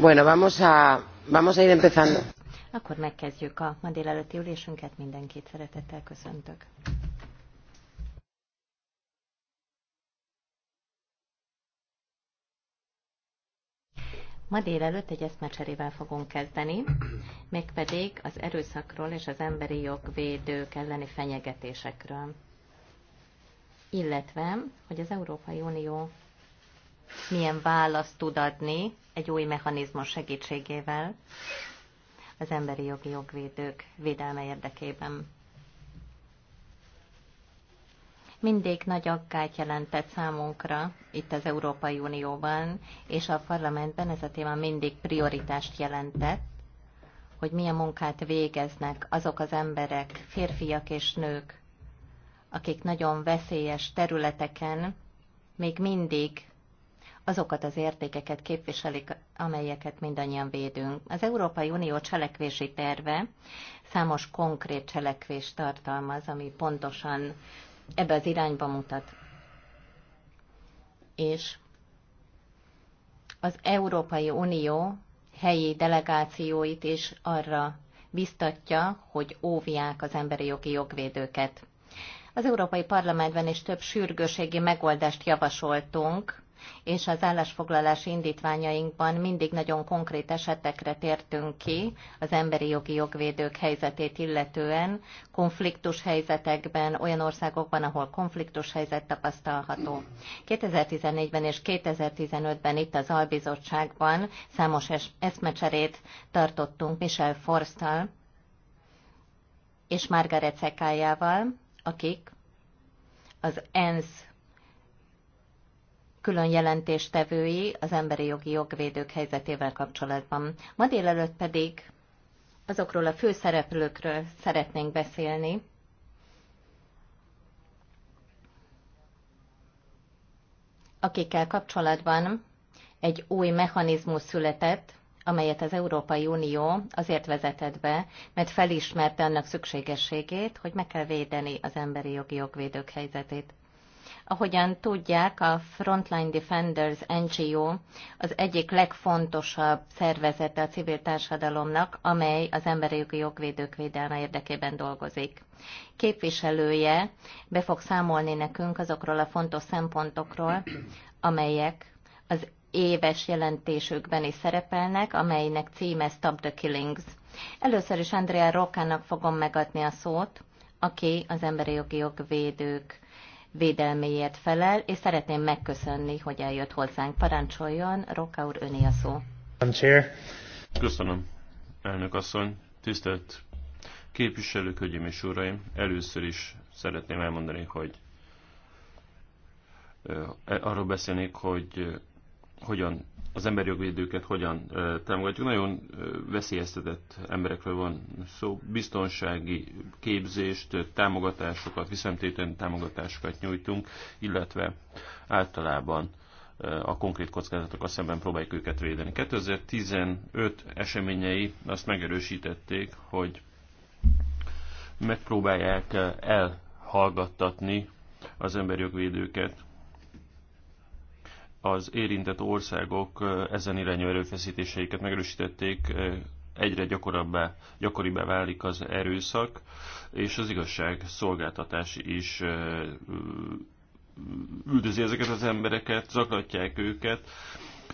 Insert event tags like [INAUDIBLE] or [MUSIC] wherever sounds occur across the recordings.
Bueno, vamos a, vamos a ir empezando. Akkor megkezdjük a ma délelőtti ülésünket. Mindenkit szeretettel köszöntök. Ma délelőtt egy eszmecserével fogunk kezdeni, mégpedig az erőszakról és az emberi jogvédők elleni fenyegetésekről. Illetve, hogy az Európai Unió milyen választ tud adni egy új mechanizmus segítségével az emberi jogi jogvédők védelme érdekében. Mindig nagy aggályt jelentett számunkra itt az Európai Unióban, és a parlamentben ez a téma mindig prioritást jelentett, hogy milyen munkát végeznek azok az emberek, férfiak és nők, akik nagyon veszélyes területeken még mindig azokat az értékeket képviselik, amelyeket mindannyian védünk. Az Európai Unió cselekvési terve számos konkrét cselekvést tartalmaz, ami pontosan ebbe az irányba mutat. És az Európai Unió helyi delegációit is arra biztatja, hogy óvják az emberi jogi jogvédőket. Az Európai Parlamentben is több sürgőségi megoldást javasoltunk, és az állásfoglalási indítványainkban mindig nagyon konkrét esetekre tértünk ki az emberi jogi jogvédők helyzetét illetően, konfliktus helyzetekben, olyan országokban, ahol konfliktus helyzet tapasztalható. 2014-ben és 2015-ben itt az Albizottságban számos eszmecserét tartottunk Michel Forsttal és Margaret Cekájával, akik az ENSZ külön jelentéstevői az emberi jogi jogvédők helyzetével kapcsolatban. Ma délelőtt pedig azokról a főszereplőkről szeretnénk beszélni, akikkel kapcsolatban egy új mechanizmus született, amelyet az Európai Unió azért vezetett be, mert felismerte annak szükségességét, hogy meg kell védeni az emberi jogi jogvédők helyzetét. Ahogyan tudják, a Frontline Defenders NGO az egyik legfontosabb szervezete a civil társadalomnak, amely az emberi jogvédők védelme érdekében dolgozik. Képviselője be fog számolni nekünk azokról a fontos szempontokról, amelyek az éves jelentésükben is szerepelnek, amelynek címe Stop the Killings. Először is Andrea Rokának fogom megadni a szót, aki az emberi jogi jogvédők védelméért felel, és szeretném megköszönni, hogy eljött hozzánk. Parancsoljon, Roka úr, öné a szó. Köszönöm, elnök asszony. Tisztelt képviselők, hölgyeim és uraim, először is szeretném elmondani, hogy arról beszélnék, hogy hogyan az emberjogvédőket hogyan támogatjuk. Nagyon veszélyeztetett emberekről van szó, biztonsági képzést, támogatásokat, viszontétlen támogatásokat nyújtunk, illetve általában a konkrét kockázatokkal szemben próbáljuk őket védeni. 2015 eseményei azt megerősítették, hogy megpróbálják elhallgattatni az emberjogvédőket, az érintett országok ezen irányú erőfeszítéseiket megerősítették, egyre gyakoribbá, gyakoribbá válik az erőszak, és az igazság szolgáltatás is üldözi ezeket az embereket, zaklatják őket.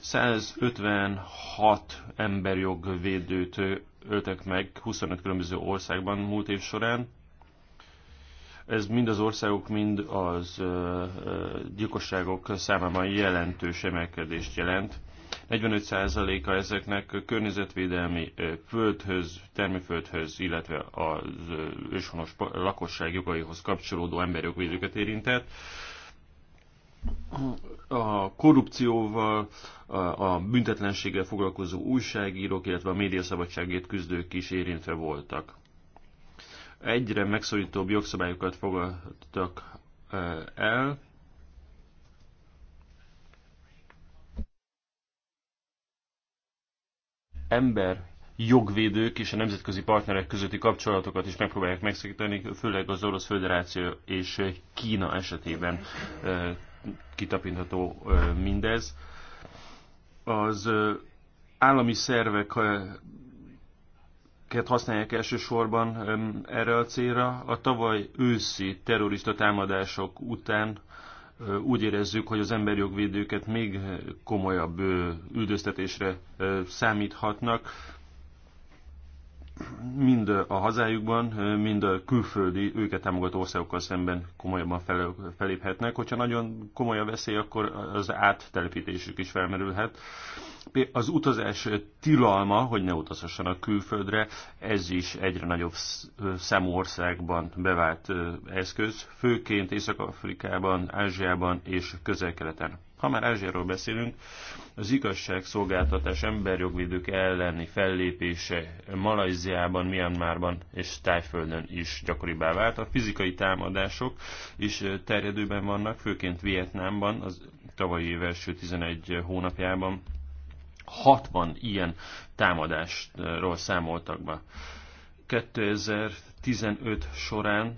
156 emberjogvédőt öltek meg 25 különböző országban múlt év során, ez mind az országok, mind az gyilkosságok számában jelentős emelkedést jelent. 45%-a ezeknek környezetvédelmi földhöz, termőföldhöz, illetve az őshonos lakosság jogaihoz kapcsolódó emberjogvédőket érintett. A korrupcióval, a büntetlenséggel foglalkozó újságírók, illetve a médiaszabadságért küzdők is érintve voltak egyre megszorítóbb jogszabályokat fogadtak el, ember jogvédők és a nemzetközi partnerek közötti kapcsolatokat is megpróbálják megszakítani, főleg az Orosz Föderáció és Kína esetében kitapintható mindez. Az állami szervek ezeket használják elsősorban erre a célra. A tavaly őszi terrorista támadások után úgy érezzük, hogy az emberjogvédőket még komolyabb üldöztetésre számíthatnak mind a hazájukban, mind a külföldi, őket támogató országokkal szemben komolyabban fel, feléphetnek. Hogyha nagyon komoly a veszély, akkor az áttelepítésük is felmerülhet. Az utazás tilalma, hogy ne utazhassanak külföldre, ez is egyre nagyobb számú országban bevált eszköz, főként Észak-Afrikában, Ázsiában és Közel-Keleten. Ha már Ázsiáról beszélünk, az igazságszolgáltatás emberjogvédők elleni fellépése Malajziában, Myanmarban és Tájföldön is gyakoribbá vált. A fizikai támadások is terjedőben vannak, főként Vietnámban, az tavalyi év első 11 hónapjában 60 ilyen támadásról számoltak be. 2015 során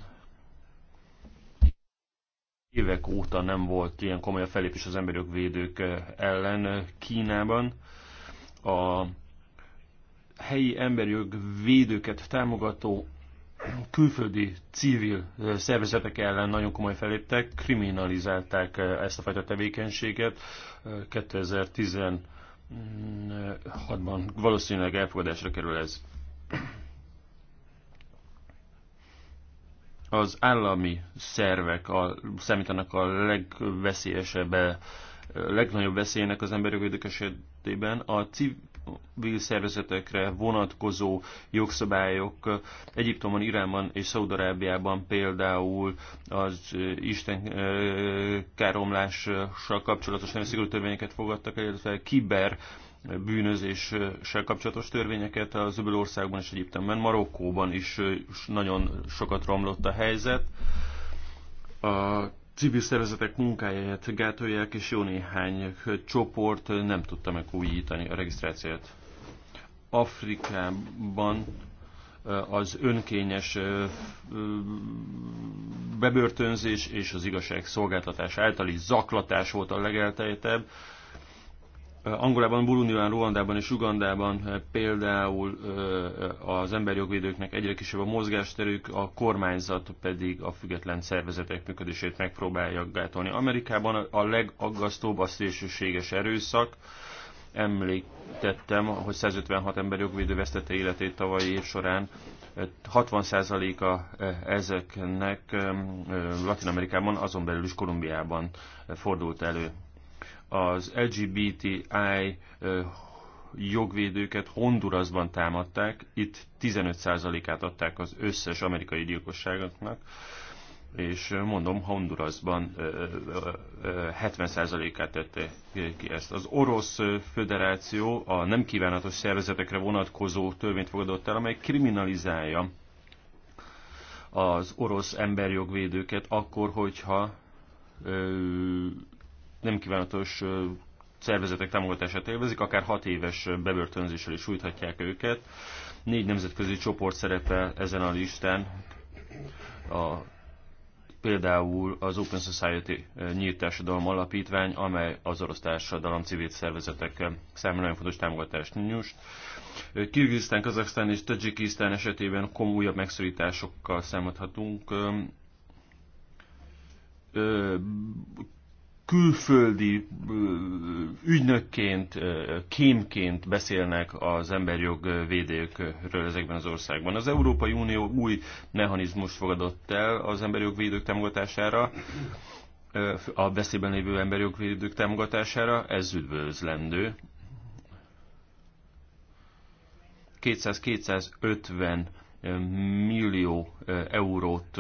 évek óta nem volt ilyen komoly a felépés az emberi védők eh, ellen eh, Kínában. A helyi emberi védőket támogató külföldi civil eh, szervezetek ellen nagyon komoly feléptek, kriminalizálták ezt a fajta tevékenységet. 2016-ban valószínűleg elfogadásra kerül ez. az állami szervek a, számítanak a legveszélyesebb, eh, legnagyobb veszélynek az emberi esetében. A civil szervezetekre vonatkozó jogszabályok eh, Egyiptomban, Iránban és Szaudarábiában például az eh, Isten káromlással kapcsolatos szigorú törvényeket fogadtak, illetve kiber bűnözéssel kapcsolatos törvényeket az országban és Egyiptemben, Marokkóban is nagyon sokat romlott a helyzet. A civil szervezetek munkáját gátolják, és jó néhány csoport nem tudta megújítani a regisztrációt. Afrikában az önkényes bebörtönzés és az igazság szolgáltatás általi zaklatás volt a legelteljetebb. Angolában, Burundiban, Ruandában és Ugandában eh, például eh, az emberjogvédőknek egyre kisebb a mozgásterük, a kormányzat pedig a független szervezetek működését megpróbálja gátolni. Amerikában a legaggasztóbb a szélsőséges erőszak, említettem, hogy 156 ember vesztette életét tavalyi év során. 60%-a eh, ezeknek Latin Amerikában, azon belül is Kolumbiában fordult elő az LGBTI jogvédőket Hondurasban támadták, itt 15%-át adták az összes amerikai gyilkosságoknak, és mondom, Hondurasban 70%-át tette ki ezt. Az Orosz Föderáció a nem kívánatos szervezetekre vonatkozó törvényt fogadott el, amely kriminalizálja az orosz emberjogvédőket akkor, hogyha nem kívánatos szervezetek támogatását élvezik, akár 6 éves bebörtönzéssel is sújthatják őket. Négy nemzetközi csoport szerepel ezen a listán, a, például az Open Society Nyílt Társadalom Alapítvány, amely az orosz társadalom civil szervezetek számára nagyon fontos támogatást nyújt. Kirgizisztán, Kazaksztán és Tajikisztán esetében komolyabb megszorításokkal számolhatunk külföldi ügynökként, kémként beszélnek az emberjog védőkről ezekben az országban. Az Európai Unió új mechanizmus fogadott el az emberjog védők támogatására, a veszélyben lévő emberjog védők támogatására, ez üdvözlendő. 200-250 millió eurót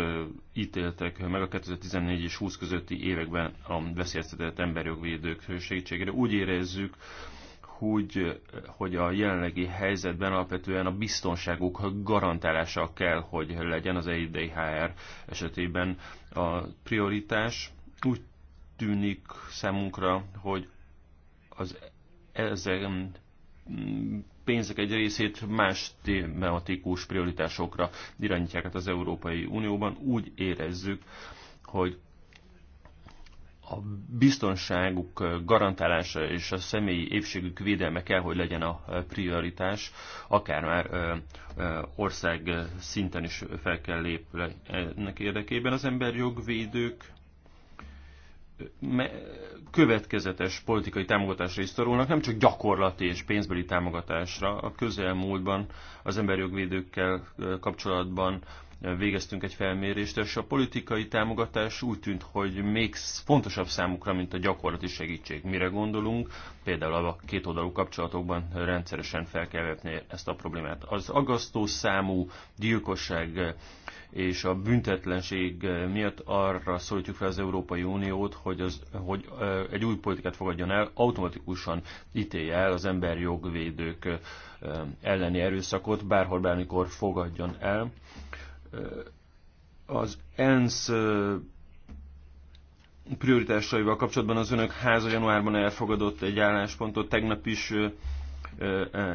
ítéltek meg a 2014 és 20 közötti években a veszélyeztetett emberjogvédők segítségére. Úgy érezzük, hogy, hogy a jelenlegi helyzetben alapvetően a biztonságuk garantálása kell, hogy legyen az EIDHR esetében a prioritás. Úgy tűnik számunkra, hogy az e-, ezen pénzek egy részét más tematikus prioritásokra irányítják hát az Európai Unióban. Úgy érezzük, hogy a biztonságuk garantálása és a személyi épségük védelme kell, hogy legyen a prioritás, akár már ország szinten is fel kell lépni ennek érdekében. Az emberjogvédők következetes politikai támogatásra is szorulnak, nem csak gyakorlati és pénzbeli támogatásra. A közelmúltban az emberjogvédőkkel kapcsolatban végeztünk egy felmérést, és a politikai támogatás úgy tűnt, hogy még fontosabb számukra, mint a gyakorlati segítség. Mire gondolunk? Például a kétoldalú kapcsolatokban rendszeresen fel kell vetni ezt a problémát. Az agasztó számú gyilkosság és a büntetlenség eh, miatt arra szólítjuk fel az Európai Uniót, hogy, az, hogy eh, egy új politikát fogadjon el, automatikusan ítélje el az emberjogvédők eh, elleni erőszakot, bárhol bármikor fogadjon el. Az ENSZ prioritásaival kapcsolatban az önök háza januárban elfogadott egy álláspontot, tegnap is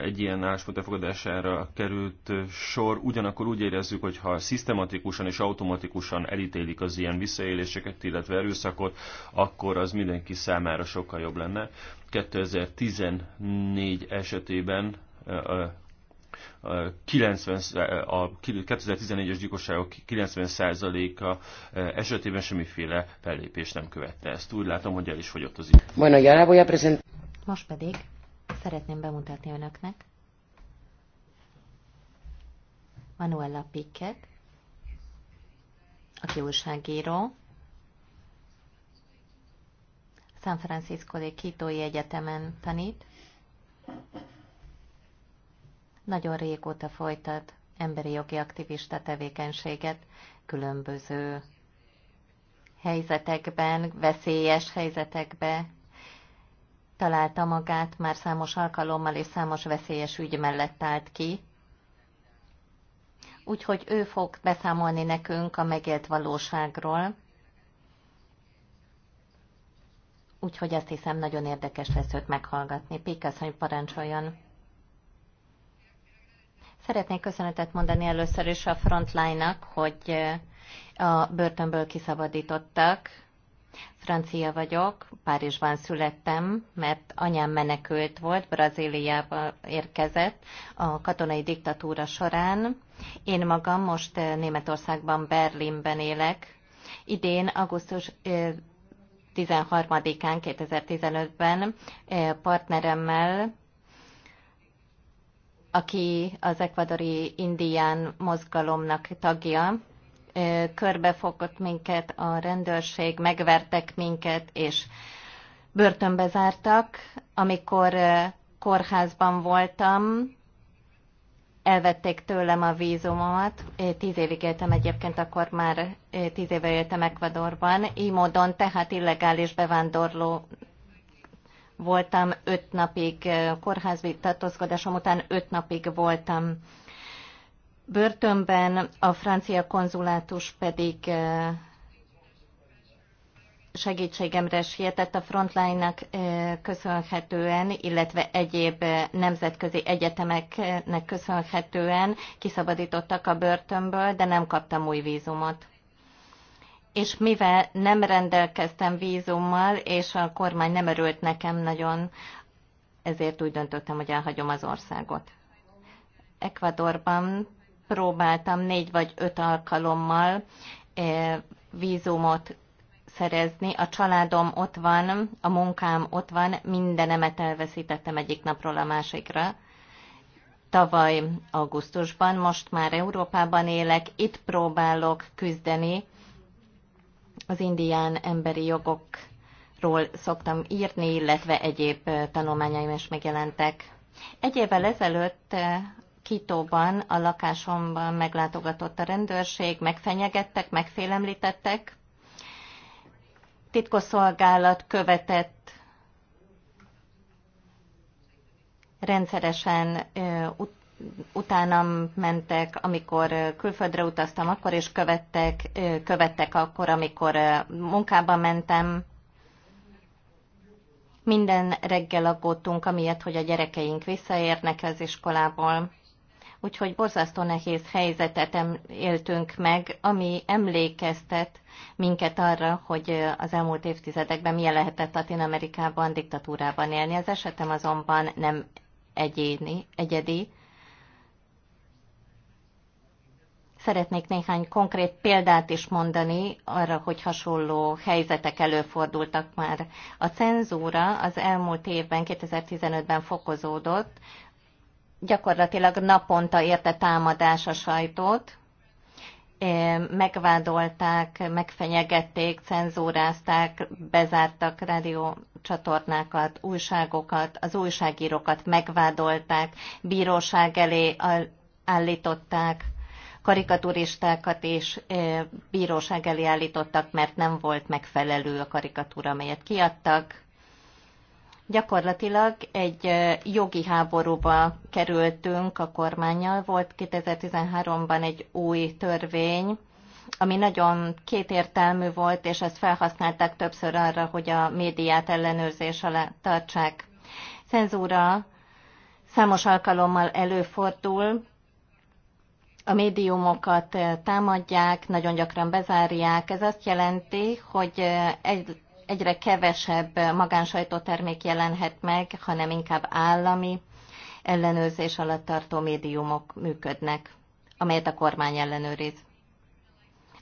egy ilyen álláspont elfogadására került sor. Ugyanakkor úgy érezzük, hogy ha szisztematikusan és automatikusan elítélik az ilyen visszaéléseket, illetve erőszakot, akkor az mindenki számára sokkal jobb lenne. 2014 esetében a 90, a 2014-es gyilkosságok 90%-a esetében semmiféle fellépés nem követte ezt. Úgy látom, hogy el is fogyott az idő. a Most pedig szeretném bemutatni önöknek. Manuela Pickett, aki újságíró, San Francisco de Kitói Egyetemen tanít. Nagyon régóta folytat emberi jogi aktivista tevékenységet különböző helyzetekben, veszélyes helyzetekben találta magát, már számos alkalommal és számos veszélyes ügy mellett állt ki. Úgyhogy ő fog beszámolni nekünk a megélt valóságról. Úgyhogy azt hiszem nagyon érdekes lesz őt meghallgatni. Pékasszony parancsoljon. Szeretnék köszönetet mondani először is a Frontline-nak, hogy eh, a börtönből kiszabadítottak Francia vagyok, Párizsban születtem, mert anyám menekült volt, Brazíliába érkezett a katonai diktatúra során. Én magam most eh, Németországban, Berlinben élek. Idén, augusztus 13-án eh, 2015-ben eh, partneremmel, aki az ekvadori indián mozgalomnak tagja, körbefogott minket a rendőrség, megvertek minket, és börtönbe zártak. Amikor kórházban voltam, elvették tőlem a vízumomat. Tíz évig éltem egyébként, akkor már tíz éve éltem Ecuadorban. Így módon tehát illegális bevándorló voltam öt napig, kórházbi tartózkodásom után öt napig voltam börtönben, a francia konzulátus pedig segítségemre sietett a Frontline-nak köszönhetően, illetve egyéb nemzetközi egyetemeknek köszönhetően kiszabadítottak a börtönből, de nem kaptam új vízumot. És mivel nem rendelkeztem vízummal, és a kormány nem örült nekem nagyon, ezért úgy döntöttem, hogy elhagyom az országot. Ecuadorban próbáltam négy vagy öt alkalommal e, vízumot szerezni. A családom ott van, a munkám ott van, mindenemet elveszítettem egyik napról a másikra. Tavaly augusztusban, most már Európában élek, itt próbálok küzdeni. Az indián emberi jogokról szoktam írni, illetve egyéb e, tanulmányaim is megjelentek. Egy évvel ezelőtt e, Kitóban, a lakásomban meglátogatott a rendőrség, megfenyegettek, megfélemlítettek. Titkosszolgálat követett rendszeresen ut- utánam mentek, amikor külföldre utaztam, akkor is követtek, követtek akkor, amikor munkába mentem. Minden reggel aggódtunk, amiatt, hogy a gyerekeink visszaérnek az iskolából úgyhogy borzasztó nehéz helyzetet éltünk meg, ami emlékeztet minket arra, hogy az elmúlt évtizedekben milyen lehetett Latin Amerikában diktatúrában élni. Az esetem azonban nem egyéni, egyedi. Szeretnék néhány konkrét példát is mondani arra, hogy hasonló helyzetek előfordultak már. A cenzúra az elmúlt évben, 2015-ben fokozódott, gyakorlatilag naponta érte támadás a sajtót, megvádolták, megfenyegették, cenzúrázták, bezártak rádiócsatornákat, újságokat, az újságírókat megvádolták, bíróság elé állították, karikaturistákat és bíróság elé állítottak, mert nem volt megfelelő a karikatúra, amelyet kiadtak. Gyakorlatilag egy jogi háborúba kerültünk a kormányjal. Volt 2013-ban egy új törvény, ami nagyon kétértelmű volt, és ezt felhasználták többször arra, hogy a médiát ellenőrzés alá tartsák. Cenzúra számos alkalommal előfordul, a médiumokat támadják, nagyon gyakran bezárják. Ez azt jelenti, hogy egy egyre kevesebb magánsajtótermék jelenhet meg, hanem inkább állami ellenőrzés alatt tartó médiumok működnek, amelyet a kormány ellenőriz.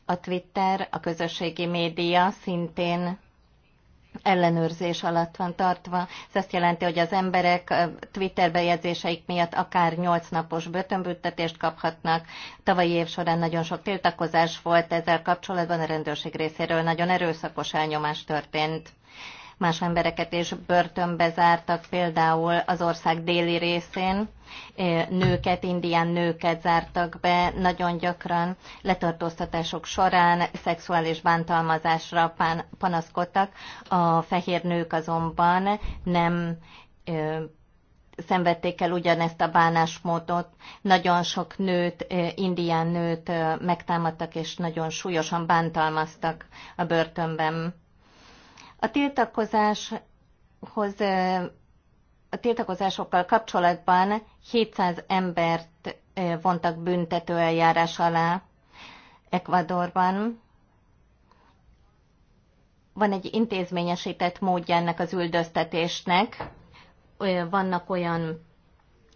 A Twitter, a közösségi média szintén ellenőrzés alatt van tartva. Ez azt jelenti, hogy az emberek Twitter bejegyzéseik miatt akár 8 napos börtönbüntetést kaphatnak. Tavalyi év során nagyon sok tiltakozás volt ezzel kapcsolatban, a rendőrség részéről nagyon erőszakos elnyomás történt más embereket is börtönbe zártak, például az ország déli részén nőket, indián nőket zártak be, nagyon gyakran letartóztatások során szexuális bántalmazásra panaszkodtak, a fehér nők azonban nem szenvedték el ugyanezt a bánásmódot. Nagyon sok nőt, indián nőt megtámadtak, és nagyon súlyosan bántalmaztak a börtönben. A tiltakozáshoz a tiltakozásokkal kapcsolatban 700 embert vontak büntető eljárás alá Ekvadorban. Van egy intézményesített módja ennek az üldöztetésnek. Vannak olyan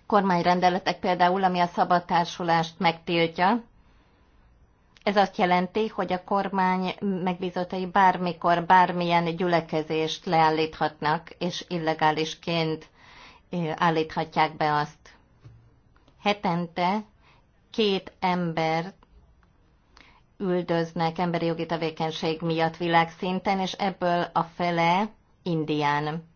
kormányrendeletek például, ami a szabadtársulást megtiltja, ez azt jelenti, hogy a kormány megbízottai bármikor bármilyen gyülekezést leállíthatnak, és illegálisként állíthatják be azt. Hetente két ember üldöznek emberi jogi tevékenység miatt világszinten, és ebből a fele Indián.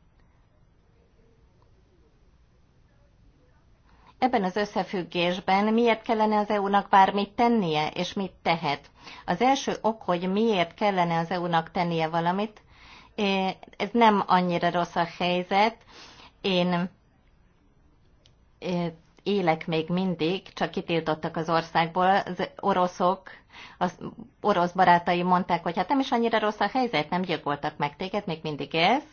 Ebben az összefüggésben miért kellene az EU-nak bármit tennie, és mit tehet? Az első ok, hogy miért kellene az EU-nak tennie valamit, eh, ez nem annyira rossz a helyzet. Én eh, élek még mindig, csak kitiltottak az országból. Az oroszok, az orosz barátai mondták, hogy hát nem is annyira rossz a helyzet, nem gyilkoltak meg téged, még mindig ez.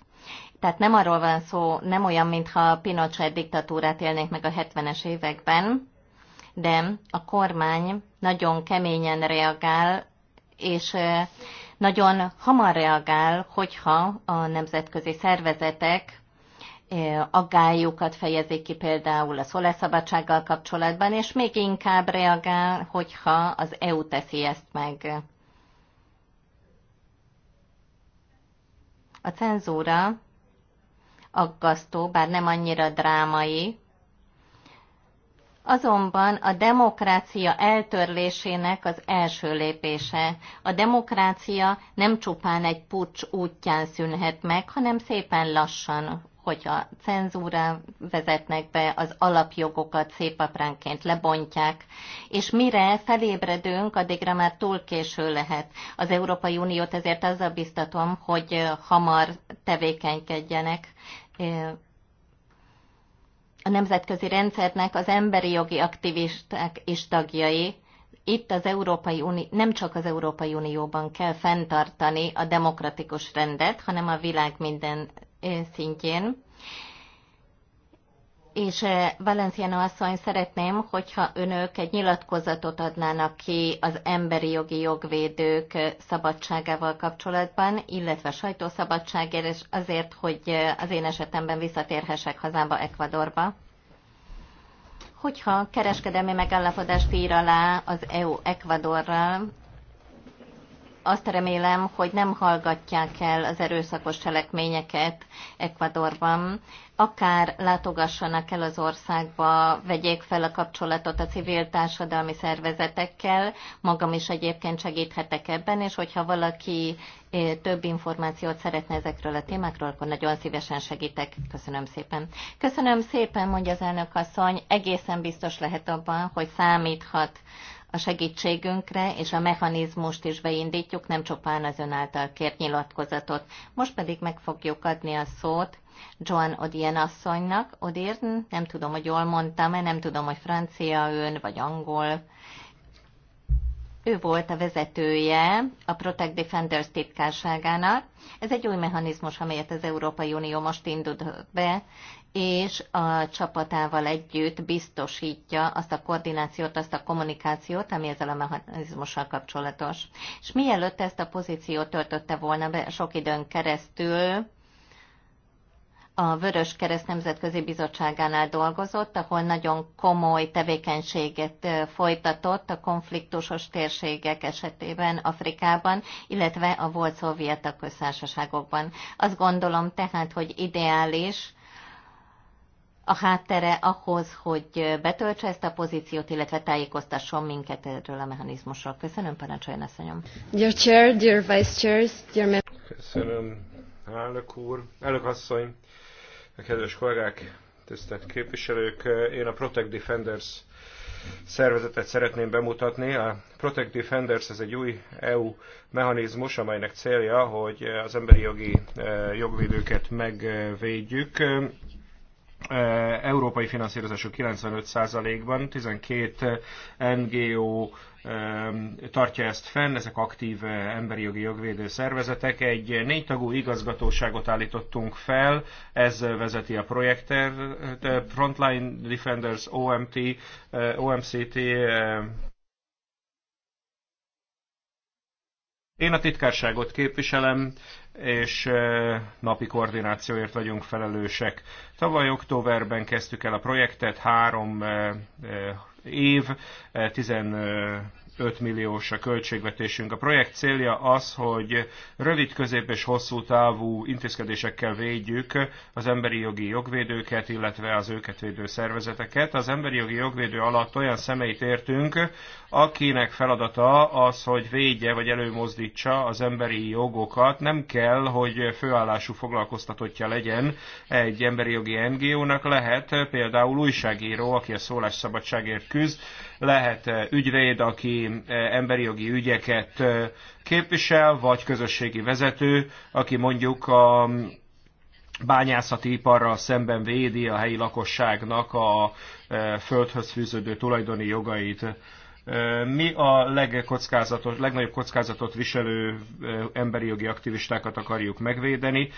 Tehát nem arról van szó, nem olyan, mintha Pinochet diktatúrát élnék meg a 70-es években, de a kormány nagyon keményen reagál, és nagyon hamar reagál, hogyha a nemzetközi szervezetek aggályukat fejezik ki például a szólásszabadsággal kapcsolatban, és még inkább reagál, hogyha az EU teszi ezt meg. A cenzúra aggasztó, bár nem annyira drámai. Azonban a demokrácia eltörlésének az első lépése. A demokrácia nem csupán egy pucs útján szűnhet meg, hanem szépen lassan, hogyha cenzúra vezetnek be, az alapjogokat szép apránként lebontják, és mire felébredünk, addigra már túl késő lehet. Az Európai Uniót ezért azzal biztatom, hogy hamar tevékenykedjenek a nemzetközi rendszernek az emberi jogi aktivisták és tagjai. Itt az Európai Unió, nem csak az Európai Unióban kell fenntartani a demokratikus rendet, hanem a világ minden szintjén és eh, Valenciana asszony, szeretném, hogyha önök egy nyilatkozatot adnának ki az emberi jogi jogvédők eh, szabadságával kapcsolatban, illetve sajtószabadságért, és azért, hogy eh, az én esetemben visszatérhessek hazámba, Ekvadorba. Hogyha kereskedelmi megállapodást ír alá az EU Ekvadorral, azt remélem, hogy nem hallgatják el az erőszakos cselekményeket Ecuadorban, akár látogassanak el az országba, vegyék fel a kapcsolatot a civil társadalmi szervezetekkel, magam is egyébként segíthetek ebben, és hogyha valaki eh, több információt szeretne ezekről a témákról, akkor nagyon szívesen segítek. Köszönöm szépen. Köszönöm szépen, mondja az elnök asszony, egészen biztos lehet abban, hogy számíthat a segítségünkre és a mechanizmust is beindítjuk, nem csupán az ön által kért nyilatkozatot. Most pedig meg fogjuk adni a szót Joan Odien asszonynak. Odirn, nem tudom, hogy jól mondtam mert nem tudom, hogy francia ön, vagy angol. Ő volt a vezetője a Protect Defenders titkárságának. Ez egy új mechanizmus, amelyet az Európai Unió most indult be, és a csapatával együtt biztosítja azt a koordinációt, azt a kommunikációt, ami ezzel a mechanizmussal kapcsolatos. És mielőtt ezt a pozíciót töltötte volna be sok időn keresztül, a Vörös Kereszt Nemzetközi Bizottságánál dolgozott, ahol nagyon komoly tevékenységet folytatott a konfliktusos térségek esetében Afrikában, illetve a volt szovjet köztársaságokban. Azt gondolom tehát, hogy ideális, a háttere ahhoz, hogy betöltse ezt a pozíciót, illetve tájékoztasson minket erről a mechanizmusról. Köszönöm, parancsoljon, asszonyom. Dear Chair, dear Vice Chairs, dear Köszönöm, elnök úr, elnök asszony, kedves kollégák, tisztelt képviselők. Én a Protect Defenders szervezetet szeretném bemutatni. A Protect Defenders ez egy új EU mechanizmus, amelynek célja, hogy az emberi jogi eh, jogvédőket megvédjük európai finanszírozású 95%-ban, 12 NGO tartja ezt fenn, ezek aktív emberi jogi jogvédő szervezetek. Egy négytagú igazgatóságot állítottunk fel, ez vezeti a projektet, Frontline Defenders OMT, OMCT, Én a titkárságot képviselem, és napi koordinációért vagyunk felelősek. Tavaly októberben kezdtük el a projektet, három év, 10 5 milliós a költségvetésünk. A projekt célja az, hogy rövid, közép és hosszú távú intézkedésekkel védjük az emberi jogi jogvédőket, illetve az őket védő szervezeteket. Az emberi jogi jogvédő alatt olyan személyt értünk, akinek feladata az, hogy védje vagy előmozdítsa az emberi jogokat. Nem kell, hogy főállású foglalkoztatottja legyen egy emberi jogi NGO-nak, lehet például újságíró, aki a szólásszabadságért küzd, lehet eh, ügyvéd, aki eh, emberi jogi ügyeket eh, képvisel, vagy közösségi vezető, aki mondjuk a bányászati iparral szemben védi a helyi lakosságnak a földhöz fűződő tulajdoni jogait. Mi a legkockázatos, legnagyobb kockázatot viselő emberi jogi aktivistákat akarjuk megvédeni,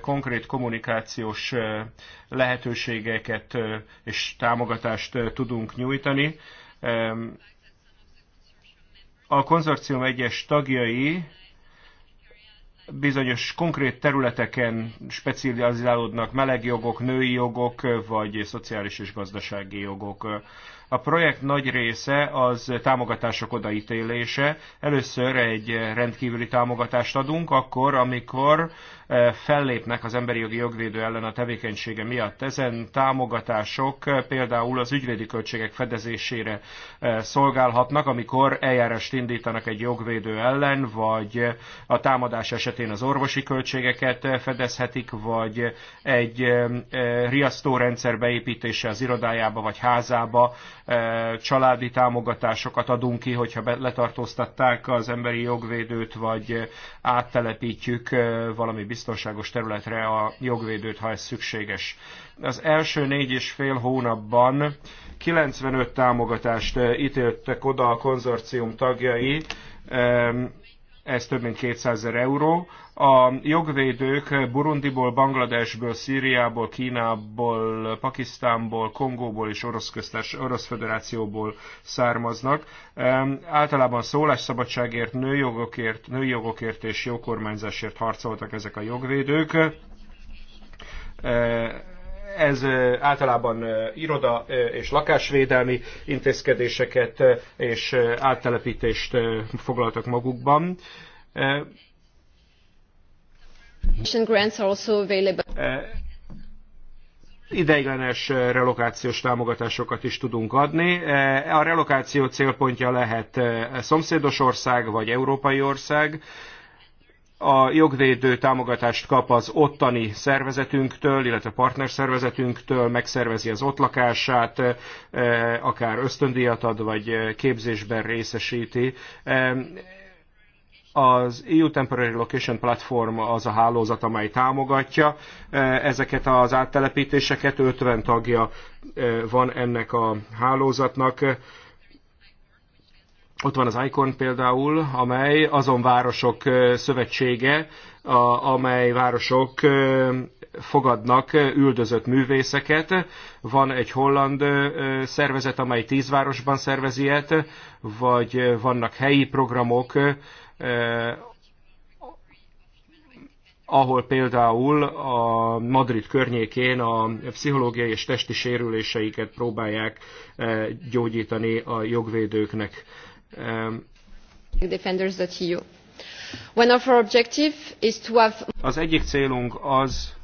konkrét kommunikációs lehetőségeket és támogatást tudunk nyújtani. A konzorcium egyes tagjai bizonyos konkrét területeken specializálódnak melegjogok, női jogok, vagy szociális és gazdasági jogok. A projekt nagy része az támogatások odaítélése. Először egy rendkívüli támogatást adunk, akkor, amikor fellépnek az emberi jogi jogvédő ellen a tevékenysége miatt. Ezen támogatások például az ügyvédi költségek fedezésére szolgálhatnak, amikor eljárást indítanak egy jogvédő ellen, vagy a támadás esetén az orvosi költségeket fedezhetik, vagy egy riasztórendszer beépítése az irodájába vagy házába családi támogatásokat adunk ki, hogyha letartóztatták az emberi jogvédőt, vagy áttelepítjük valami biztonságos területre a jogvédőt, ha ez szükséges. Az első négy és fél hónapban 95 támogatást ítéltek oda a konzorcium tagjai, ez több mint 200 ezer euró. A jogvédők Burundiból, Bangladesből, Szíriából, Kínából, Pakisztánból, Kongóból és Orosz, köztes, Orosz Föderációból származnak. Általában szólásszabadságért, nőjogokért, nőjogokért és jókormányzásért harcoltak ezek a jogvédők ez általában iroda és lakásvédelmi intézkedéseket és áttelepítést foglaltak magukban. ideiglenes relokációs támogatásokat is tudunk adni. A relokáció célpontja lehet szomszédos ország vagy európai ország a jogvédő támogatást kap az ottani szervezetünktől, illetve partnerszervezetünktől, megszervezi az ott lakását, e, akár ösztöndíjat ad, vagy képzésben részesíti. E, az EU Temporary Location Platform az a hálózat, amely támogatja e, ezeket az áttelepítéseket, 50 tagja van ennek a hálózatnak ott van az ICON például, amely azon városok szövetsége, amely városok fogadnak üldözött művészeket. Van egy holland szervezet, amely tíz városban szervezi ilyet, vagy vannak helyi programok, ahol például a Madrid környékén a pszichológiai és testi sérüléseiket próbálják gyógyítani a jogvédőknek. Um, e az egyik célunk az,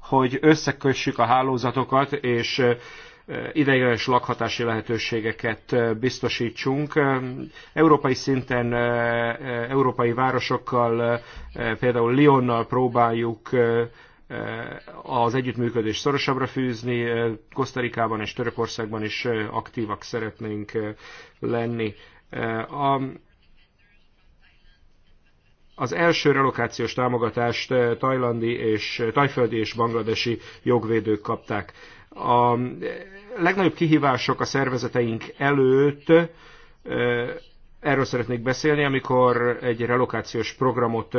hogy összekössük a hálózatokat, és ideiglenes lakhatási lehetőségeket biztosítsunk. Európai szinten, európai városokkal, például Lyonnal próbáljuk az együttműködés szorosabbra fűzni, Kosztarikában és Törökországban is aktívak szeretnénk lenni. A, az első relokációs támogatást tajlandi és tajföldi és bangladesi jogvédők kapták. A legnagyobb kihívások a szervezeteink előtt erről szeretnék beszélni, amikor egy relokációs programot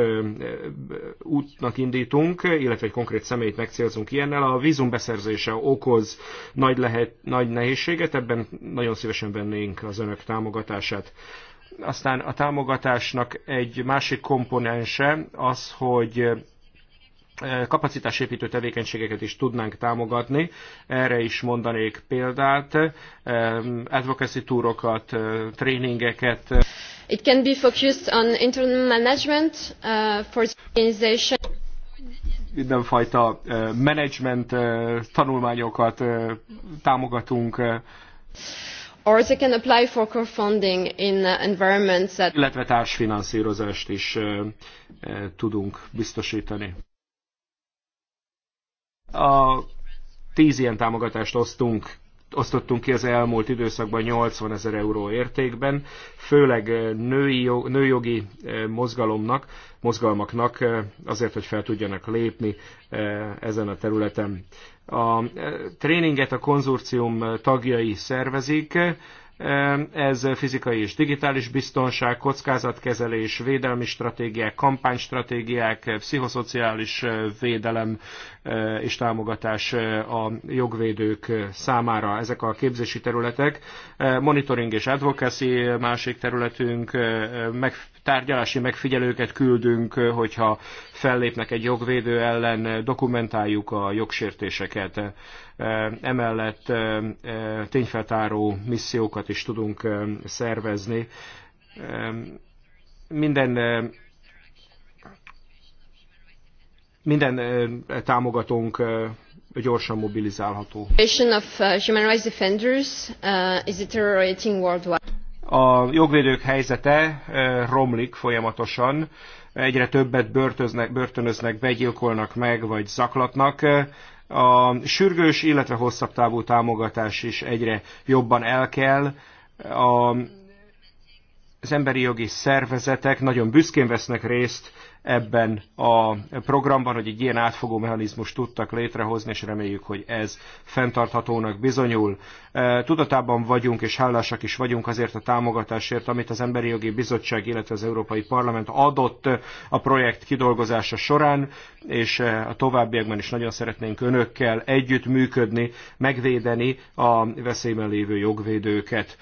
útnak indítunk, illetve egy konkrét személyt megcélzunk ilyennel, a vízum beszerzése okoz nagy, lehet, nagy nehézséget, ebben nagyon szívesen vennénk az önök támogatását. Aztán a támogatásnak egy másik komponense az, hogy kapacitásépítő tevékenységeket is tudnánk támogatni. Erre is mondanék példát, eh, advocacy túrokat, eh, tréningeket. It can be focused on internal management uh, for the organization mindenfajta management tanulmányokat támogatunk. Or they can apply for crowdfunding in environments that... Illetve társfinanszírozást is tudunk biztosítani. A tíz ilyen támogatást osztunk, osztottunk ki az elmúlt időszakban 80 ezer euró értékben, főleg női, nőjogi mozgalomnak, mozgalmaknak azért, hogy fel tudjanak lépni ezen a területen. A tréninget a konzorcium tagjai szervezik, ez fizikai és digitális biztonság, kockázatkezelés, védelmi stratégiák, kampánystratégiák, pszichoszociális védelem, és támogatás a jogvédők számára ezek a képzési területek. Monitoring és advocacy másik területünk, meg, tárgyalási megfigyelőket küldünk, hogyha fellépnek egy jogvédő ellen, dokumentáljuk a jogsértéseket. Emellett tényfeltáró missziókat is tudunk szervezni. Minden minden támogatónk gyorsan mobilizálható. Uh, uh, A jogvédők helyzete romlik folyamatosan, egyre többet börtöznek, börtönöznek, begyilkolnak meg, vagy zaklatnak. A sürgős, illetve hosszabb távú támogatás is egyre jobban el kell. A, az emberi jogi szervezetek nagyon büszkén vesznek részt ebben a programban, hogy egy ilyen átfogó mechanizmust tudtak létrehozni, és reméljük, hogy ez fenntarthatónak bizonyul. Eh, tudatában vagyunk és hálásak is vagyunk azért a támogatásért, amit az Emberi Jogi Bizottság, illetve az Európai Parlament adott eh, a projekt kidolgozása során, és eh, a továbbiakban is nagyon szeretnénk önökkel együtt működni, megvédeni a veszélyben lévő jogvédőket.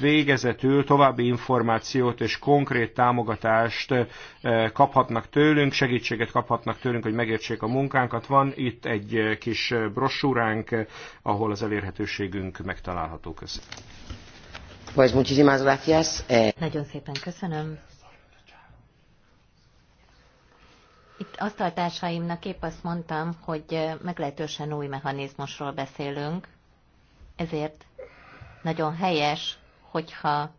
Végezetül további információt és konkrét támogatást kaphatnak tőlünk, segítséget kaphatnak tőlünk, hogy megértsék a munkánkat. Van itt egy kis brosúránk, ahol az elérhetőségünk meg megtalálható. Köszönöm. Pues muchísimas gracias. Eh. Nagyon szépen köszönöm. Itt asztaltársaimnak épp azt mondtam, hogy eh, meglehetősen új mechanizmusról beszélünk, ezért nagyon helyes, hogyha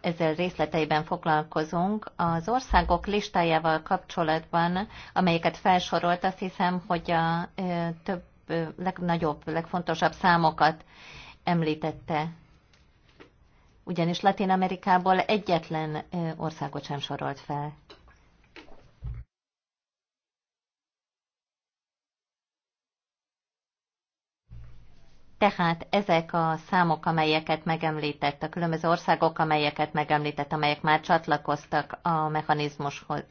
ezzel részleteiben foglalkozunk. Az országok listájával kapcsolatban, amelyeket felsorolt, azt hiszem, hogy a eh, több legnagyobb, legfontosabb számokat említette. Ugyanis Latin Amerikából egyetlen országot sem sorolt fel. Tehát ezek a számok, amelyeket megemlített, a különböző országok, amelyeket megemlített, amelyek már csatlakoztak a mechanizmushoz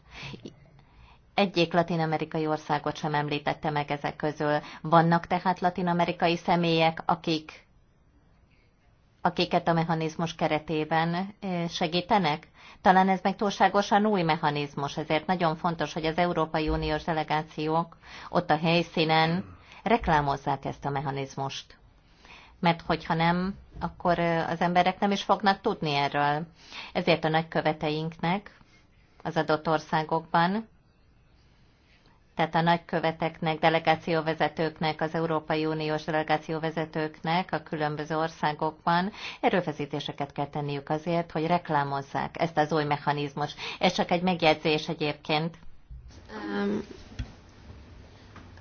egyik latin-amerikai országot sem említette meg ezek közül. Vannak tehát latin-amerikai személyek, akik, akiket a mechanizmus keretében segítenek? Talán ez meg túlságosan új mechanizmus, ezért nagyon fontos, hogy az Európai Uniós delegációk ott a helyszínen reklámozzák ezt a mechanizmust. Mert hogyha nem, akkor az emberek nem is fognak tudni erről. Ezért a nagyköveteinknek az adott országokban tehát a nagyköveteknek, delegációvezetőknek, az Európai Uniós delegációvezetőknek a különböző országokban erőfeszítéseket kell tenniük azért, hogy reklámozzák ezt az új mechanizmus. Ez csak egy megjegyzés egyébként. Um,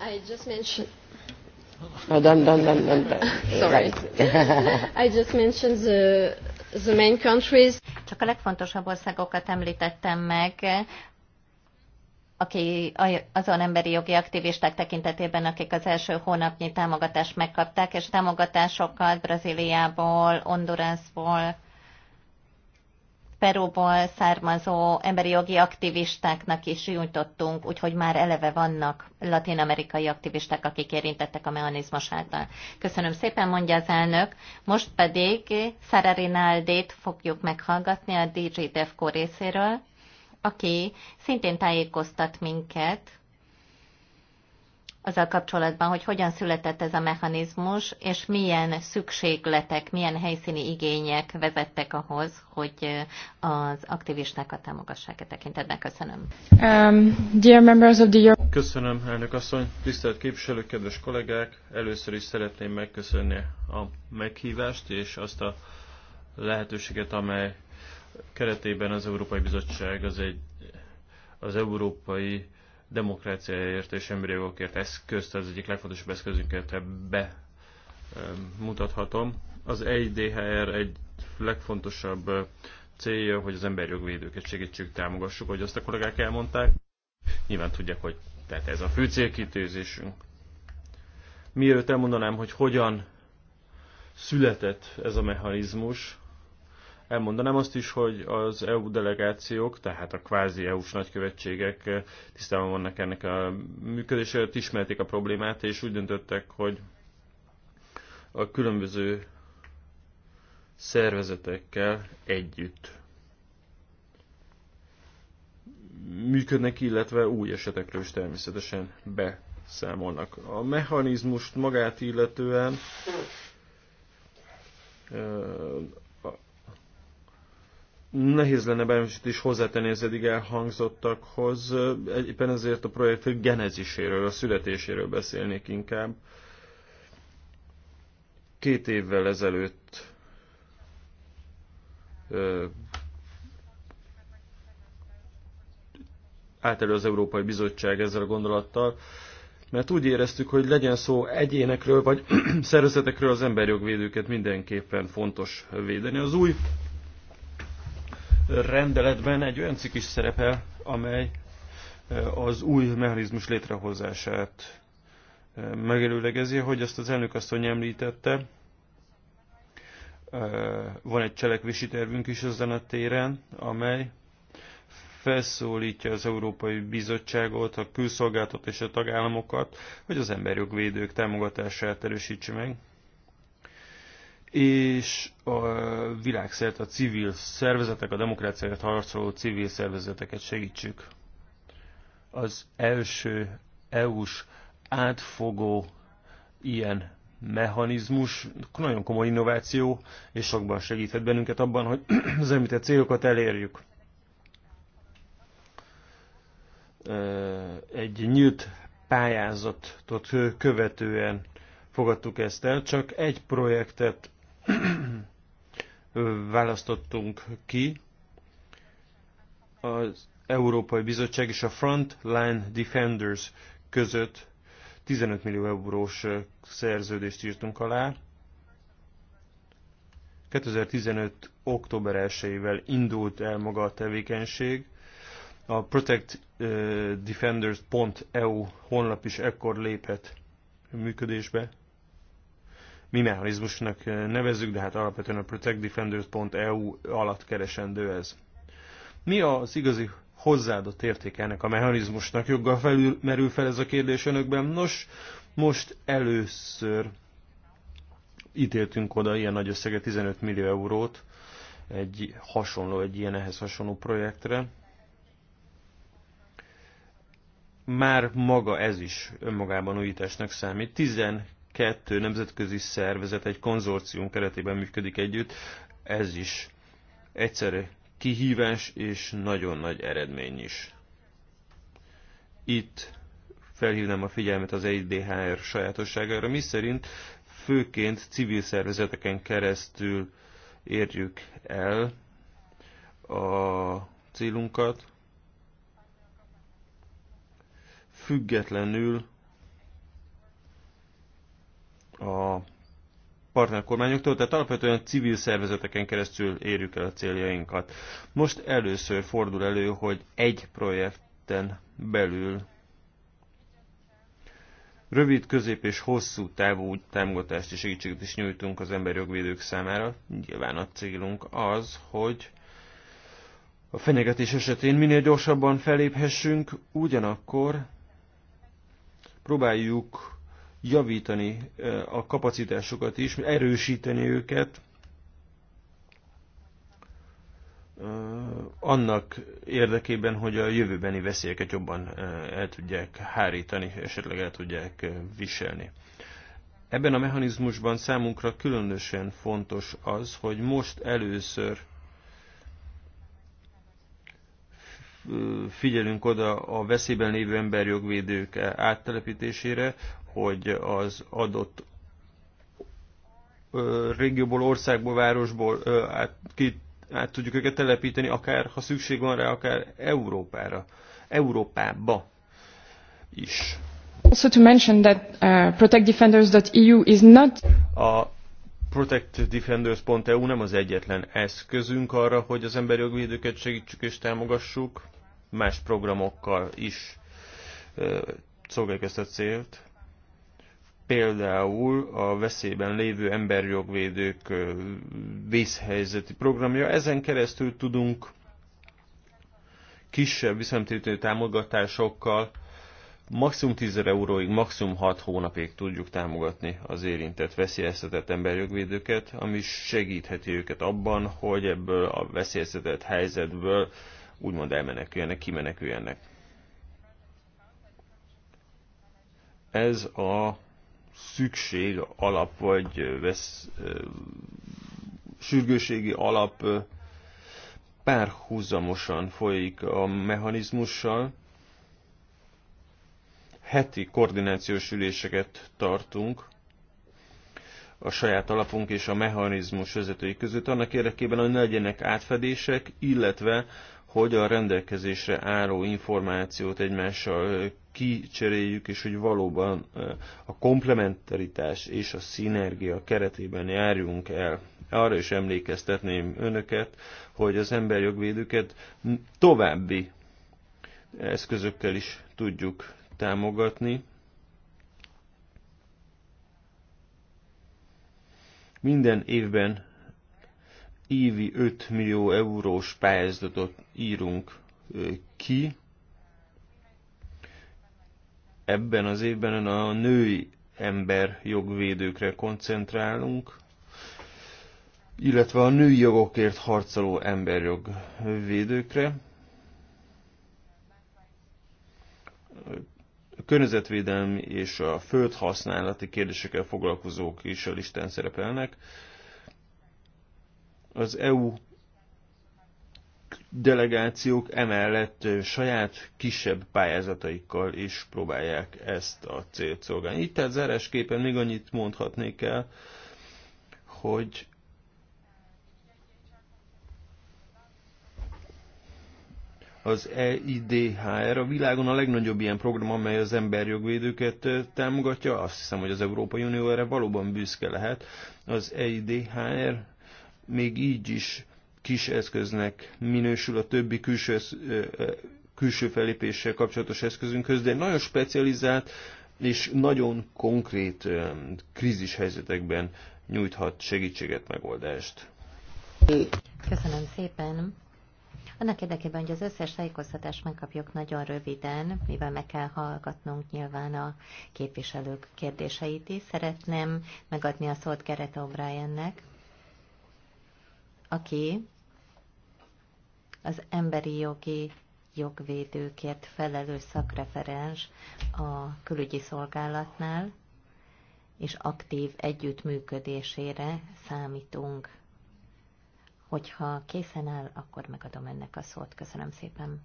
I just mentioned No, don't, don't, don't, don't, don't. Sorry. I just mentioned the, the main countries. Csak a legfontosabb országokat említettem meg, aki azon emberi jogi aktivisták tekintetében, akik az első hónapnyi támogatást megkapták, és támogatásokat Brazíliából, Hondurasból, Peruból származó emberi jogi aktivistáknak is nyújtottunk, úgyhogy már eleve vannak latin-amerikai aktivisták, akik érintettek a mechanizmus által. Köszönöm szépen, mondja az elnök. Most pedig Sara Rinaldét fogjuk meghallgatni a DJ Defco részéről aki szintén tájékoztat minket azzal kapcsolatban, hogy hogyan született ez a mechanizmus, és milyen szükségletek, milyen helyszíni igények vezettek ahhoz, hogy az aktivistákat támogassák e tekintetben. Köszönöm. Um, dear members of the Köszönöm, elnök asszony. Tisztelt képviselők, kedves kollégák! Először is szeretném megköszönni a meghívást és azt a lehetőséget, amely keretében az Európai Bizottság az egy az európai demokráciáért és emberi jogokért eszközt, az egyik legfontosabb eszközünket ebbe mutathatom. Az EIDHR egy legfontosabb célja, hogy az jogvédőket segítsük, támogassuk, hogy azt a kollégák elmondták. Nyilván tudják, hogy tehát ez a fő célkitűzésünk. Mielőtt elmondanám, hogy hogyan született ez a mechanizmus, Elmondanám azt is, hogy az EU delegációk, tehát a kvázi EU-s nagykövetségek eh, tisztában vannak ennek a működésére, ismerték a problémát, és úgy döntöttek, hogy a különböző szervezetekkel együtt működnek, illetve új esetekről is természetesen beszámolnak. A mechanizmust magát illetően eh, Nehéz lenne bármit is hozzátenni az eddig elhangzottakhoz, éppen ezért a projekt geneziséről, a születéséről beszélnék inkább. Két évvel ezelőtt állt elő az Európai Bizottság ezzel a gondolattal, mert úgy éreztük, hogy legyen szó egyénekről vagy [CLEARS THROAT] szervezetekről az emberjogvédőket mindenképpen fontos védeni. Az új rendeletben egy olyan cikk is szerepel, amely az új mechanizmus létrehozását megelőlegezi, hogy azt az elnök asszony említette. Van egy cselekvési tervünk is ezen a téren, amely felszólítja az Európai Bizottságot, a külszolgáltat és a tagállamokat, hogy az emberjogvédők támogatását erősítse meg, és a világszert a civil szervezetek, a demokráciáért harcoló civil szervezeteket segítsük. Az első EU-s átfogó ilyen mechanizmus, nagyon komoly innováció, és sokban segíthet bennünket abban, hogy [CLEARS THROAT] az említett célokat elérjük. Egy nyílt pályázatot követően fogadtuk ezt el, csak egy projektet választottunk ki. Az Európai Bizottság és a Frontline Defenders között 15 millió eurós szerződést írtunk alá. 2015. október 1 indult el maga a tevékenység. A protectdefenders.eu honlap is ekkor lépett működésbe mi mechanizmusnak nevezzük, de hát alapvetően a protectdefenders.eu alatt keresendő ez. Mi az igazi hozzáadott érték ennek a mechanizmusnak? Joggal felül merül fel ez a kérdés önökben. Nos, most először ítéltünk oda ilyen nagy összeget, 15 millió eurót egy hasonló, egy ilyen ehhez hasonló projektre. Már maga ez is önmagában újításnak számít. 12 kettő nemzetközi szervezet egy konzorcium keretében működik együtt, ez is egyszerű kihívás és nagyon nagy eredmény is. Itt felhívnám a figyelmet az EIDHR sajátosságára, mi szerint főként civil szervezeteken keresztül érjük el a célunkat, függetlenül a partnerkormányoktól, tehát alapvetően civil szervezeteken keresztül érjük el a céljainkat. Most először fordul elő, hogy egy projekten belül rövid, közép és hosszú távú támogatást és segítséget is nyújtunk az emberjogvédők számára. Nyilván a célunk az, hogy a fenyegetés esetén minél gyorsabban feléphessünk, ugyanakkor próbáljuk javítani a kapacitásokat is, erősíteni őket, annak érdekében, hogy a jövőbeni veszélyeket jobban el tudják hárítani, esetleg el tudják viselni. Ebben a mechanizmusban számunkra különösen fontos az, hogy most először figyelünk oda a veszélyben lévő emberjogvédők áttelepítésére, hogy az adott régióból, országból, városból át, ki, át tudjuk őket telepíteni, akár ha szükség van rá, akár Európára, Európába is. Also to mention that uh, protectdefenders.eu is not... A protectdefenders.eu nem az egyetlen eszközünk arra, hogy az emberi jogvédőket segítsük és támogassuk. Más programokkal is uh, szolgáljuk ezt a célt például a veszélyben lévő emberjogvédők vészhelyzeti programja. Ezen keresztül tudunk kisebb viszontítő támogatásokkal maximum 10 euróig, maximum 6 hónapig tudjuk támogatni az érintett, veszélyeztetett emberjogvédőket, ami segítheti őket abban, hogy ebből a veszélyeztetett helyzetből úgymond elmeneküljenek, kimeneküljenek. Ez a szükség, alap vagy vesz, sürgőségi alap párhuzamosan folyik a mechanizmussal. Heti koordinációs üléseket tartunk a saját alapunk és a mechanizmus vezetői között, annak érdekében, hogy ne legyenek átfedések, illetve hogy a rendelkezésre álló információt egymással kicseréljük, és hogy valóban a komplementaritás és a szinergia keretében járjunk el. Arra is emlékeztetném önöket, hogy az emberjogvédőket további eszközökkel is tudjuk támogatni. Minden évben évi 5 millió eurós pályázatot írunk ki, Ebben az évben a női ember jogvédőkre koncentrálunk, illetve a női jogokért harcoló emberjogvédőkre. A környezetvédelmi és a földhasználati kérdésekkel foglalkozók is a listán szerepelnek. Az EU delegációk emellett saját kisebb pályázataikkal is próbálják ezt a célt szolgálni. Itt tehát zárás képen még annyit mondhatnék el, hogy az EIDHR a világon a legnagyobb ilyen program, amely az emberjogvédőket támogatja. Azt hiszem, hogy az Európai Unió erre valóban büszke lehet. Az EIDHR még így is kis eszköznek minősül a többi külső, külső felépéssel kapcsolatos eszközünkhöz, de nagyon specializált és nagyon konkrét krízis helyzetekben nyújthat segítséget, megoldást. Köszönöm szépen! Annak érdekében, hogy az összes tájékoztatást megkapjuk nagyon röviden, mivel meg kell hallgatnunk nyilván a képviselők kérdéseit is, szeretném megadni a szót Gerete O'Briennek, aki az emberi jogi jogvédőkért felelős szakreferens a külügyi szolgálatnál, és aktív együttműködésére számítunk. Hogyha készen áll, akkor megadom ennek a szót. Köszönöm szépen.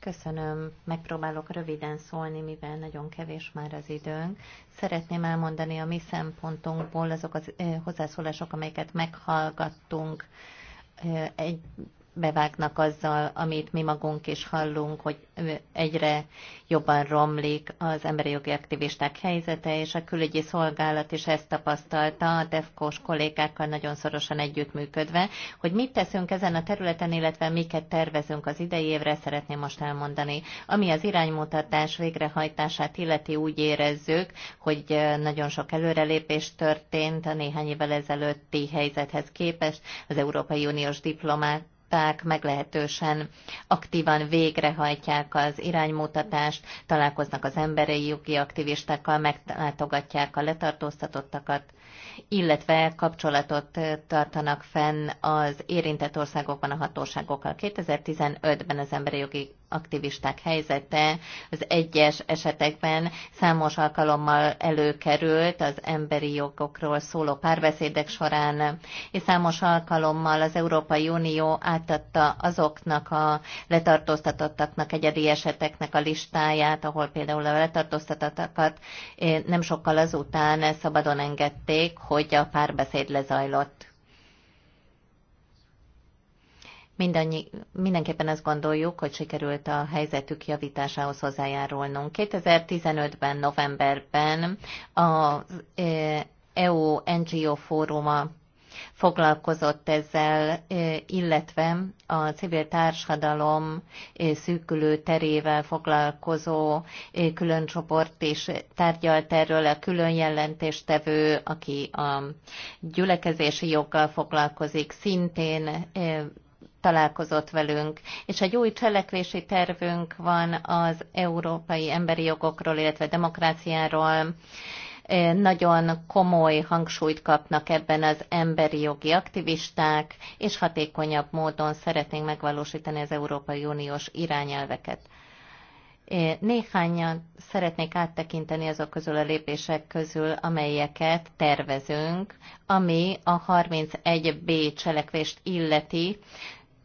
Köszönöm, megpróbálok röviden szólni, mivel nagyon kevés már az időnk. Szeretném elmondani a mi szempontunkból azok az eh, hozzászólások, amelyeket meghallgattunk. Eh, egy bevágnak azzal, amit mi magunk is hallunk, hogy egyre jobban romlik az emberi jogi aktivisták helyzete, és a külügyi szolgálat is ezt tapasztalta a DEFKOS kollégákkal nagyon szorosan együttműködve, hogy mit teszünk ezen a területen, illetve miket tervezünk az idei évre, szeretném most elmondani. Ami az iránymutatás végrehajtását illeti, úgy érezzük, hogy nagyon sok előrelépés történt a néhány évvel ezelőtti helyzethez képest. Az Európai Uniós diplomát hallották, meglehetősen aktívan végrehajtják az iránymutatást, találkoznak az emberi jogi aktivistákkal, meglátogatják a letartóztatottakat, illetve kapcsolatot tartanak fenn az érintett országokban a hatóságokkal. 2015-ben az emberi jogi aktivisták helyzete az egyes esetekben számos alkalommal előkerült az emberi jogokról szóló párbeszédek során, és számos alkalommal az Európai Unió átadta azoknak a letartóztatottaknak egyedi eseteknek a listáját, ahol például a letartóztatottakat eh, nem sokkal azután szabadon engedték, hogy a párbeszéd lezajlott. Mindannyi, mindenképpen azt gondoljuk, hogy sikerült a helyzetük javításához hozzájárulnunk. 2015-ben, novemberben az EU e NGO fóruma foglalkozott ezzel, e, illetve a civil társadalom e, szűkülő terével foglalkozó külön csoport is tárgyalt erről a külön jelentéstevő, aki a gyülekezési joggal foglalkozik, szintén találkozott velünk, és egy új cselekvési tervünk van az európai emberi jogokról, illetve demokráciáról. Nagyon komoly hangsúlyt kapnak ebben az emberi jogi aktivisták, és hatékonyabb módon szeretnénk megvalósítani az Európai Uniós irányelveket. Néhányan szeretnék áttekinteni azok közül a lépések közül, amelyeket tervezünk, ami a 31B cselekvést illeti.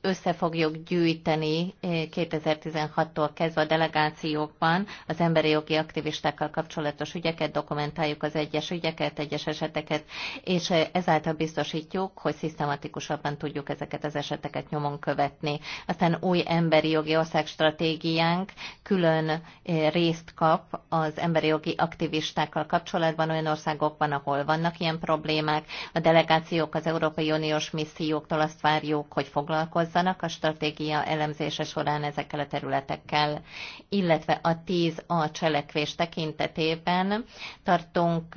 össze fogjuk gyűjteni 2016-tól eh, kezdve a delegációkban az emberi jogi aktivistákkal kapcsolatos ügyeket, dokumentáljuk az egyes ügyeket, egyes eseteket, és eh, ezáltal biztosítjuk, hogy szisztematikusabban tudjuk ezeket az eseteket nyomon követni. Aztán új emberi jogi országstratégiánk külön eh, részt kap az emberi jogi aktivistákkal kapcsolatban olyan országokban, ahol vannak ilyen problémák. A delegációk az Európai Uniós misszióktól azt várjuk, hogy foglalkozzanak foglalkoztanak a stratégia elemzése során ezekkel a területekkel, illetve a 10A cselekvés tekintetében tartunk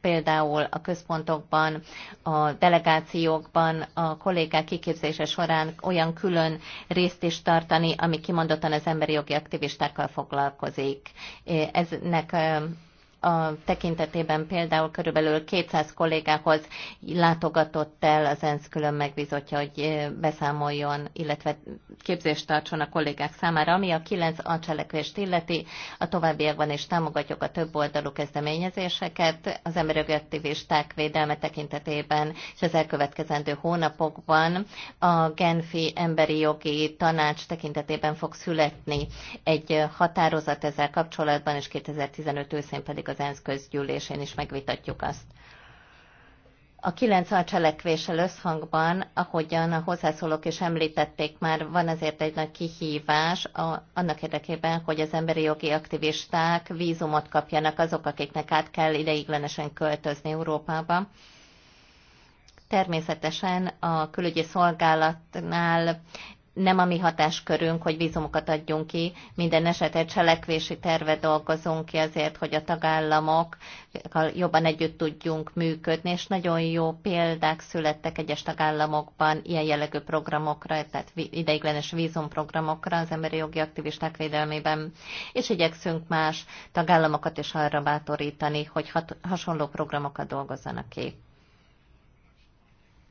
például a központokban, a delegációkban, a kollégák kiképzése során olyan külön részt is tartani, ami kimondottan az emberi jogi aktivistákkal foglalkozik. Eznek a tekintetében például körülbelül 200 kollégához látogatott el az ENSZ külön megbizotja, hogy beszámoljon, illetve képzést tartson a kollégák számára, ami a 9 a cselekvést illeti. A továbbiakban is támogatjuk a több oldalú kezdeményezéseket az emberi aktivisták védelme tekintetében, és az elkövetkezendő hónapokban a Genfi Emberi Jogi Tanács tekintetében fog születni egy határozat ezzel kapcsolatban, és 2015 őszén pedig még az ENSZ közgyűlésén is megvitatjuk azt. A kilenc a cselekvéssel összhangban, ahogyan a hozzászólók is említették már, van azért egy nagy kihívás a, annak érdekében, hogy az emberi jogi aktivisták vízumot kapjanak azok, akiknek át kell ideiglenesen költözni Európába. Természetesen a külügyi szolgálatnál nem a mi hatáskörünk, hogy vízumokat adjunk ki, minden esetre cselekvési terve dolgozunk ki azért, hogy a tagállamok jobban együtt tudjunk működni, és nagyon jó példák születtek egyes tagállamokban ilyen jellegű programokra, tehát ideiglenes vízumprogramokra az emberi jogi aktivisták védelmében, és igyekszünk más tagállamokat is arra bátorítani, hogy hat, hasonló programokat dolgozzanak ki.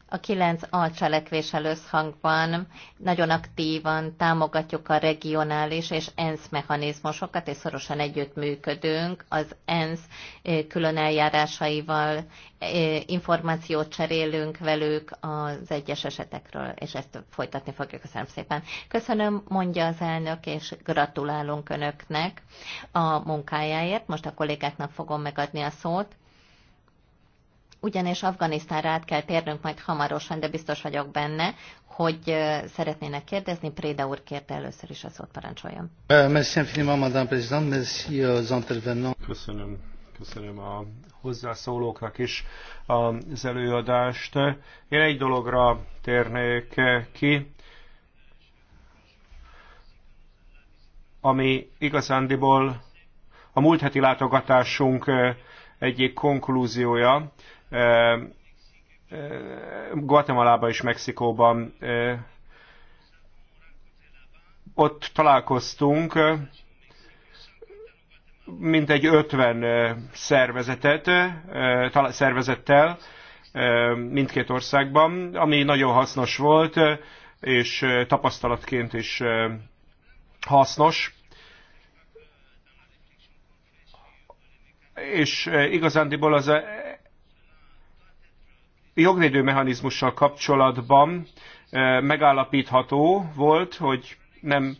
A kilenc alcselekvéssel összhangban nagyon aktívan támogatjuk a regionális és ENSZ mechanizmusokat, és szorosan együttműködünk az ENSZ külön eljárásaival, információt cserélünk velük az egyes esetekről, és ezt folytatni fogjuk. Köszönöm szépen. Köszönöm, mondja az elnök, és gratulálunk Önöknek a munkájáért. Most a kollégáknak fogom megadni a szót ugyanis Afganisztánra át kell térnünk majd hamarosan, de biztos vagyok benne, hogy szeretnének kérdezni. Préda úr kérte először is a szót, parancsoljon. Köszönöm, köszönöm a hozzászólóknak is az előadást. Én egy dologra térnék ki, ami igazándiból a múlt heti látogatásunk egyik konklúziója, Guatemala-ban és Mexikóban ott találkoztunk mintegy 50 szervezetet, szervezettel mindkét országban, ami nagyon hasznos volt, és tapasztalatként is hasznos. És igazándiból az jogvédő mechanizmussal kapcsolatban eh, megállapítható volt, hogy nem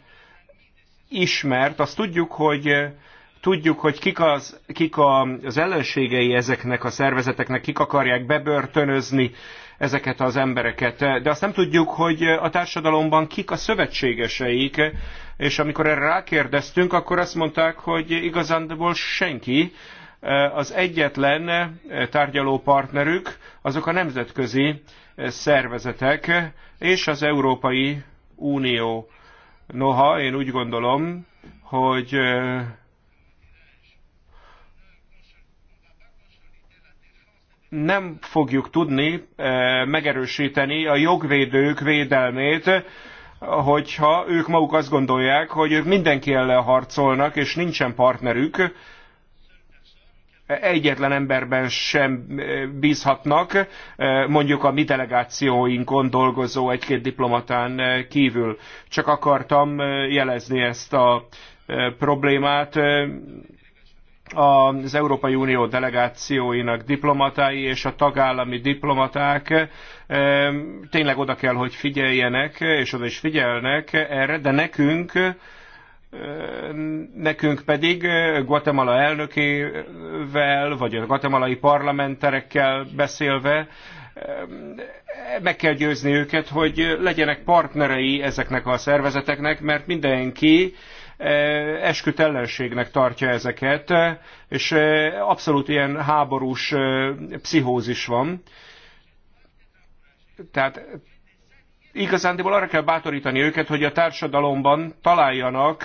ismert. Azt tudjuk, hogy eh, tudjuk, hogy kik, az, kik az ellenségei ezeknek a szervezeteknek, kik akarják bebörtönözni ezeket az embereket. Eh, de azt nem tudjuk, hogy a társadalomban kik a szövetségeseik, és amikor erre rákérdeztünk, akkor azt mondták, hogy igazándiból senki, Eh, az egyetlen eh, tárgyaló partnerük azok a nemzetközi eh, szervezetek és az Európai Unió. Noha én úgy gondolom, hogy nem fogjuk tudni megerősíteni a jogvédők védelmét, hogyha ők maguk azt gondolják, hogy ők mindenki ellen harcolnak, és nincsen partnerük, egyetlen emberben sem bízhatnak, mondjuk a mi delegációinkon dolgozó egy-két diplomatán kívül. Csak akartam jelezni ezt a problémát. Az Európai Unió delegációinak diplomatái és a tagállami diplomaták tényleg oda kell, hogy figyeljenek, és oda is figyelnek erre, de nekünk nekünk pedig Guatemala elnökével, vagy a guatemalai parlamenterekkel beszélve meg kell győzni őket, hogy legyenek partnerei ezeknek a szervezeteknek, mert mindenki esküt ellenségnek tartja ezeket, és abszolút ilyen háborús pszichózis van. Tehát igazándiból arra kell bátorítani őket, hogy a társadalomban találjanak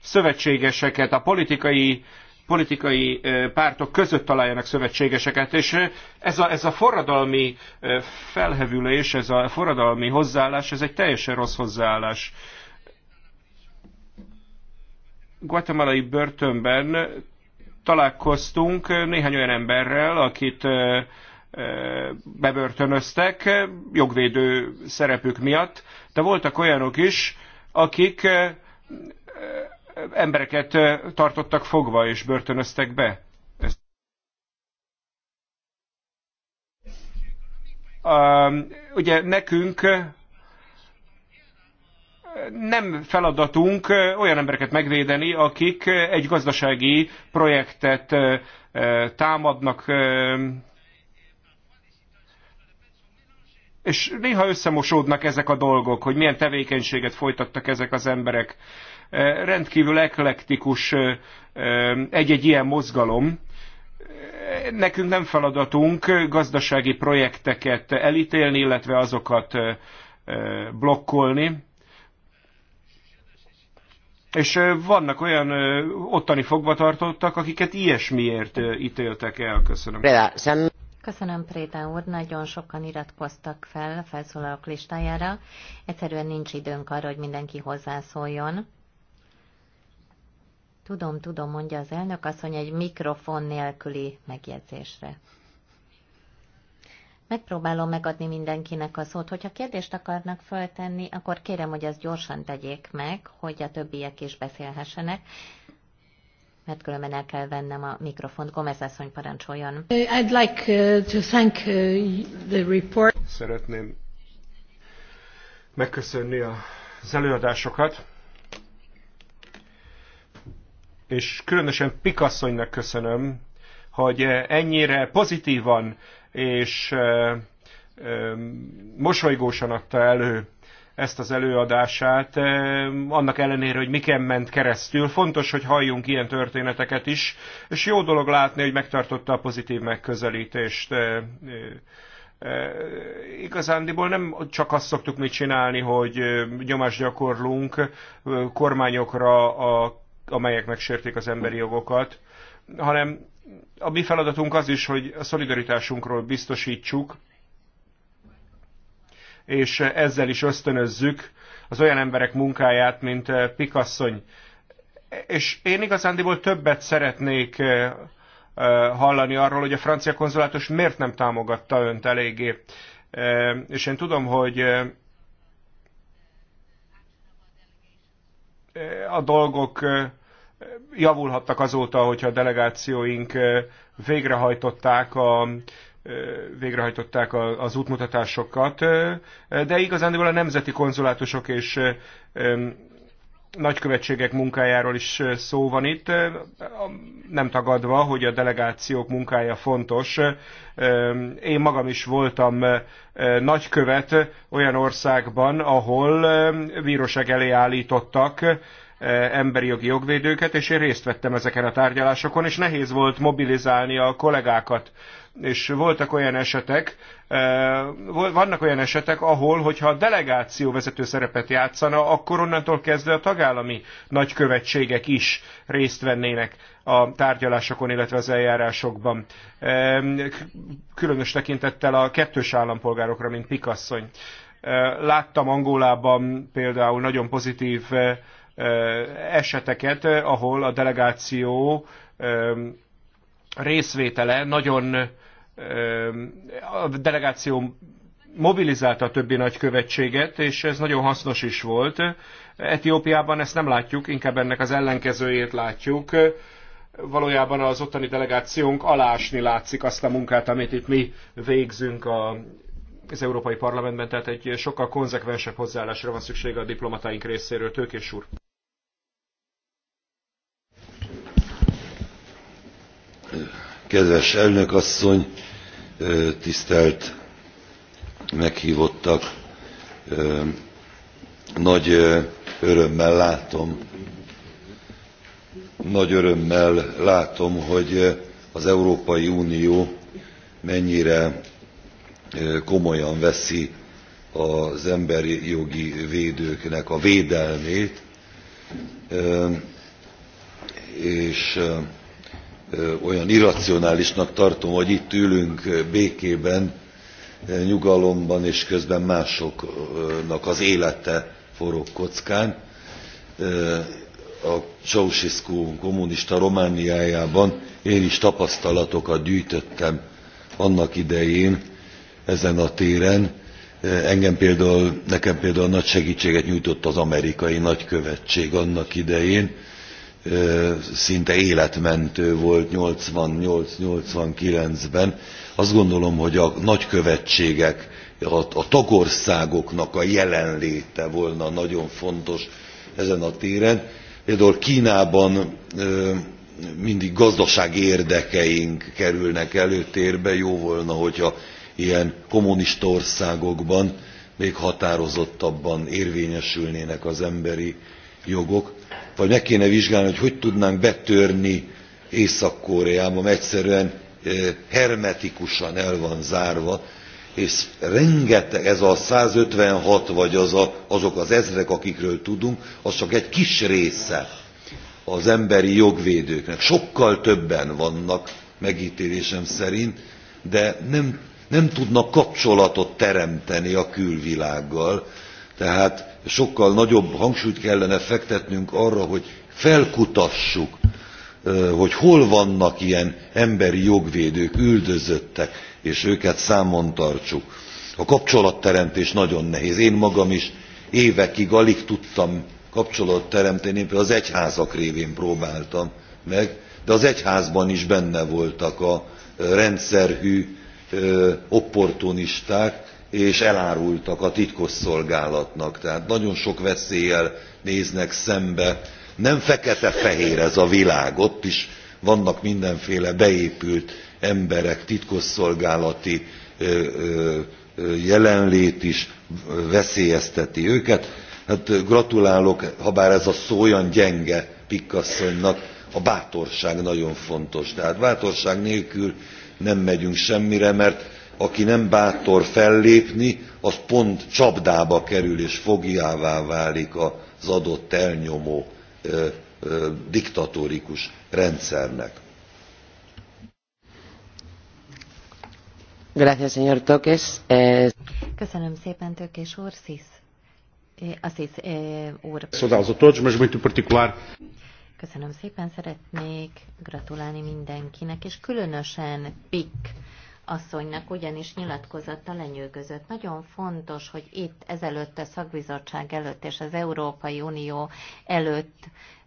szövetségeseket, a politikai politikai pártok között találjanak szövetségeseket, és ez a, ez a forradalmi felhevülés, ez a forradalmi hozzáállás, ez egy teljesen rossz hozzáállás. Guatemalai börtönben találkoztunk néhány olyan emberrel, akit bebörtönöztek jogvédő szerepük miatt, de voltak olyanok is, akik embereket tartottak fogva és börtönöztek be. Ugye nekünk nem feladatunk olyan embereket megvédeni, akik egy gazdasági projektet támadnak, és néha összemosódnak ezek a dolgok, hogy milyen tevékenységet folytattak ezek az emberek. E, rendkívül eklektikus e, e, egy-egy ilyen mozgalom. Nekünk nem feladatunk gazdasági projekteket elítélni, illetve azokat blokkolni. És vannak olyan ottani fogvatartottak, akiket ilyesmiért ítéltek el. Köszönöm. Köszönöm, Préta úr, nagyon sokan iratkoztak fel felszólalók listájára. Egyszerűen nincs időnk arra, hogy mindenki hozzászóljon. Tudom, tudom, mondja az elnök asszony egy mikrofon nélküli megjegyzésre. Megpróbálom megadni mindenkinek a szót. Hogyha kérdést akarnak föltenni, akkor kérem, hogy ezt gyorsan tegyék meg, hogy a többiek is beszélhessenek mert hát különben el kell vennem a mikrofont. Gomez asszony parancsoljon. I'd like uh, to thank uh, the report. Szeretném megköszönni az előadásokat, és különösen Pikasszonynak köszönöm, hogy ennyire pozitívan és uh, um, mosolygósan adta elő ezt az előadását, annak ellenére, hogy miken ment keresztül. Fontos, hogy halljunk ilyen történeteket is, és jó dolog látni, hogy megtartotta a pozitív megközelítést. Igazándiból nem csak azt szoktuk mit csinálni, hogy nyomást gyakorlunk kormányokra, a, amelyek megsértik az emberi jogokat, hanem a mi feladatunk az is, hogy a szolidaritásunkról biztosítsuk és ezzel is ösztönözzük az olyan emberek munkáját, mint eh, Pikasszony. És én igazándiból többet szeretnék eh, eh, hallani arról, hogy a francia konzulátus miért nem támogatta önt eléggé. És én tudom, hogy a dolgok javulhattak azóta, hogyha a delegációink végrehajtották a végrehajtották az útmutatásokat, de igazándiból a nemzeti konzulátusok és nagykövetségek munkájáról is szó van itt, nem tagadva, hogy a delegációk munkája fontos. Én magam is voltam nagykövet olyan országban, ahol bíróság elé állítottak emberi jogi jogvédőket, és én részt vettem ezeken a tárgyalásokon, és nehéz volt mobilizálni a kollégákat és voltak olyan esetek, eh, vannak olyan esetek, ahol, hogyha a delegáció vezető szerepet játszana, akkor onnantól kezdve a tagállami nagykövetségek is részt vennének a tárgyalásokon, illetve az eljárásokban. Különös tekintettel a kettős állampolgárokra, mint Pikasszony. Eh, láttam Angolában például nagyon pozitív eh, eseteket, ahol a delegáció részvétele nagyon a delegáció mobilizálta a többi nagykövetséget, és ez nagyon hasznos is volt. Etiópiában ezt nem látjuk, inkább ennek az ellenkezőjét látjuk. Valójában az ottani delegációnk alásni látszik azt a munkát, amit itt mi végzünk a, az Európai Parlamentben, tehát egy sokkal konzekvensebb hozzáállásra van szüksége a diplomataink részéről. Tőkés úr. Kedves elnökasszony, tisztelt meghívottak, nagy örömmel látom, nagy örömmel látom, hogy az Európai Unió mennyire komolyan veszi az emberi jogi védőknek a védelmét, és olyan irracionálisnak tartom hogy itt ülünk békében nyugalomban és közben másoknak az élete forog kockán. a ceausescu kommunista romániájában én is tapasztalatokat gyűjtöttem annak idején ezen a téren. Engem például, nekem például nagy segítséget nyújtott az amerikai nagykövetség annak idején, szinte életmentő volt 88-89-ben. Azt gondolom, hogy a nagykövetségek, a, a tagországoknak a jelenléte volna nagyon fontos ezen a téren. Például Kínában mindig gazdasági érdekeink kerülnek előtérbe, jó volna, hogyha ilyen kommunista országokban még határozottabban érvényesülnének az emberi jogok vagy meg kéne vizsgálni hogy hogy tudnánk betörni észak koreába mert egyszerűen hermetikusan el van zárva és rengeteg ez a 156 vagy az a, azok az ezrek akikről tudunk az csak egy kis része az emberi jogvédőknek sokkal többen vannak megítélésem szerint de nem, nem tudnak kapcsolatot teremteni a külvilággal tehát sokkal nagyobb hangsúlyt kellene fektetnünk arra, hogy felkutassuk, hogy hol vannak ilyen emberi jogvédők, üldözöttek, és őket számon tartsuk. A kapcsolatteremtés nagyon nehéz. Én magam is évekig alig tudtam kapcsolat teremteni, én például az egyházak révén próbáltam meg, de az egyházban is benne voltak a rendszerhű opportunisták, és elárultak a titkosszolgálatnak. Tehát nagyon sok veszéllyel néznek szembe. Nem fekete-fehér ez a világ, ott is vannak mindenféle beépült emberek, titkosszolgálati jelenlét is veszélyezteti őket. Hát gratulálok, habár ez a szó olyan gyenge Pikkasszonynak, a bátorság nagyon fontos. Tehát bátorság nélkül nem megyünk semmire, mert aki nem bátor fellépni, az pont csapdába kerül és fogjává válik az adott elnyomó diktatórikus rendszernek. Gracias, señor Tokes. Eh, Köszönöm szépen, Tökés úr, Szisz. Assis eh, eh, úr. Saudá todos, mas muito particular. Köszönöm szépen, szeretnék gratulálni mindenkinek, és különösen Pik asszonynak ugyanis nyilatkozata lenyűgözött. Nagyon fontos, hogy itt ezelőtt a szakbizottság előtt és az Európai Unió előtt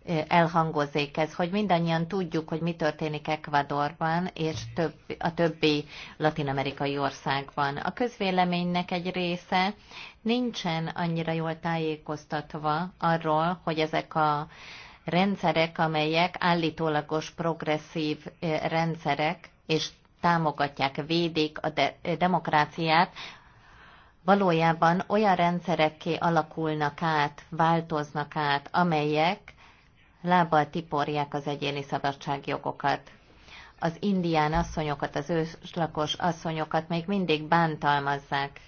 eh, elhangozik ez, hogy mindannyian tudjuk, hogy mi történik Ekvadorban és több, a többi latinamerikai országban. A közvéleménynek egy része nincsen annyira jól tájékoztatva arról, hogy ezek a rendszerek, amelyek állítólagos progresszív eh, rendszerek, és támogatják, védik a de- demokráciát, valójában olyan rendszerekké alakulnak át, változnak át, amelyek lábbal tiporják az egyéni szabadságjogokat. Az indián asszonyokat, az őslakos asszonyokat még mindig bántalmazzák.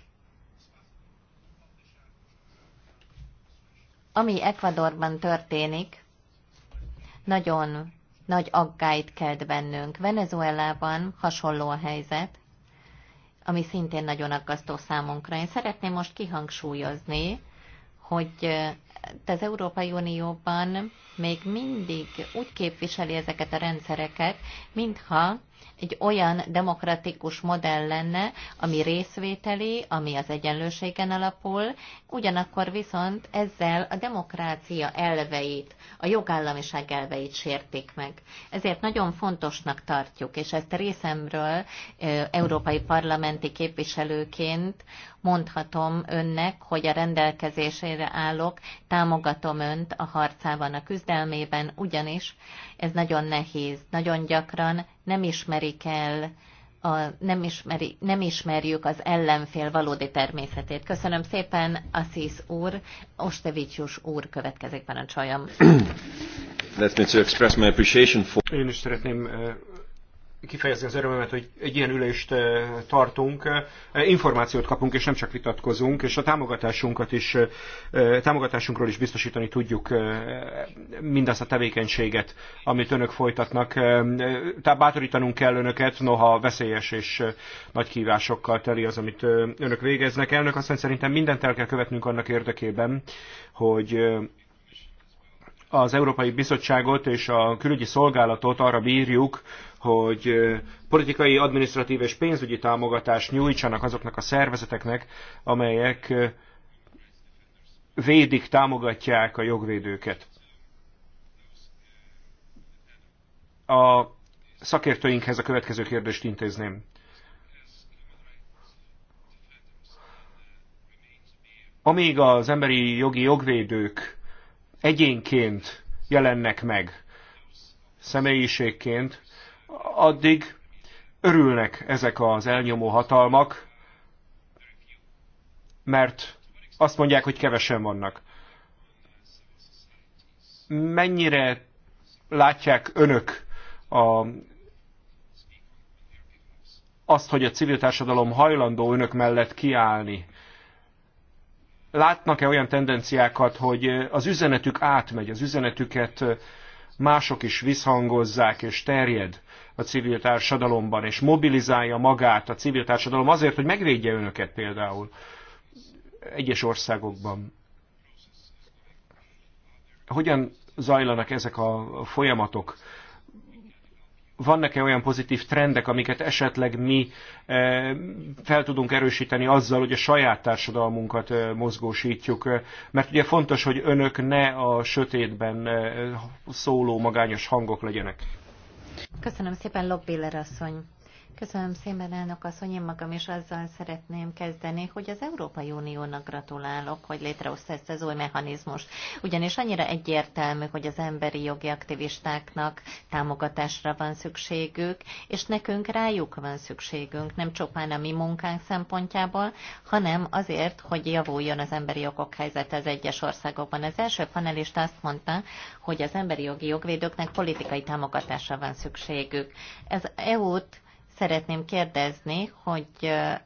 Ami Ecuadorban történik, nagyon nagy aggályt kelt bennünk. Venezuelában hasonló a helyzet, ami szintén nagyon aggasztó számunkra. Én szeretném most kihangsúlyozni, hogy az Európai Unióban még mindig úgy képviseli ezeket a rendszereket, mintha egy olyan demokratikus modell lenne, ami részvételi, ami az egyenlőségen alapul, ugyanakkor viszont ezzel a demokrácia elveit, a jogállamiság elveit sértik meg. Ezért nagyon fontosnak tartjuk, és ezt részemről európai parlamenti képviselőként mondhatom önnek, hogy a rendelkezésére állok, támogatom önt a harcában, a küzdelmében, ugyanis ez nagyon nehéz. Nagyon gyakran nem ismerik el, a, nem, ismeri, nem ismerjük az ellenfél valódi természetét. Köszönöm szépen, Assis úr, Ostevicius úr következik parancsoljam. Let me to express my appreciation for... Én is szeretném eh, kifejezni az örömömet, hogy egy ilyen ülést eh, tartunk, eh, információt kapunk, és nem csak vitatkozunk, és a támogatásunkat is, eh, támogatásunkról is biztosítani tudjuk mindazt a tevékenységet, amit önök folytatnak. Tehát bátorítanunk kell önöket, noha veszélyes és nagy kívásokkal teli az, amit önök végeznek. Elnök azt szerintem mindent el kell követnünk annak érdekében, hogy az Európai Bizottságot és a külügyi szolgálatot arra bírjuk, hogy politikai, adminisztratív és pénzügyi támogatást nyújtsanak azoknak a szervezeteknek, amelyek védik, támogatják a jogvédőket. A szakértőinkhez a következő kérdést intézném. Amíg az emberi jogi jogvédők egyénként jelennek meg, személyiségként, addig örülnek ezek az elnyomó hatalmak, mert azt mondják, hogy kevesen vannak. Mennyire látják önök a, azt, hogy a civil társadalom hajlandó önök mellett kiállni? Látnak-e olyan tendenciákat, hogy az üzenetük átmegy, az üzenetüket mások is visszhangozzák és terjed a civil társadalomban, és mobilizálja magát a civil társadalom azért, hogy megvédje önöket például egyes országokban. Hogyan zajlanak ezek a folyamatok? vannak-e olyan pozitív trendek, amiket esetleg mi eh, fel tudunk erősíteni azzal, hogy a saját társadalmunkat eh, mozgósítjuk. Mert ugye fontos, hogy önök ne a sötétben eh, szóló magányos hangok legyenek. Köszönöm szépen, Lobbiller asszony. Köszönöm szépen, elnök asszony, én magam is azzal szeretném kezdeni, hogy az Európai Uniónak gratulálok, hogy létrehozta ezt az új mechanizmus. Ugyanis annyira egyértelmű, hogy az emberi jogi aktivistáknak támogatásra van szükségük, és nekünk rájuk van szükségünk, nem csupán a mi munkánk szempontjából, hanem azért, hogy javuljon az emberi jogok helyzete az egyes országokban. Az első panelista azt mondta, hogy az emberi jogi jogvédőknek politikai támogatásra van szükségük. Ez EU-t Szeretném kérdezni, hogy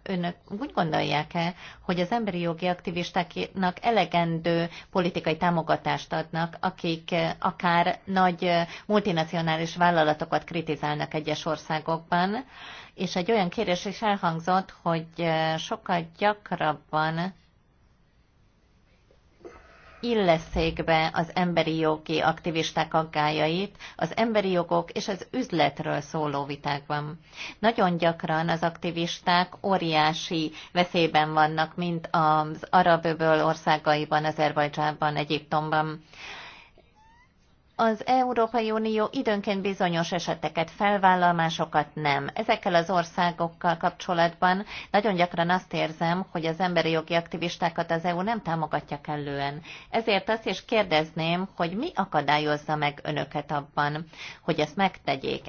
önök úgy gondolják-e, hogy az emberi jogi aktivistáknak elegendő politikai támogatást adnak, akik akár nagy multinacionális vállalatokat kritizálnak egyes országokban, és egy olyan kérdés is elhangzott, hogy sokkal gyakrabban illeszék be az emberi jogi aktivisták aggájait az emberi jogok és az üzletről szóló vitákban. Nagyon gyakran az aktivisták óriási veszélyben vannak, mint az arab öböl országaiban, Azerbajdzsánban, Egyiptomban az Európai Unió időnként bizonyos eseteket felvállal, másokat nem. Ezekkel az országokkal kapcsolatban nagyon gyakran azt érzem, hogy az emberi jogi aktivistákat az EU nem támogatja kellően. Ezért azt is kérdezném, hogy mi akadályozza meg önöket abban, hogy ezt megtegyék,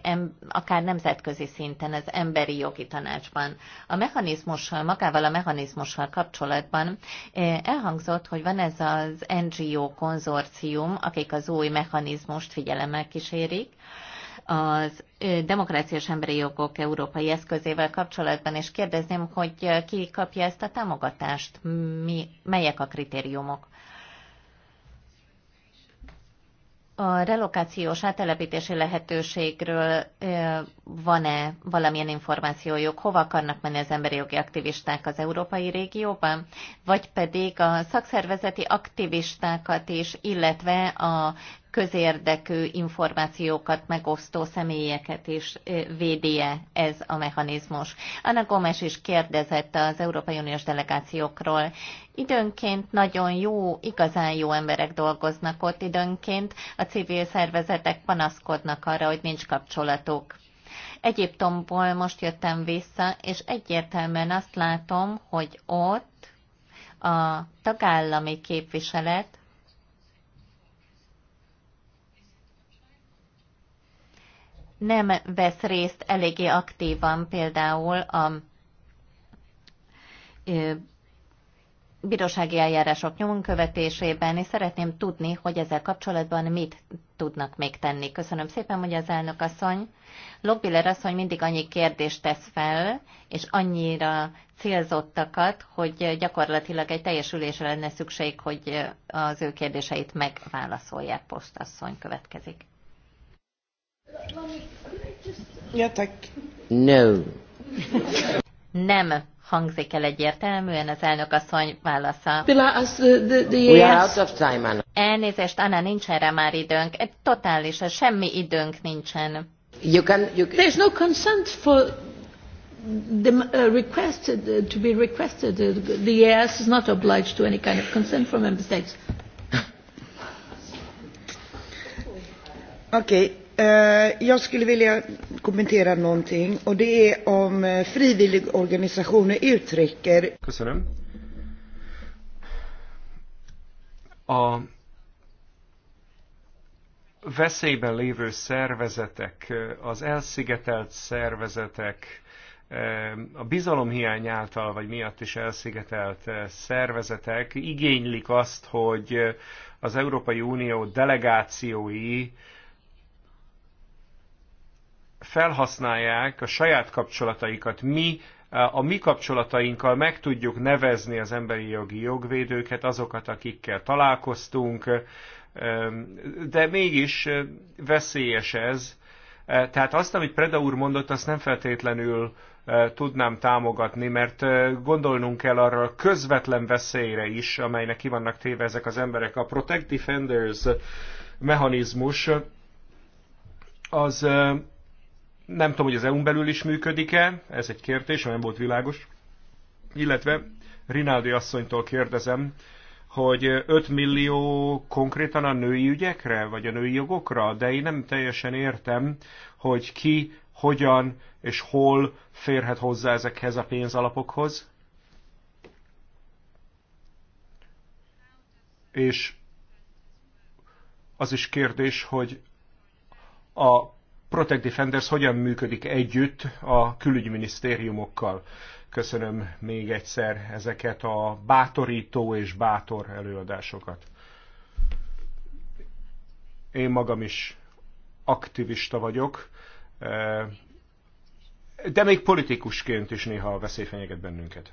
akár nemzetközi szinten, az emberi jogi tanácsban. A mechanizmussal, magával a mechanizmussal kapcsolatban eh, elhangzott, hogy van ez az NGO konzorcium, akik az új mechanizmus most figyelemmel kísérik az demokráciás emberi jogok európai eszközével kapcsolatban, és kérdezném, hogy ki kapja ezt a támogatást, mi, melyek a kritériumok. A relokációs átelepítési lehetőségről van-e valamilyen információjuk, hova akarnak menni az emberi jogi aktivisták az európai régióban, vagy pedig a szakszervezeti aktivistákat is, illetve a közérdekű információkat megosztó személyeket is védie ez a mechanizmus. Anna Gomes is kérdezett az Európai Uniós delegációkról. Időnként nagyon jó, igazán jó emberek dolgoznak ott, időnként a civil szervezetek panaszkodnak arra, hogy nincs kapcsolatuk. Egyiptomból most jöttem vissza, és egyértelműen azt látom, hogy ott a tagállami képviselet nem vesz részt eléggé aktívan például a bírósági eljárások nyomon követésében, és szeretném tudni, hogy ezzel kapcsolatban mit tudnak még tenni. Köszönöm szépen, hogy az elnök asszony. Lobbiler asszony mindig annyi kérdést tesz fel, és annyira célzottakat, hogy gyakorlatilag egy teljes ülésre lenne szükség, hogy az ő kérdéseit megválaszolják. Postasszony következik. Ja, tak. No. Nem hangzik el egyértelműen az asszony válasza. Elnézést, Anna, nincs erre már időnk. Totálisan semmi időnk nincsen. You can, you can... There's no consent for the uh, requested uh, to be requested. Uh, the EAS is not obliged to any kind of consent from member states. [LAUGHS] okay. Eh, jag skulle vilja kommentera någonting och det är om eh, frivilligorganisationer uttrycker... Köszönöm. A veszélyben lévő szervezetek, eh, az elszigetelt szervezetek, a bizalomhiány által vagy miatt is elszigetelt szervezetek igénylik azt, hogy az Európai Unió delegációi felhasználják a saját kapcsolataikat. Mi a mi kapcsolatainkkal meg tudjuk nevezni az emberi jogi jogvédőket, azokat, akikkel találkoztunk, de mégis veszélyes ez. Tehát azt, amit Preda úr mondott, azt nem feltétlenül tudnám támogatni, mert gondolnunk kell arra a közvetlen veszélyre is, amelynek ki vannak téve ezek az emberek. A Protect Defenders mechanizmus az nem tudom, hogy az EU-n belül is működik-e, ez egy kérdés, nem volt világos. Illetve Rinaldi asszonytól kérdezem, hogy 5 millió konkrétan a női ügyekre, vagy a női jogokra, de én nem teljesen értem, hogy ki, hogyan és hol férhet hozzá ezekhez a pénzalapokhoz. És az is kérdés, hogy a Protect Defenders hogyan működik együtt a külügyminisztériumokkal. Köszönöm még egyszer ezeket a bátorító és bátor előadásokat. Én magam is aktivista vagyok, eh, de még politikusként is néha a veszély fenyeget bennünket.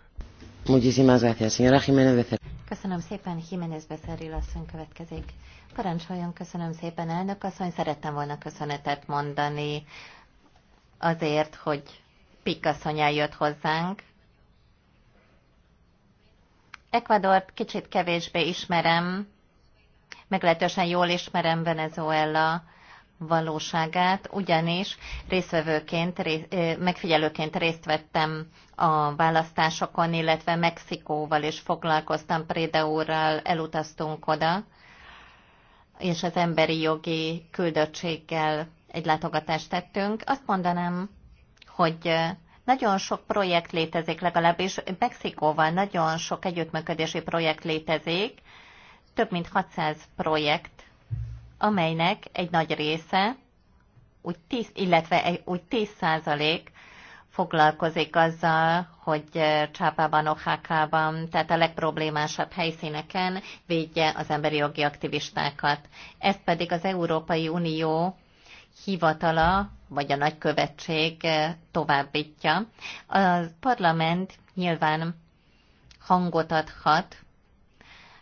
Muchísimas gracias, señora Jiménez Becerril. Köszönöm szépen, Jiménez Becerril asszony következik. Parancsoljon, köszönöm szépen, elnök asszony. Szerettem volna köszönetet mondani azért, hogy Pik asszony eljött hozzánk. Ecuadort kicsit kevésbé ismerem, meglehetősen jól ismerem Venezuela valóságát, ugyanis részvevőként, megfigyelőként részt vettem a választásokon, illetve Mexikóval is foglalkoztam, Préde úrral elutaztunk oda, és az emberi jogi küldöttséggel egy látogatást tettünk. Azt mondanám, hogy nagyon sok projekt létezik, legalábbis Mexikóval nagyon sok együttműködési projekt létezik, több mint 600 projekt amelynek egy nagy része, úgy tíz, illetve úgy 10 százalék foglalkozik azzal, hogy Csápában, Oaxacában, tehát a legproblémásabb helyszíneken védje az emberi jogi aktivistákat. Ezt pedig az Európai Unió hivatala, vagy a nagykövetség továbbítja. A parlament nyilván hangot adhat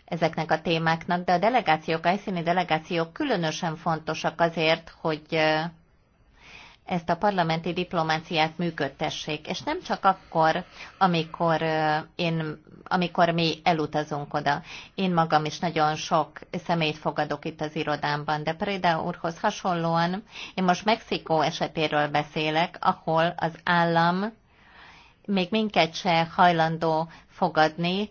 ezeknek a témáknak, de a delegációk, a helyszíni delegációk különösen fontosak azért, hogy ezt a parlamenti diplomáciát működtessék, és nem csak akkor, amikor, én, amikor mi elutazunk oda. Én magam is nagyon sok szemét fogadok itt az irodámban, de Preda úrhoz hasonlóan én most Mexikó esetéről beszélek, ahol az állam még minket se hajlandó fogadni,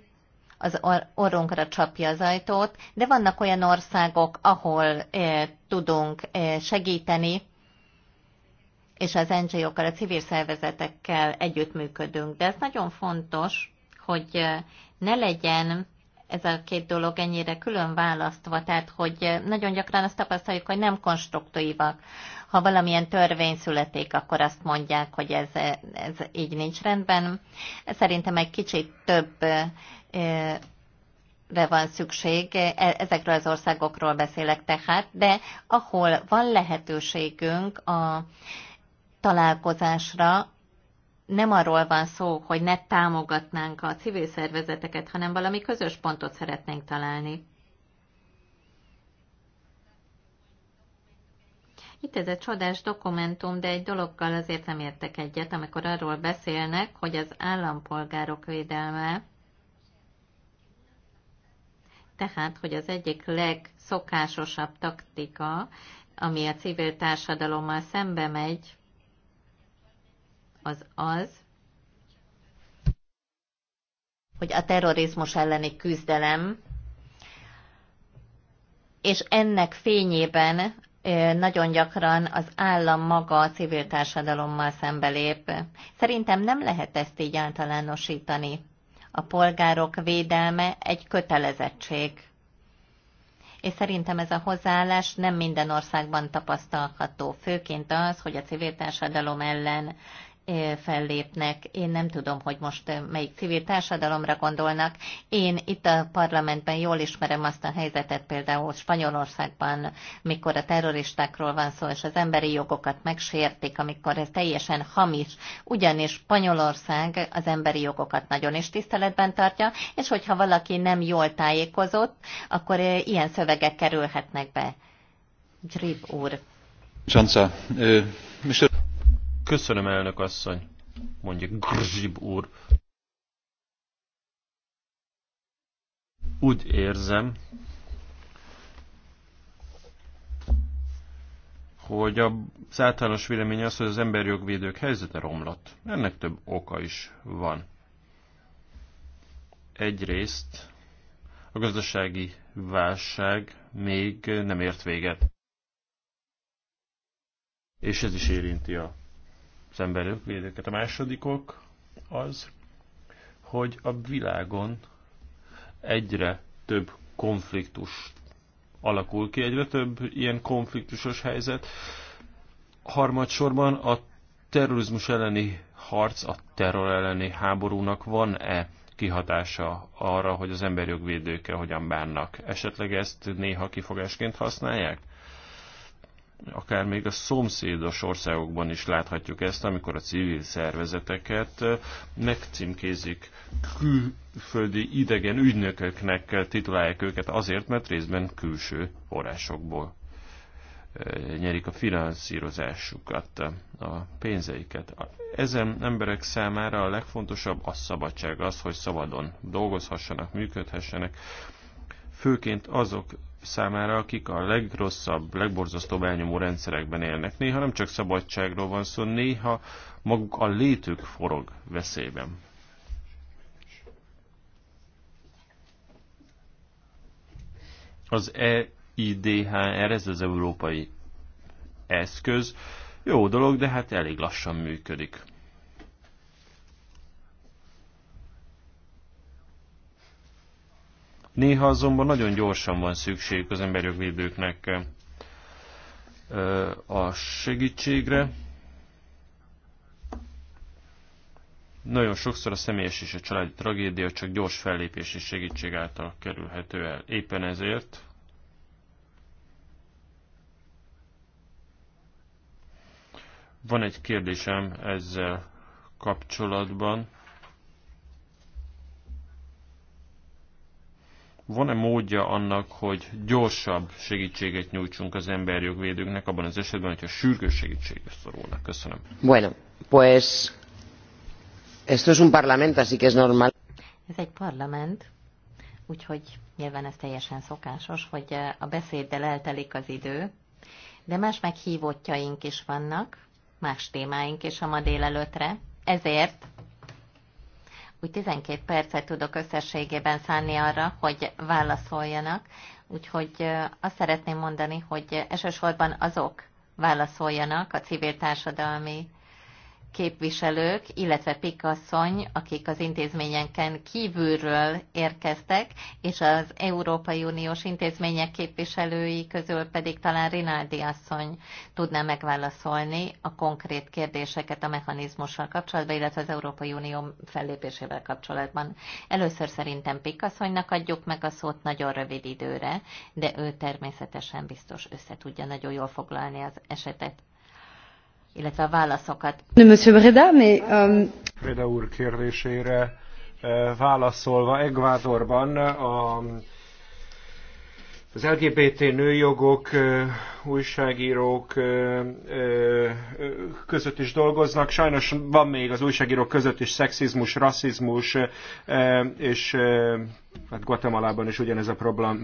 az orrunkra csapja az ajtót, de vannak olyan országok, ahol eh, tudunk eh, segíteni, és az NGO-kkal, a civil szervezetekkel együttműködünk. De ez nagyon fontos, hogy ne legyen ez a két dolog ennyire külön választva, tehát hogy nagyon gyakran azt tapasztaljuk, hogy nem konstruktívak ha valamilyen törvény születik, akkor azt mondják, hogy ez, ez így nincs rendben. Szerintem egy kicsit többre van szükség, e, ezekről az országokról beszélek tehát, de ahol van lehetőségünk a találkozásra, nem arról van szó, hogy ne támogatnánk a civil szervezeteket, hanem valami közös pontot szeretnénk találni. Itt ez egy csodás dokumentum, de egy dologgal azért nem értek egyet, amikor arról beszélnek, hogy az állampolgárok védelme, tehát, hogy az egyik legszokásosabb taktika, ami a civil társadalommal szembe megy, az az, hogy a terrorizmus elleni küzdelem, és ennek fényében nagyon gyakran az állam maga a civil társadalommal szembe lép. Szerintem nem lehet ezt így általánosítani. A polgárok védelme egy kötelezettség. És szerintem ez a hozzáállás nem minden országban tapasztalható, főként az, hogy a civil társadalom ellen fellépnek. Én nem tudom, hogy most melyik civil társadalomra gondolnak. Én itt a parlamentben jól ismerem azt a helyzetet például Spanyolországban, mikor a terroristákról van szó, és az emberi jogokat megsértik, amikor ez teljesen hamis. Ugyanis Spanyolország az emberi jogokat nagyon is tiszteletben tartja, és hogyha valaki nem jól tájékozott, akkor ilyen szövegek kerülhetnek be. Grib úr. Csanca, Köszönöm, elnök asszony, mondja Grzsib úr. Úgy érzem, hogy a általános vélemény az, hogy az emberjogvédők helyzete romlott. Ennek több oka is van. Egyrészt a gazdasági válság még nem ért véget. És ez is érinti a az emberők védőket. A másodikok az, hogy a világon egyre több konfliktus alakul ki, egyre több ilyen konfliktusos helyzet. Harmadsorban a terrorizmus elleni harc, a terror elleni háborúnak van-e kihatása arra, hogy az emberjogvédőkkel hogyan bánnak? Esetleg ezt néha kifogásként használják? akár még a szomszédos országokban is láthatjuk ezt, amikor a civil szervezeteket eh, megcímkézik külföldi idegen ügynököknek eh, titulálják őket azért, mert részben külső forrásokból eh, nyerik a finanszírozásukat, a pénzeiket. Ezen emberek számára a legfontosabb a szabadság, az, hogy szabadon dolgozhassanak, működhessenek, főként azok számára, akik a legrosszabb, legborzasztóbb elnyomó rendszerekben élnek. Néha nem csak szabadságról van szó, néha maguk a létük forog veszélyben. Az EIDHR, ez az európai eszköz, jó dolog, de hát elég lassan működik. Néha azonban nagyon gyorsan van szükség az emberjogvédőknek a segítségre. Nagyon sokszor a személyes és a családi tragédia csak gyors fellépés és segítség által kerülhető el. Éppen ezért van egy kérdésem ezzel kapcsolatban. Van-e módja annak, hogy gyorsabb segítséget nyújtsunk az emberjogvédőknek abban az esetben, hogyha sürgős segítségre szorulnak? Köszönöm. Bueno, pues esto es un Parlament, así que es normal. Ez egy parlament, úgyhogy nyilván ez teljesen szokásos, hogy eh, a beszéddel eltelik az idő, de más meghívottjaink is vannak, más témáink is a ma délelőtre, ezért úgy 12 percet tudok összességében szánni arra, hogy válaszoljanak. Úgyhogy azt szeretném mondani, hogy elsősorban azok válaszoljanak a civil társadalmi képviselők, illetve Pikasszony, akik az intézményenken kívülről érkeztek, és az Európai Uniós intézmények képviselői közül pedig talán Rinaldi asszony tudná megválaszolni a konkrét kérdéseket a mechanizmussal kapcsolatban, illetve az Európai Unió fellépésével kapcsolatban. Először szerintem Pikasszonynak adjuk meg a szót nagyon rövid időre, de ő természetesen biztos összetudja nagyon jól foglalni az esetet illetve a válaszokat. Monsieur Breda, mais, um... Breda úr kérdésére eh, válaszolva, Ekvádorban a az LGBT nőjogok, eh, újságírók eh, között is dolgoznak. Sajnos van még az újságírók között is szexizmus, rasszizmus és hát Guatemalában is ugyanez a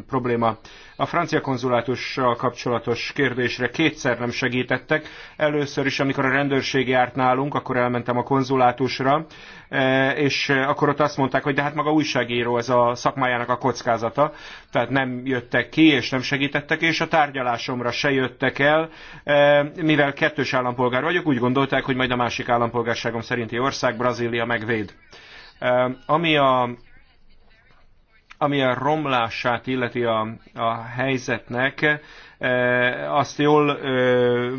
probléma. A francia konzulátussal kapcsolatos kérdésre kétszer nem segítettek. Először is, amikor a rendőrség járt nálunk, akkor elmentem a konzulátusra, eh, és akkor ott azt mondták, hogy de hát maga újságíró, ez a szakmájának a kockázata, tehát nem jöttek ki, és nem segítettek, és a tárgyalásomra se jöttek el, eh, mivel kettős állampolgár vagyok, úgy gondolták, hogy majd a másik állampolgárságom szerinti ország, Brazília megvéd. Eh, ami a ami a romlását illeti a, a helyzetnek, e, azt jól e,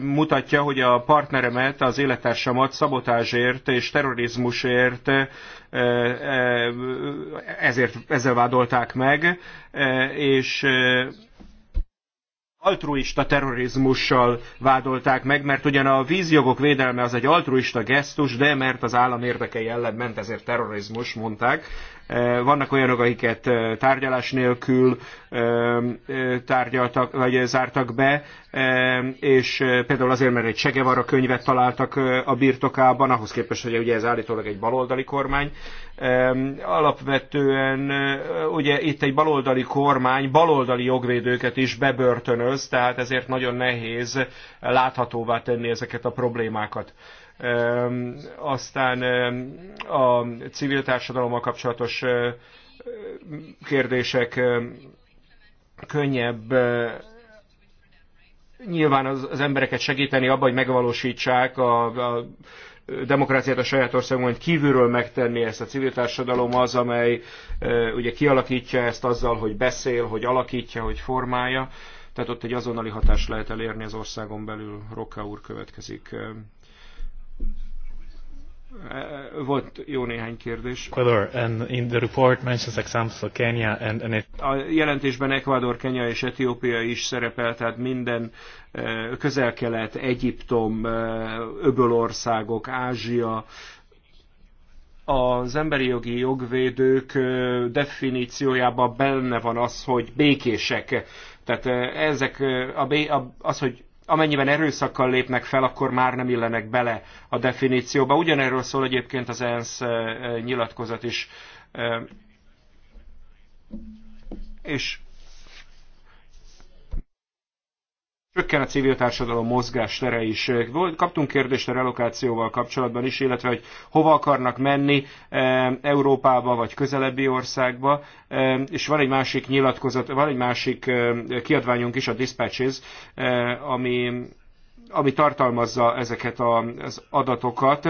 mutatja, hogy a partneremet, az élettársamat szabotázsért és terrorizmusért e, ezért, ezzel vádolták meg, és altruista terrorizmussal vádolták meg, mert ugyan a vízjogok védelme az egy altruista gesztus, de mert az állam érdekei ellen ment, ezért terrorizmus, mondták. Eh, vannak olyanok, akiket eh, tárgyalás nélkül eh, tárgyaltak, vagy zártak be, és például azért, mert egy Segevara könyvet találtak a birtokában, ahhoz képest, hogy ugye ez állítólag egy baloldali kormány. Alapvetően ugye itt egy baloldali kormány baloldali jogvédőket is bebörtönöz, tehát ezért nagyon nehéz láthatóvá tenni ezeket a problémákat aztán a civil társadalommal kapcsolatos kérdések könnyebb nyilván az, az embereket segíteni abban, hogy megvalósítsák a, a demokráciát a saját országunkon kívülről megtenni ezt a civil társadalom az, amely ugye kialakítja ezt azzal, hogy beszél, hogy alakítja, hogy formálja. Tehát ott egy azonnali hatást lehet elérni az országon belül. Roka úr következik volt jó néhány kérdés. Ecuador and in the report mentions examples of Kenya and, and A jelentésben Ecuador, Kenya és Etiópia is szerepel, tehát minden eh, közel-kelet, Egyiptom, eh, öbölországok, Ázsia, az emberi jogi jogvédők eh, definíciójában benne van az, hogy békések. Tehát ezek, a, az, hogy amennyiben erőszakkal lépnek fel, akkor már nem illenek bele a definícióba. Ugyanerről szól egyébként az ENSZ nyilatkozat is. És csökken a civil társadalom tere is. Kaptunk kérdést a relokációval kapcsolatban is, illetve hogy hova akarnak menni eh, Európába vagy közelebbi országba, eh, és van egy másik nyilatkozat, van egy másik eh, kiadványunk is, a Dispatches, ami ami tartalmazza ezeket az adatokat.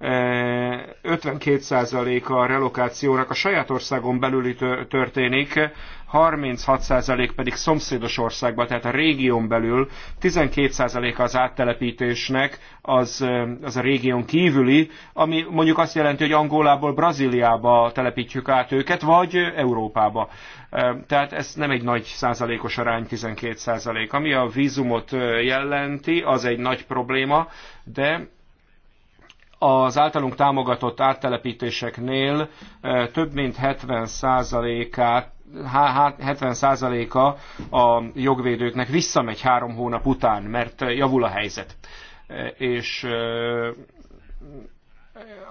52% a relokációnak a saját országon belül történik, 36% pedig szomszédos országban, tehát a régión belül 12% az áttelepítésnek az, az a régión kívüli, ami mondjuk azt jelenti, hogy Angolából Brazíliába telepítjük át őket, vagy Európába. Tehát ez nem egy nagy százalékos arány, 12 százalék. Ami a vízumot jelenti, az egy nagy probléma, de az általunk támogatott áttelepítéseknél több mint 70 százalékát 70%-a a jogvédőknek visszamegy három hónap után, mert javul a helyzet. És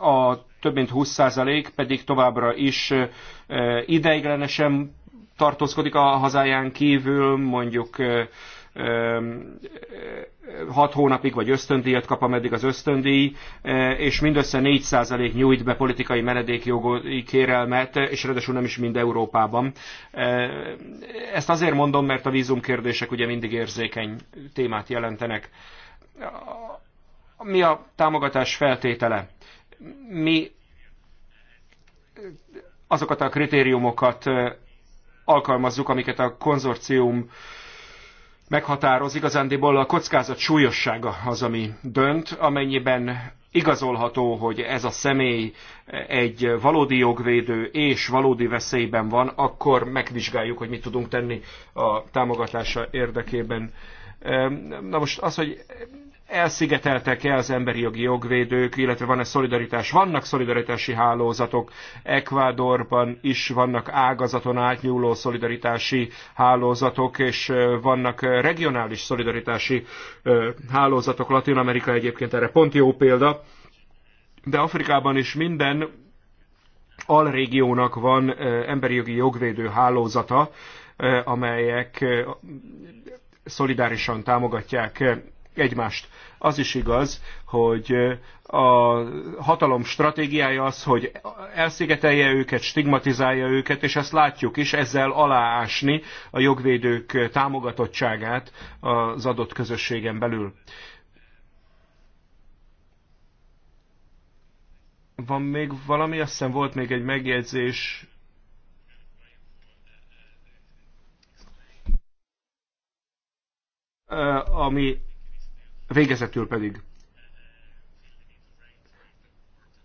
a több mint 20% pedig továbbra is ideiglenesen tartózkodik a hazáján kívül, mondjuk hat hónapig vagy ösztöndíjat kap, ameddig az ösztöndíj, és mindössze 4% nyújt be politikai menedékjogi kérelmet, és ráadásul nem is mind Európában. Ezt azért mondom, mert a vízumkérdések ugye mindig érzékeny témát jelentenek. Mi a támogatás feltétele? Mi azokat a kritériumokat alkalmazzuk, amiket a konzorcium meghatároz, igazándiból a kockázat súlyossága az, ami dönt, amennyiben igazolható, hogy ez a személy egy valódi jogvédő és valódi veszélyben van, akkor megvizsgáljuk, hogy mit tudunk tenni a támogatása érdekében. Na most az, hogy elszigeteltek-e az emberi jogi jogvédők, illetve van-e szolidaritás? Vannak szolidaritási hálózatok, Ekvádorban is vannak ágazaton átnyúló szolidaritási hálózatok, és vannak regionális szolidaritási hálózatok, Latin Amerika egyébként erre pont jó példa, de Afrikában is minden alrégiónak van emberi jogi jogvédő hálózata, amelyek szolidárisan támogatják egymást. Az is igaz, hogy a hatalom stratégiája az, hogy elszigetelje őket, stigmatizálja őket, és ezt látjuk is, ezzel aláásni a jogvédők támogatottságát az adott közösségen belül. Van még valami? Azt hiszem volt még egy megjegyzés ami Végezetül pedig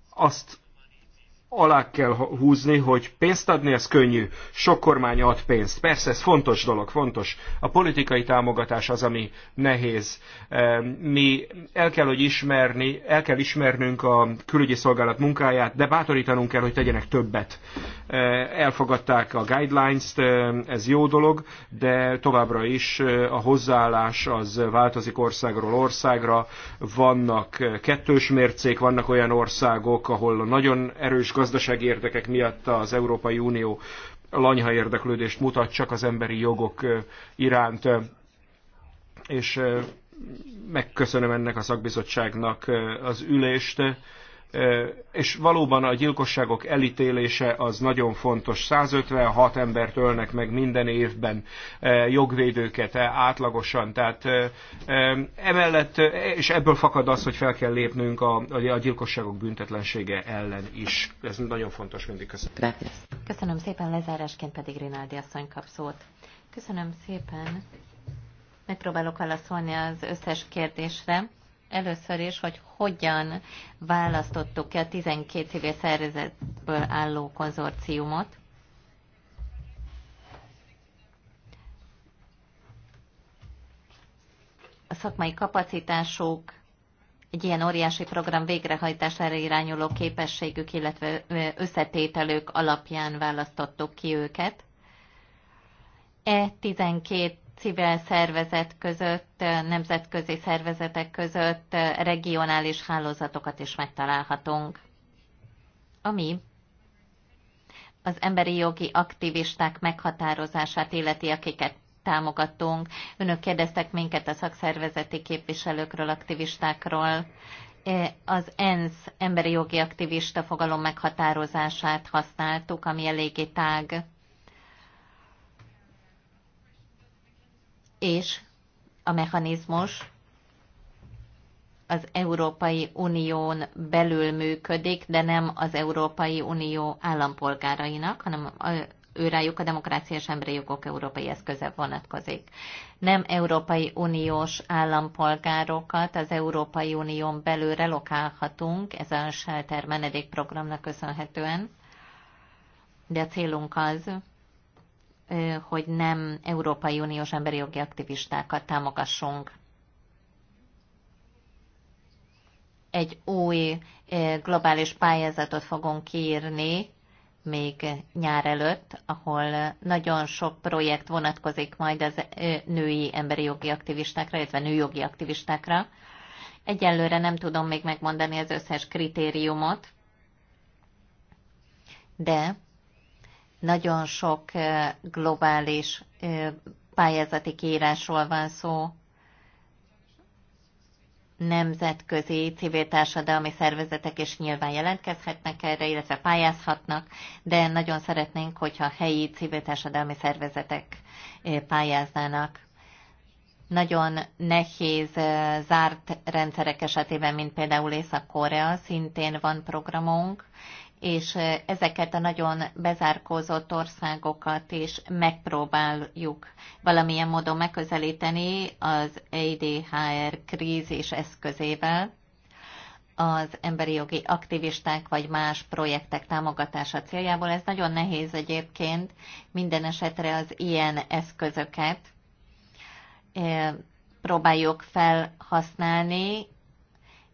azt alá kell húzni, hogy pénzt adni, ez könnyű. Sok kormány ad pénzt. Persze, ez fontos dolog, fontos. A politikai támogatás az, ami nehéz. Mi el kell, hogy ismerni, el kell ismernünk a külügyi szolgálat munkáját, de bátorítanunk kell, hogy tegyenek többet. Elfogadták a guidelines-t, ez jó dolog, de továbbra is eh, a hozzáállás az változik országról országra. Vannak eh, kettős mércék, vannak olyan országok, ahol nagyon erős gazdasági érdekek miatt az Európai Unió lanyha érdeklődést mutat csak az emberi jogok iránt. És megköszönöm ennek a szakbizottságnak az ülést és valóban a gyilkosságok elítélése az nagyon fontos. 156 embert ölnek meg minden évben jogvédőket e, átlagosan, tehát emellett, és ebből fakad az, hogy fel kell lépnünk a, a gyilkosságok büntetlensége ellen is. Ez nagyon fontos mindig. Köszönöm. Köszönöm szépen, lezárásként pedig Rinaldi asszony kap szót. Köszönöm szépen. Megpróbálok válaszolni az összes kérdésre Először is, hogy hogyan választottuk ki a 12 civil szervezetből álló konzorciumot. A szakmai kapacitásuk, egy ilyen óriási program végrehajtására irányuló képességük, illetve összetételők alapján választottuk ki őket. E 12 civil szervezet között, nemzetközi szervezetek között regionális hálózatokat is megtalálhatunk, ami az emberi jogi aktivisták meghatározását illeti, akiket támogatunk. Önök kérdeztek minket a szakszervezeti képviselőkről, aktivistákról. Az ENSZ emberi jogi aktivista fogalom meghatározását használtuk, ami eléggé tág és a mechanizmus az Európai Unión belül működik, de nem az Európai Unió állampolgárainak, hanem őrájuk a demokrácia és emberi jogok európai eszköze vonatkozik. Nem Európai Uniós állampolgárokat az Európai Unión belül relokálhatunk, ez a Shelter menedékprogramnak köszönhetően, de a célunk az, hogy nem Európai Uniós emberi jogi aktivistákat támogassunk. Egy új globális pályázatot fogunk kiírni még nyár előtt, ahol nagyon sok projekt vonatkozik majd az női emberi jogi aktivistákra, illetve nőjogi aktivistákra. Egyelőre nem tudom még megmondani az összes kritériumot, de nagyon sok globális pályázati kiírásról van szó, nemzetközi civil társadalmi szervezetek is nyilván jelentkezhetnek erre, illetve pályázhatnak, de nagyon szeretnénk, hogyha helyi civil társadalmi szervezetek pályáznának. Nagyon nehéz zárt rendszerek esetében, mint például Észak-Korea, szintén van programunk, és ezeket a nagyon bezárkózott országokat is megpróbáljuk valamilyen módon megközelíteni az EIDHR krízis eszközével az emberi jogi aktivisták vagy más projektek támogatása céljából. Ez nagyon nehéz egyébként minden esetre az ilyen eszközöket próbáljuk felhasználni,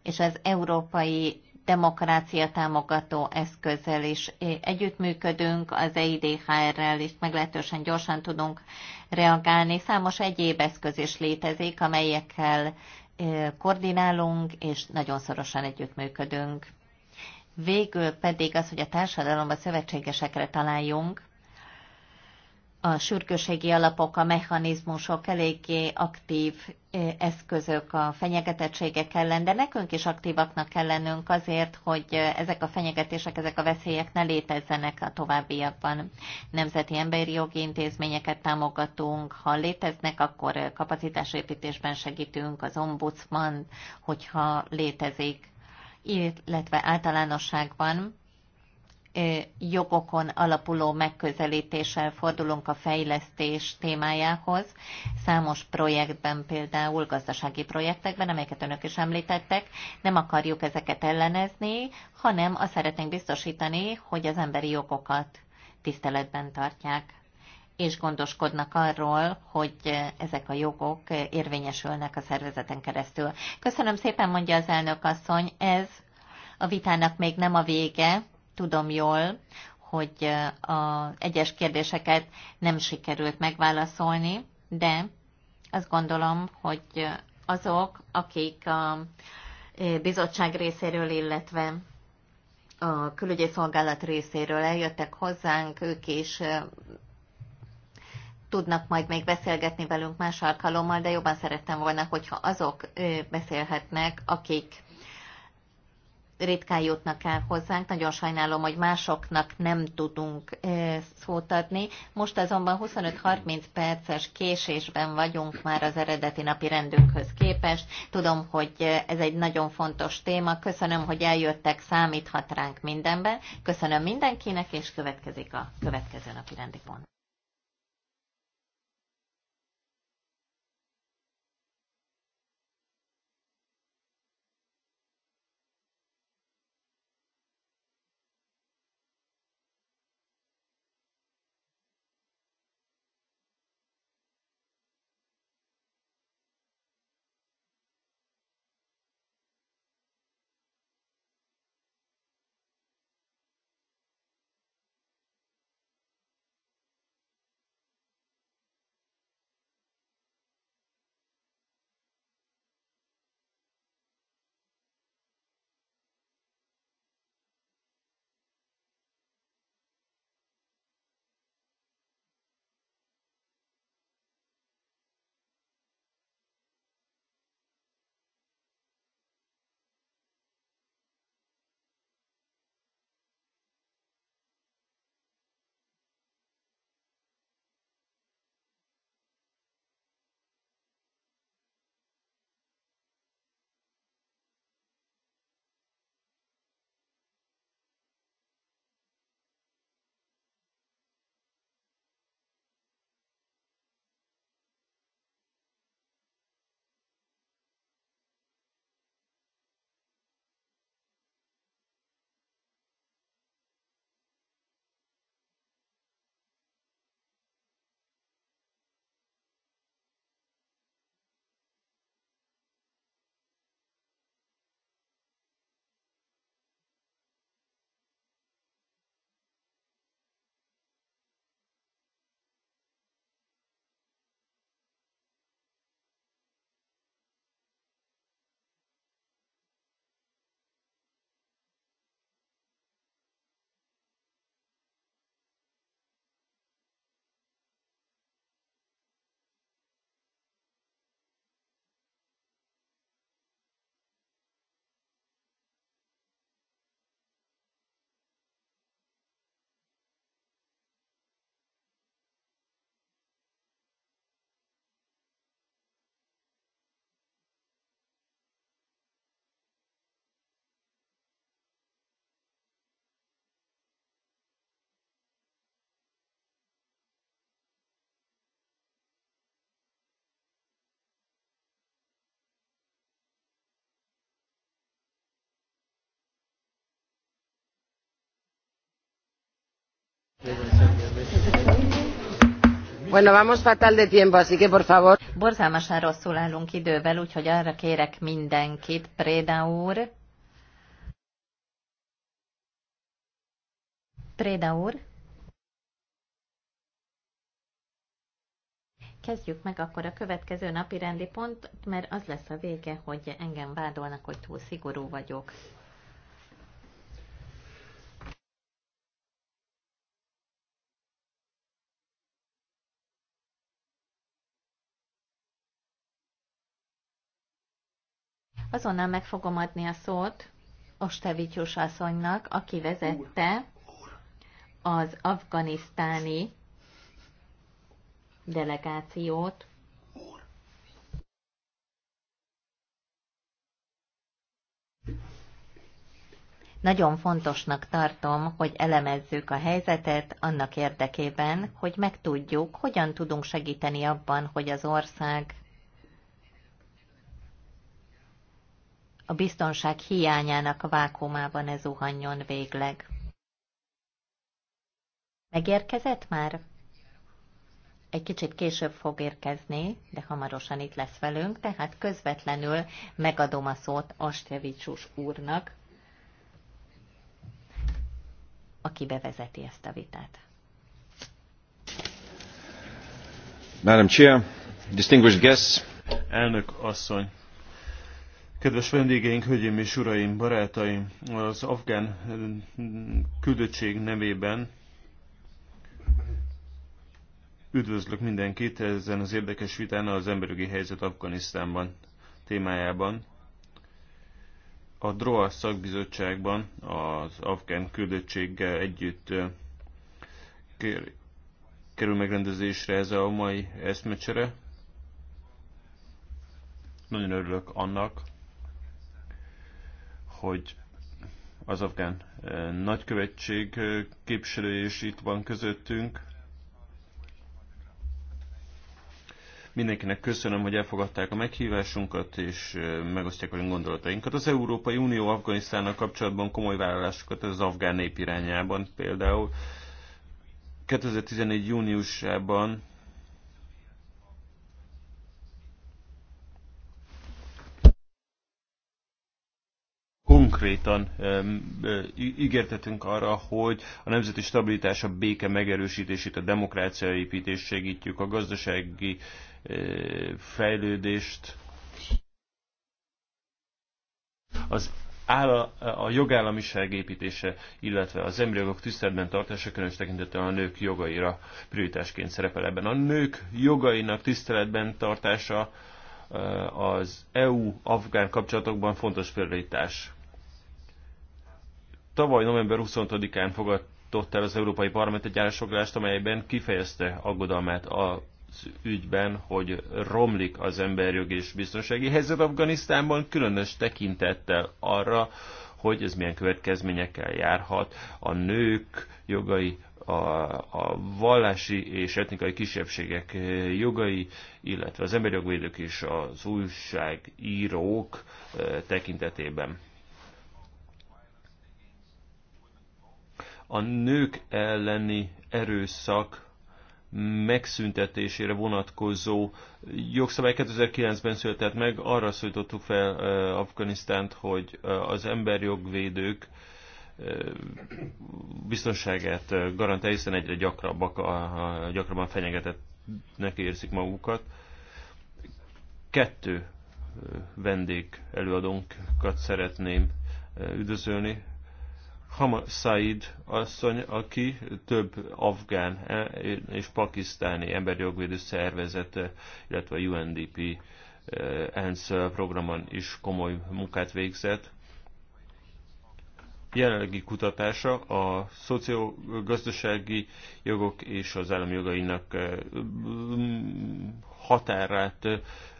és az európai demokrácia támogató eszközzel is eh, együttműködünk, az EIDHR-rel is meglehetősen gyorsan tudunk reagálni. Számos egyéb eszköz is létezik, amelyekkel eh, koordinálunk, és nagyon szorosan együttműködünk. Végül pedig az, hogy a társadalomban szövetségesekre találjunk, a sürgőségi alapok, a mechanizmusok eléggé aktív eszközök a fenyegetettségek ellen, de nekünk is aktívaknak kell lennünk azért, hogy ezek a fenyegetések, ezek a veszélyek ne létezzenek a továbbiakban. Nemzeti emberi jogi intézményeket támogatunk, ha léteznek, akkor kapacitásépítésben segítünk, az ombudsman, hogyha létezik, illetve általánosságban jogokon alapuló megközelítéssel fordulunk a fejlesztés témájához. Számos projektben, például gazdasági projektekben, amelyeket önök is említettek, nem akarjuk ezeket ellenezni, hanem azt szeretnénk biztosítani, hogy az emberi jogokat tiszteletben tartják és gondoskodnak arról, hogy ezek a jogok érvényesülnek a szervezeten keresztül. Köszönöm szépen, mondja az elnök asszony, ez a vitának még nem a vége, tudom jól, hogy az egyes kérdéseket nem sikerült megválaszolni, de azt gondolom, hogy azok, akik a bizottság részéről, illetve a külügyi szolgálat részéről eljöttek hozzánk, ők is tudnak majd még beszélgetni velünk más alkalommal, de jobban szerettem volna, hogyha azok beszélhetnek, akik ritkán jutnak el hozzánk. Nagyon sajnálom, hogy másoknak nem tudunk szót adni. Most azonban 25-30 perces késésben vagyunk már az eredeti napi rendünkhöz képest. Tudom, hogy ez egy nagyon fontos téma. Köszönöm, hogy eljöttek, számíthat ránk mindenben. Köszönöm mindenkinek, és következik a következő napi rendi pont. Bueno, vamos fatal de tiempo, así que por favor. Borzalmasan rosszul állunk idővel, úgyhogy arra kérek mindenkit, Préda úr. Préda úr. Kezdjük meg akkor a következő napi rendi pont, mert az lesz a vége, hogy engem vádolnak, hogy túl szigorú vagyok. Azonnal meg fogom adni a szót Ostevicius asszonynak, aki vezette az afganisztáni delegációt. Nagyon fontosnak tartom, hogy elemezzük a helyzetet annak érdekében, hogy megtudjuk, hogyan tudunk segíteni abban, hogy az ország a biztonság hiányának a vákumában ez zuhanjon végleg. Megérkezett már? Egy kicsit később fog érkezni, de hamarosan itt lesz velünk, tehát közvetlenül megadom a szót Astevicsus úrnak, aki bevezeti ezt a vitát. Madam Chair, distinguished guests. Elnök asszony, Kedves vendégeink, hölgyeim és uraim, barátaim, az afgán mm, küldöttség nevében üdvözlök mindenkit ezen az érdekes vitán az emberügyi helyzet Afganisztánban témájában. A DROA szakbizottságban az afgán küldöttséggel együtt kerül megrendezésre ez a mai eszmecsere. Nagyon örülök annak, hogy az afgán eh, nagykövetség eh, képviselő is itt van közöttünk. Mindenkinek köszönöm, hogy elfogadták a meghívásunkat, és eh, megosztják velünk gondolatainkat. Az Európai Unió Afganisztánnal kapcsolatban komoly vállalásokat az afgán nép irányában például. 2014. júniusában konkrétan ígértetünk arra, hogy a nemzeti stabilitás, a béke megerősítését, a demokrácia építést segítjük, a gazdasági fejlődést, az áll a jogállamiság építése, illetve az emberi jogok tiszteletben tartása különös tekintettel a nők jogaira prioritásként szerepel ebben. A nők jogainak tiszteletben tartása az EU-afgán kapcsolatokban fontos prioritás. Tavaly november 20-án fogadott el az Európai Parlament egy állásfoglalást, amelyben kifejezte aggodalmát a ügyben, hogy romlik az emberjogi és biztonsági helyzet Afganisztánban, különös tekintettel arra, hogy ez milyen következményekkel járhat a nők jogai, a, a vallási és etnikai kisebbségek jogai, illetve az emberjogvédők és az újságírók eh, tekintetében. a nők elleni erőszak megszüntetésére vonatkozó jogszabály 2009-ben született meg, arra szólítottuk fel Afganisztánt, hogy az emberjogvédők biztonságát garantál, hiszen egyre gyakrabbak, gyakrabban fenyegetettnek érzik magukat. Kettő vendég előadónkat szeretném üdvözölni. Hama Said asszony, aki több afgán e, és pakisztáni emberjogvédő szervezet, illetve a UNDP e, ENSZ programon is komoly munkát végzett. Jelenlegi kutatása a szociogazdasági jogok és az állami jogainak e, határát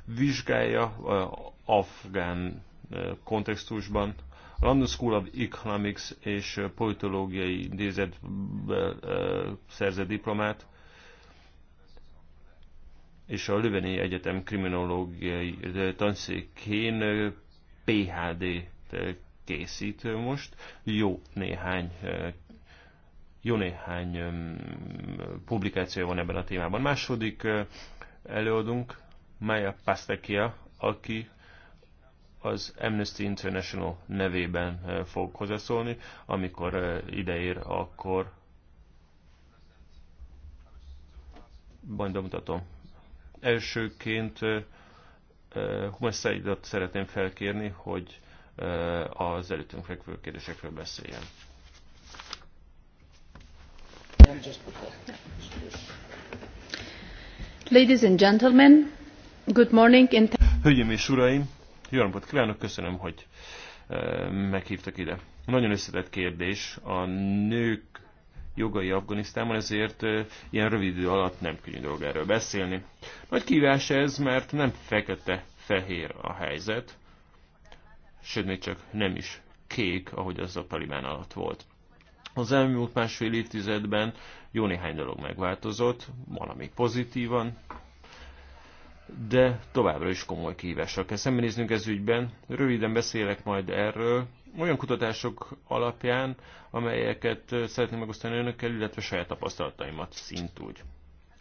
vizsgálja afgán kontextusban, a London School of Economics és Politológiai Intézet szerzett diplomát, és a Löveni Egyetem kriminológiai tanszékén PHD-t készít most. Jó néhány jó néhány publikáció van ebben a témában. Második előadunk Maya Pastekia, aki az Amnesty International nevében eh, fog hozzászólni, amikor eh, ideér, akkor majd bemutatom. Elsőként eh, Humeszaidat szeretném felkérni, hogy az előttünk fekvő kérdésekről beszéljen. Ladies and gentlemen, good morning. Hölgyeim és uraim, jó napot kívánok, köszönöm, hogy meghívtak ide. Nagyon összetett kérdés. A nők jogai Afganisztánban, ezért ilyen rövid idő alatt nem könnyű dolog erről beszélni. Nagy kívás ez, mert nem fekete-fehér a helyzet, sőt még csak nem is kék, ahogy az a talibán alatt volt. Az elmúlt másfél évtizedben jó néhány dolog megváltozott, valami pozitívan, de továbbra is komoly kihívással kell szembenéznünk ez ügyben. Röviden beszélek majd erről, olyan kutatások alapján, amelyeket szeretném megosztani önökkel, illetve saját tapasztalataimat szintúgy.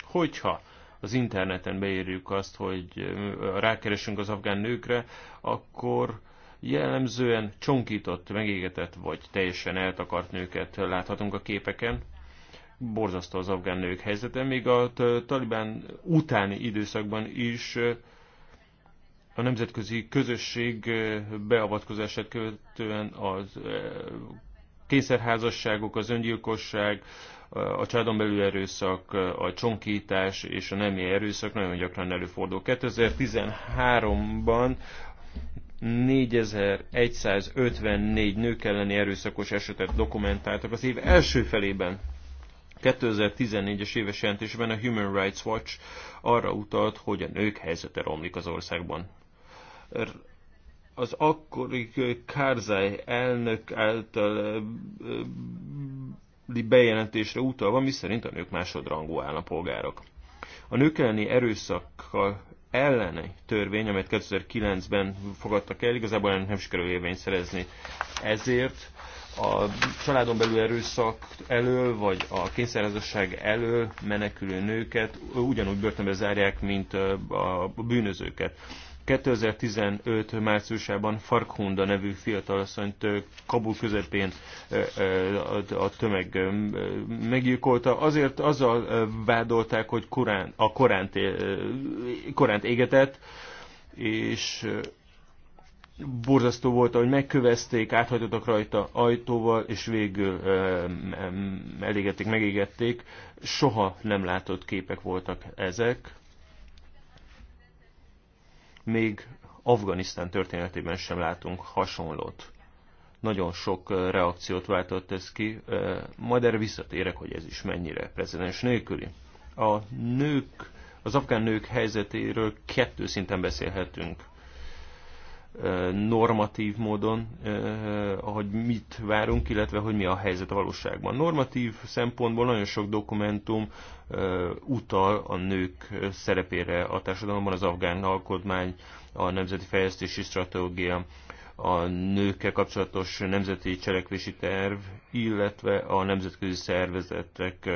Hogyha az interneten beírjuk azt, hogy rákeresünk az afgán nőkre, akkor jellemzően csonkított, megégetett vagy teljesen eltakart nőket láthatunk a képeken borzasztó az afgán nők helyzete, még a talibán utáni időszakban is a nemzetközi közösség beavatkozását követően az kényszerházasságok, az öngyilkosság, a csádon belül erőszak, a csonkítás és a nemi erőszak nagyon gyakran előfordul. 2013-ban 4154 nők elleni erőszakos esetet dokumentáltak az év első felében. 2014-es éves jelentésben a Human Rights Watch arra utalt, hogy a nők helyzete romlik az országban. Az akkori Kárzály elnök által bejelentésre utalva, miszerint a nők másodrangú állampolgárok. A nők elleni erőszakkal elleni törvény, amelyet 2009-ben fogadtak el, igazából nem sikerül érvényt szerezni. Ezért a családon belül erőszak elől, vagy a kényszerházasság elől menekülő nőket ugyanúgy börtönbe zárják, mint a bűnözőket. 2015 márciusában Farkhunda nevű fiatalasszonyt Kabul közepén a tömeg meggyilkolta. Azért azzal vádolták, hogy Korán, a Koránt, Koránt égetett, és borzasztó volt, ahogy megkövezték, áthajtottak rajta ajtóval, és végül elégették, megégették. Soha nem látott képek voltak ezek. Még Afganisztán történetében sem látunk hasonlót. Nagyon sok reakciót váltott ez ki, majd erre visszatérek, hogy ez is mennyire prezidens nélküli. A nők, az afgán nők helyzetéről kettő szinten beszélhetünk normatív módon, hogy mit várunk, illetve hogy mi a helyzet a valóságban. Normatív szempontból nagyon sok dokumentum utal a nők szerepére a társadalomban, az afgán alkotmány, a nemzeti fejlesztési stratégia, a nőkkel kapcsolatos nemzeti cselekvési terv, illetve a nemzetközi szervezetek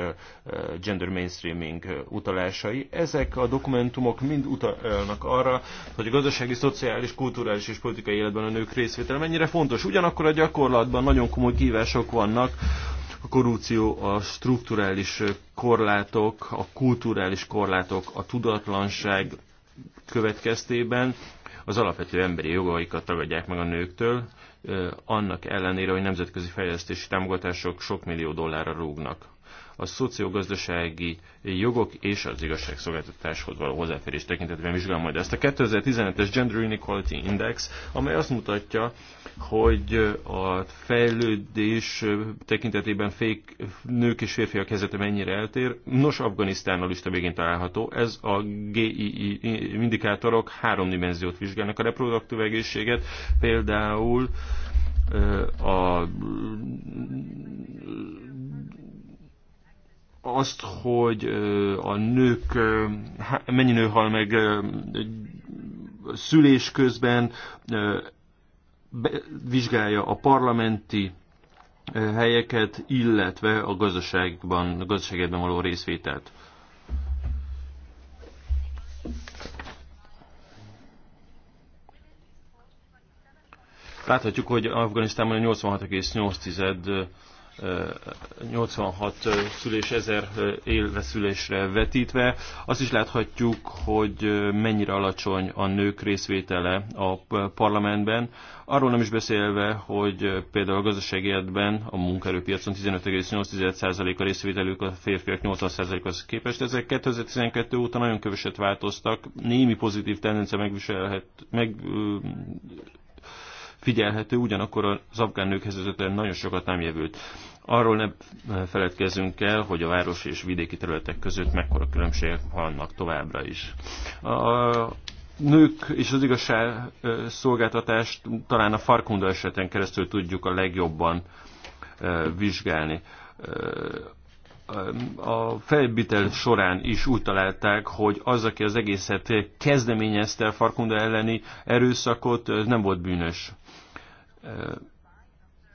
gender mainstreaming utalásai. Ezek a dokumentumok mind utalnak arra, hogy a gazdasági, szociális, kulturális és politikai életben a nők részvétele mennyire fontos. Ugyanakkor a gyakorlatban nagyon komoly kívások vannak, a korrupció, a strukturális korlátok, a kulturális korlátok, a tudatlanság következtében az alapvető emberi jogaikat tagadják meg a nőktől, annak ellenére, hogy nemzetközi fejlesztési támogatások sok millió dollárra rúgnak a szociogazdasági jogok és az igazságszolgáltatáshoz való hozzáférés tekintetében vizsgálom majd ezt a 2015-es Gender Inequality Index, amely azt mutatja, hogy a fejlődés tekintetében fék, nők és férfiak helyzete mennyire eltér. Nos, Afganisztán a lista végén található. Ez a GII indikátorok három dimenziót vizsgálnak a reproduktív egészséget, például a azt, hogy a nők mennyi nő hal meg szülés közben, vizsgálja a parlamenti helyeket, illetve a gazdaságban, a gazdaságban való részvételt. Láthatjuk, hogy Afganisztánban 86,8 86 szülés, 1000 élve szülésre vetítve. Azt is láthatjuk, hogy mennyire alacsony a nők részvétele a parlamentben. Arról nem is beszélve, hogy például a gazdasági életben a munkaerőpiacon 15,8% a részvételük a férfiak 80%-hoz képest. Ezek 2012 óta nagyon köveset változtak. Némi pozitív tendencia megviselhet, meg, figyelhető, ugyanakkor az afgán nőkhez nagyon sokat nem jövült. Arról ne feledkezzünk el, hogy a város és vidéki területek között mekkora különbségek vannak továbbra is. A nők és az igazság szolgáltatást talán a Farkunda eseten keresztül tudjuk a legjobban vizsgálni a felbitel során is úgy találták, hogy az, aki az egészet kezdeményezte a Farkunda elleni erőszakot, nem volt bűnös.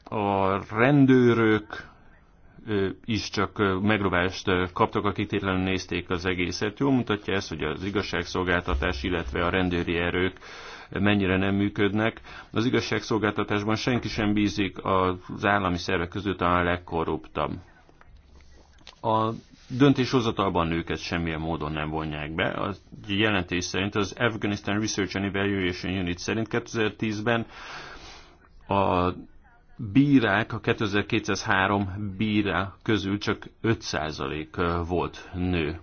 A rendőrök is csak megrovást kaptak, akik tétlenül nézték az egészet. Jól mutatja ezt, hogy az igazságszolgáltatás, illetve a rendőri erők mennyire nem működnek. Az igazságszolgáltatásban senki sem bízik az állami szervek között a legkorruptabb. A döntéshozatalban nőket semmilyen módon nem vonják be. A jelentés szerint az Afghanistan Research and Evaluation Unit szerint 2010-ben a bírák, a 2203 bírá közül csak 5% volt nő.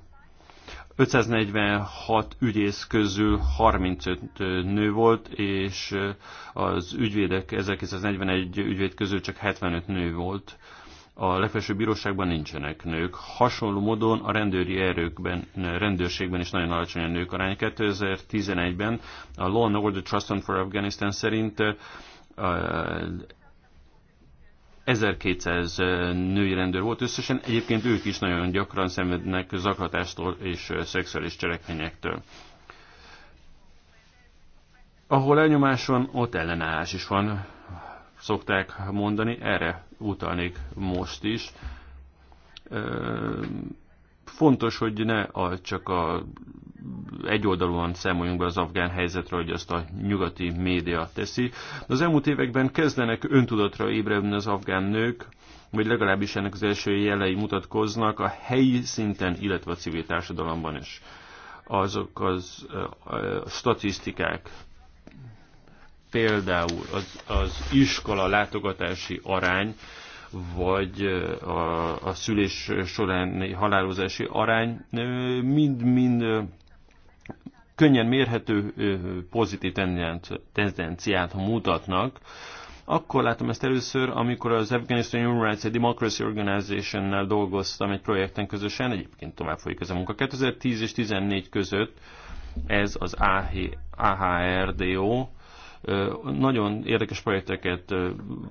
546 ügyész közül 35 nő volt, és az ügyvédek 1941 ügyvéd közül csak 75 nő volt. A legfelsőbb bíróságban nincsenek nők. Hasonló módon a rendőri erőkben, rendőrségben is nagyon alacsony a nők arány. 2011-ben a Law and Order Trust Fund for Afghanistan szerint 1200 női rendőr volt összesen, egyébként ők is nagyon gyakran szenvednek zaklatástól és szexuális cselekményektől. Ahol elnyomás van, ott ellenállás is van, szokták mondani, erre utalnék most is. Fontos, hogy ne a, csak a egyoldalúan számoljunk be az afgán helyzetről, hogy azt a nyugati média teszi. De az elmúlt években kezdenek öntudatra ébredni az afgán nők, vagy legalábbis ennek az első jelei mutatkoznak a helyi szinten, illetve a civil társadalomban is. Azok az a, a statisztikák, például az, az iskola látogatási arány, vagy a, a szülés során halálozási arány mind-mind könnyen mérhető pozitív tendenciát mutatnak, akkor látom ezt először, amikor az Afghanistan Human Rights and Democracy Organization-nel dolgoztam egy projekten közösen, egyébként tovább folyik ez a munka. 2010 és 2014 között ez az AHRDO, e nagyon érdekes projekteket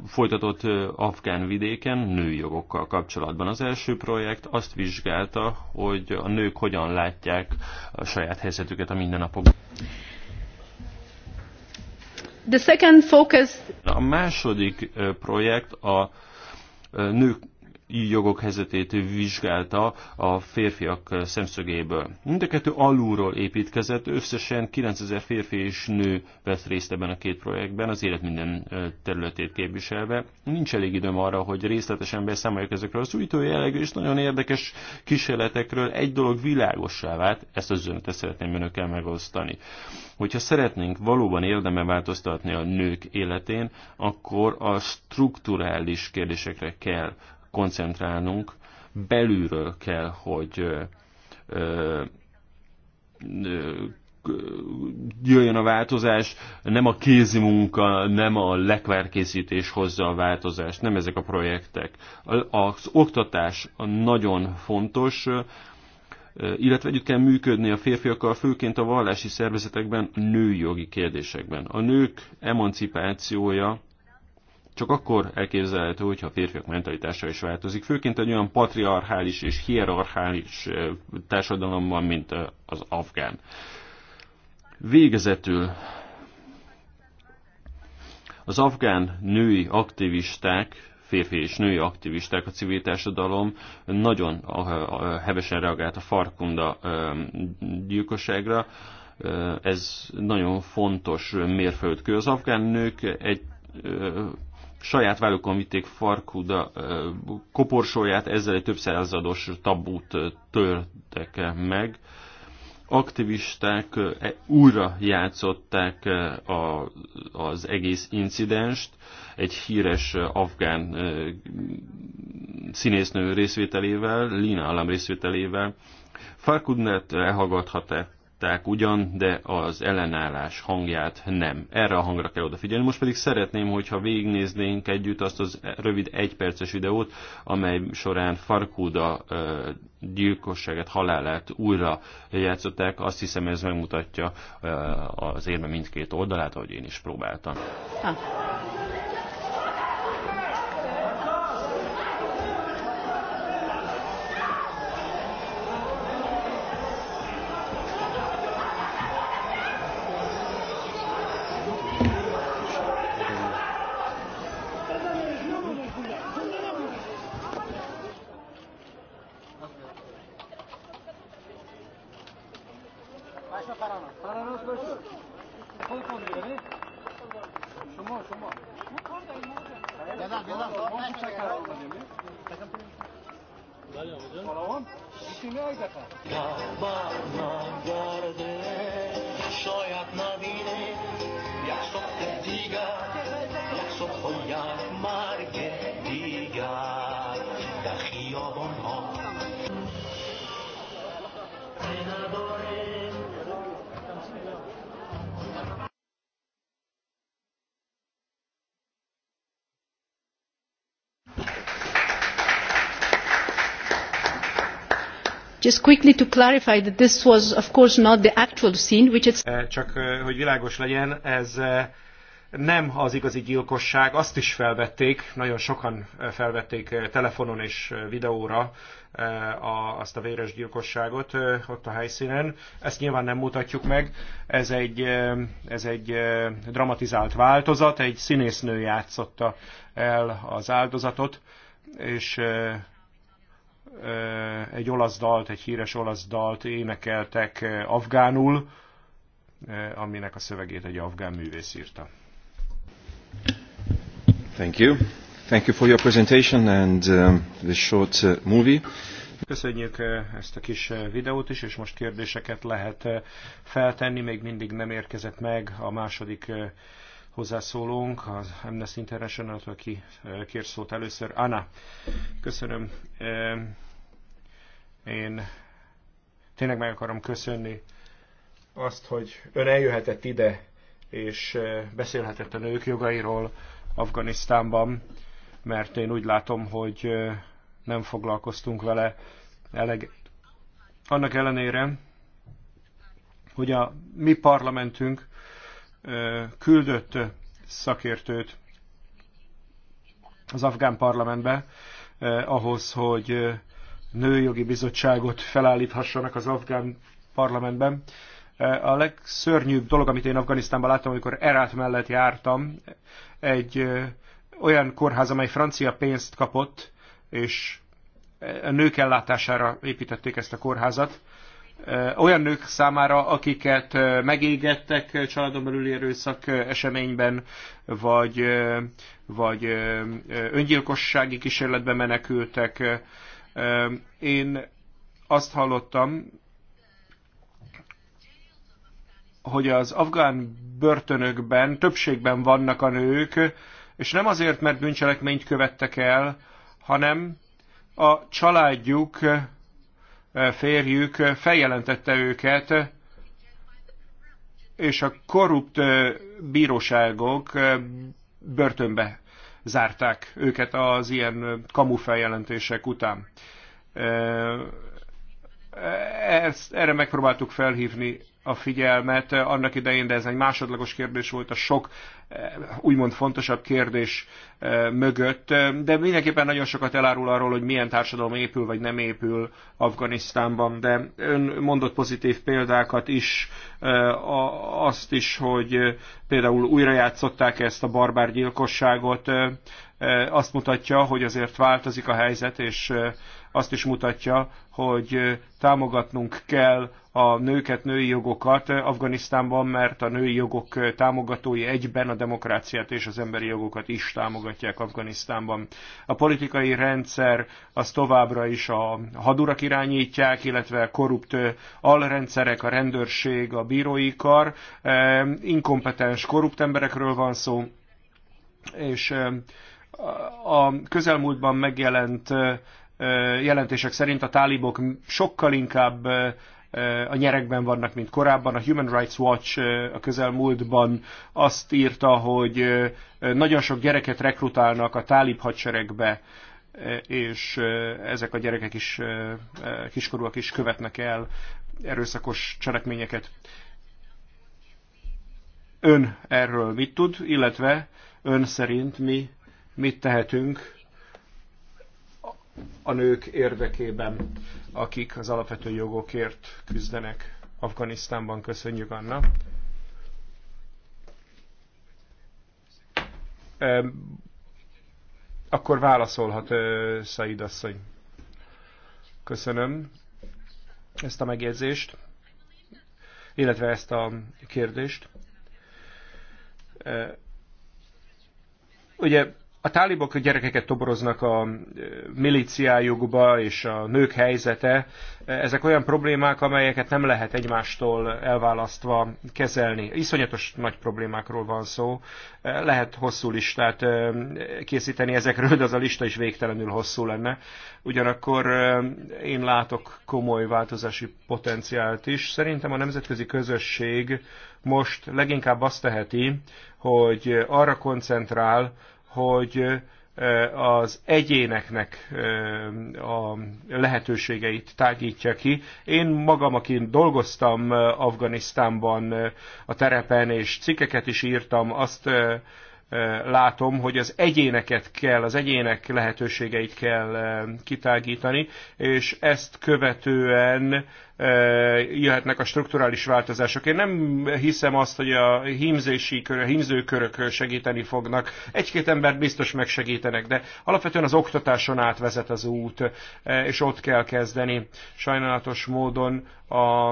folytatott afgán vidéken nőjogokkal kapcsolatban. Az első projekt azt vizsgálta, hogy a nők hogyan látják a saját helyzetüket a mindennapokban. The second focus... A második projekt a nők jogok helyzetét vizsgálta a férfiak szemszögéből. Mind a kettő alulról építkezett, összesen 9000 férfi és nő vett részt ebben a két projektben, az élet minden területét képviselve. Nincs elég időm arra, hogy részletesen beszámoljak ezekről az újtó jellegű és nagyon érdekes kísérletekről. Egy dolog világossá vált, ezt az üzenetet szeretném önökkel megosztani. Hogyha szeretnénk valóban érdeme változtatni a nők életén, akkor a strukturális kérdésekre kell koncentrálnunk, belülről kell, hogy jöjjön a változás, nem a kézimunka, nem a lekvárkészítés hozza a változást, nem ezek a projektek. Az oktatás nagyon fontos, illetve együtt kell működni a férfiakkal, főként a vallási szervezetekben, női jogi kérdésekben. A nők emancipációja csak akkor elképzelhető, hogyha a férfiak mentalitása is változik, főként egy olyan patriarchális és hierarchális társadalomban, mint az afgán. Végezetül az afgán női aktivisták férfi és női aktivisták, a civil társadalom nagyon hevesen reagált a Farkunda gyilkosságra. Ez nagyon fontos mérföldkő. Az afgán nők egy saját vállukon vitték farkuda koporsóját, ezzel egy több százados tabút törtek meg. Aktivisták e, újra játszották a, az egész incidenst, egy híres afgán színésznő részvételével, Lina Alam részvételével. Farkudnet elhallgathatták hallották ugyan, de az ellenállás hangját nem. Erre a hangra kell odafigyelni. Most pedig szeretném, hogyha végignéznénk együtt azt az rövid egyperces videót, amely során Farkuda gyilkosságát, halálát újra játszották. Azt hiszem ez megmutatja az érme mindkét oldalát, ahogy én is próbáltam. Ha. Bağlarla gardere, şayet nabine Just quickly to clarify that this was of course not the actual scene, which it's... Eh, csak eh, hogy világos legyen, ez eh, nem az igazi gyilkosság, azt is felvették, nagyon sokan felvették telefonon és videóra azt a véres gyilkosságot ott a helyszínen. Ezt nyilván nem mutatjuk meg, ez egy, ez egy dramatizált változat, egy színésznő játszotta el az áldozatot, és egy olasz dalt, egy híres olasz dalt énekeltek afgánul, aminek a szövegét egy afgán művész írta. Thank you. Thank you for your presentation and uh, this short uh, movie. Köszönjük ezt a kis videót is, és most kérdéseket lehet feltenni. Még mindig nem érkezett meg a második hozzászólónk, az Amnesty international aki kér szót először. Anna, köszönöm. Én tényleg meg akarom köszönni azt, hogy ön eljöhetett ide, és beszélhetett a nők jogairól Afganisztánban, mert én úgy látom, hogy nem foglalkoztunk vele eleg. Annak ellenére, hogy a mi parlamentünk küldött szakértőt az afgán parlamentbe ahhoz, hogy nőjogi bizottságot felállíthassanak az afgán parlamentben. A legszörnyűbb dolog, amit én Afganisztánban láttam, amikor Erát mellett jártam, egy olyan kórház, amely francia pénzt kapott, és a nők ellátására építették ezt a kórházat, olyan nők számára, akiket megégettek családon belüli erőszak eseményben, vagy, vagy öngyilkossági kísérletben menekültek. Én azt hallottam, hogy az afgán börtönökben többségben vannak a nők, és nem azért, mert bűncselekményt követtek el, hanem a családjuk férjük feljelentette őket, és a korrupt bíróságok börtönbe zárták őket az ilyen feljelentések után. E, ezt, erre megpróbáltuk felhívni a figyelmet eh, annak idején, de ez egy másodlagos kérdés volt a sok eh, úgymond fontosabb kérdés eh, mögött, de mindenképpen nagyon sokat elárul arról, hogy milyen társadalom épül vagy nem épül Afganisztánban, de ön mondott pozitív példákat is, azt is, hogy például újrajátszották ezt a barbár gyilkosságot, azt mutatja, hogy azért változik a helyzet, és azt is mutatja, hogy támogatnunk kell a nőket, női jogokat Afganisztánban, mert a női jogok támogatói egyben a demokráciát és az emberi jogokat is támogatják Afganisztánban. A politikai rendszer az továbbra is a hadurak irányítják, illetve korrupt alrendszerek, a rendőrség, a bírói kar. Inkompetens, korrupt emberekről van szó, és a közelmúltban megjelent jelentések szerint a tálibok sokkal inkább a nyerekben vannak, mint korábban. A Human Rights Watch a közelmúltban azt írta, hogy nagyon sok gyereket rekrutálnak a tálib hadseregbe, és ezek a gyerekek is, kiskorúak is követnek el erőszakos cselekményeket. Ön erről mit tud, illetve ön szerint mi mit tehetünk a nők érdekében, akik az alapvető jogokért küzdenek Afganisztánban. Köszönjük, Anna. Akkor válaszolhat Szaid asszony. Köszönöm ezt a megjegyzést, illetve ezt a kérdést. Ugye a tálibok gyerekeket toboroznak a e, milíciájukba, és a nők helyzete. E, ezek olyan problémák, amelyeket nem lehet egymástól elválasztva kezelni. Iszonyatos nagy problémákról van szó. E, lehet hosszú listát készíteni ezekről, de az a lista is végtelenül hosszú lenne. Ugyanakkor én látok komoly változási potenciált is. Szerintem a nemzetközi közösség most leginkább azt teheti, hogy arra koncentrál, hogy az egyéneknek a lehetőségeit tágítja ki. Én magam, akin dolgoztam Afganisztánban a terepen, és cikkeket is írtam, azt látom, hogy az egyéneket kell, az egyének lehetőségeit kell kitágítani, és ezt követően jöhetnek a strukturális változások. Én nem hiszem azt, hogy a hímzési kör, a hímzőkörök segíteni fognak. Egy-két embert biztos megsegítenek, de alapvetően az oktatáson átvezet az út, és ott kell kezdeni. Sajnálatos módon a,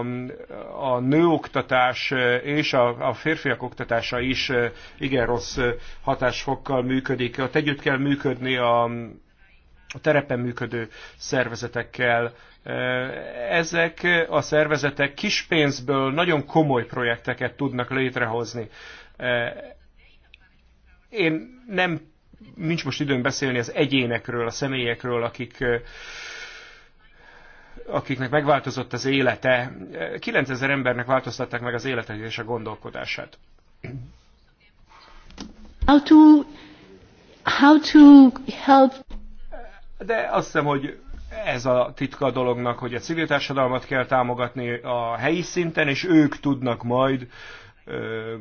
a nőoktatás és a, a férfiak oktatása is igen rossz hatásfokkal működik. Ott együtt kell működni a a terepen működő szervezetekkel. Ezek a szervezetek kis pénzből nagyon komoly projekteket tudnak létrehozni. Én nem, nincs most időm beszélni az egyénekről, a személyekről, akik akiknek megváltozott az élete. 9000 embernek változtatták meg az életet és a gondolkodását. How to, how to help de azt hiszem, hogy ez a titka a dolognak, hogy a civil társadalmat kell támogatni a helyi szinten, és ők tudnak majd ö,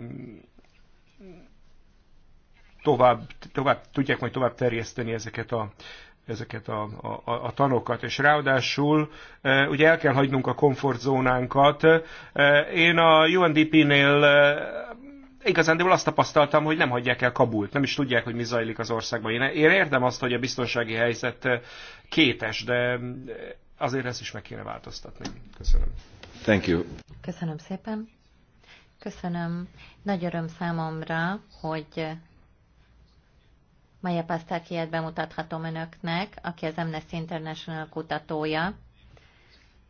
tovább, tovább, tudják majd tovább terjeszteni ezeket a, ezeket a, a, a tanokat, és ráadásul ugye el kell hagynunk a komfortzónánkat. Én a UNDP-nél igazándiból azt tapasztaltam, hogy nem hagyják el Kabult, nem is tudják, hogy mi zajlik az országban. Én, én értem azt, hogy a biztonsági helyzet eh, kétes, de eh, azért ezt is meg kéne változtatni. Köszönöm. Thank you. Köszönöm szépen. Köszönöm. Nagy öröm számomra, hogy Maja Pasztákiát bemutathatom önöknek, aki az Amnesty International kutatója.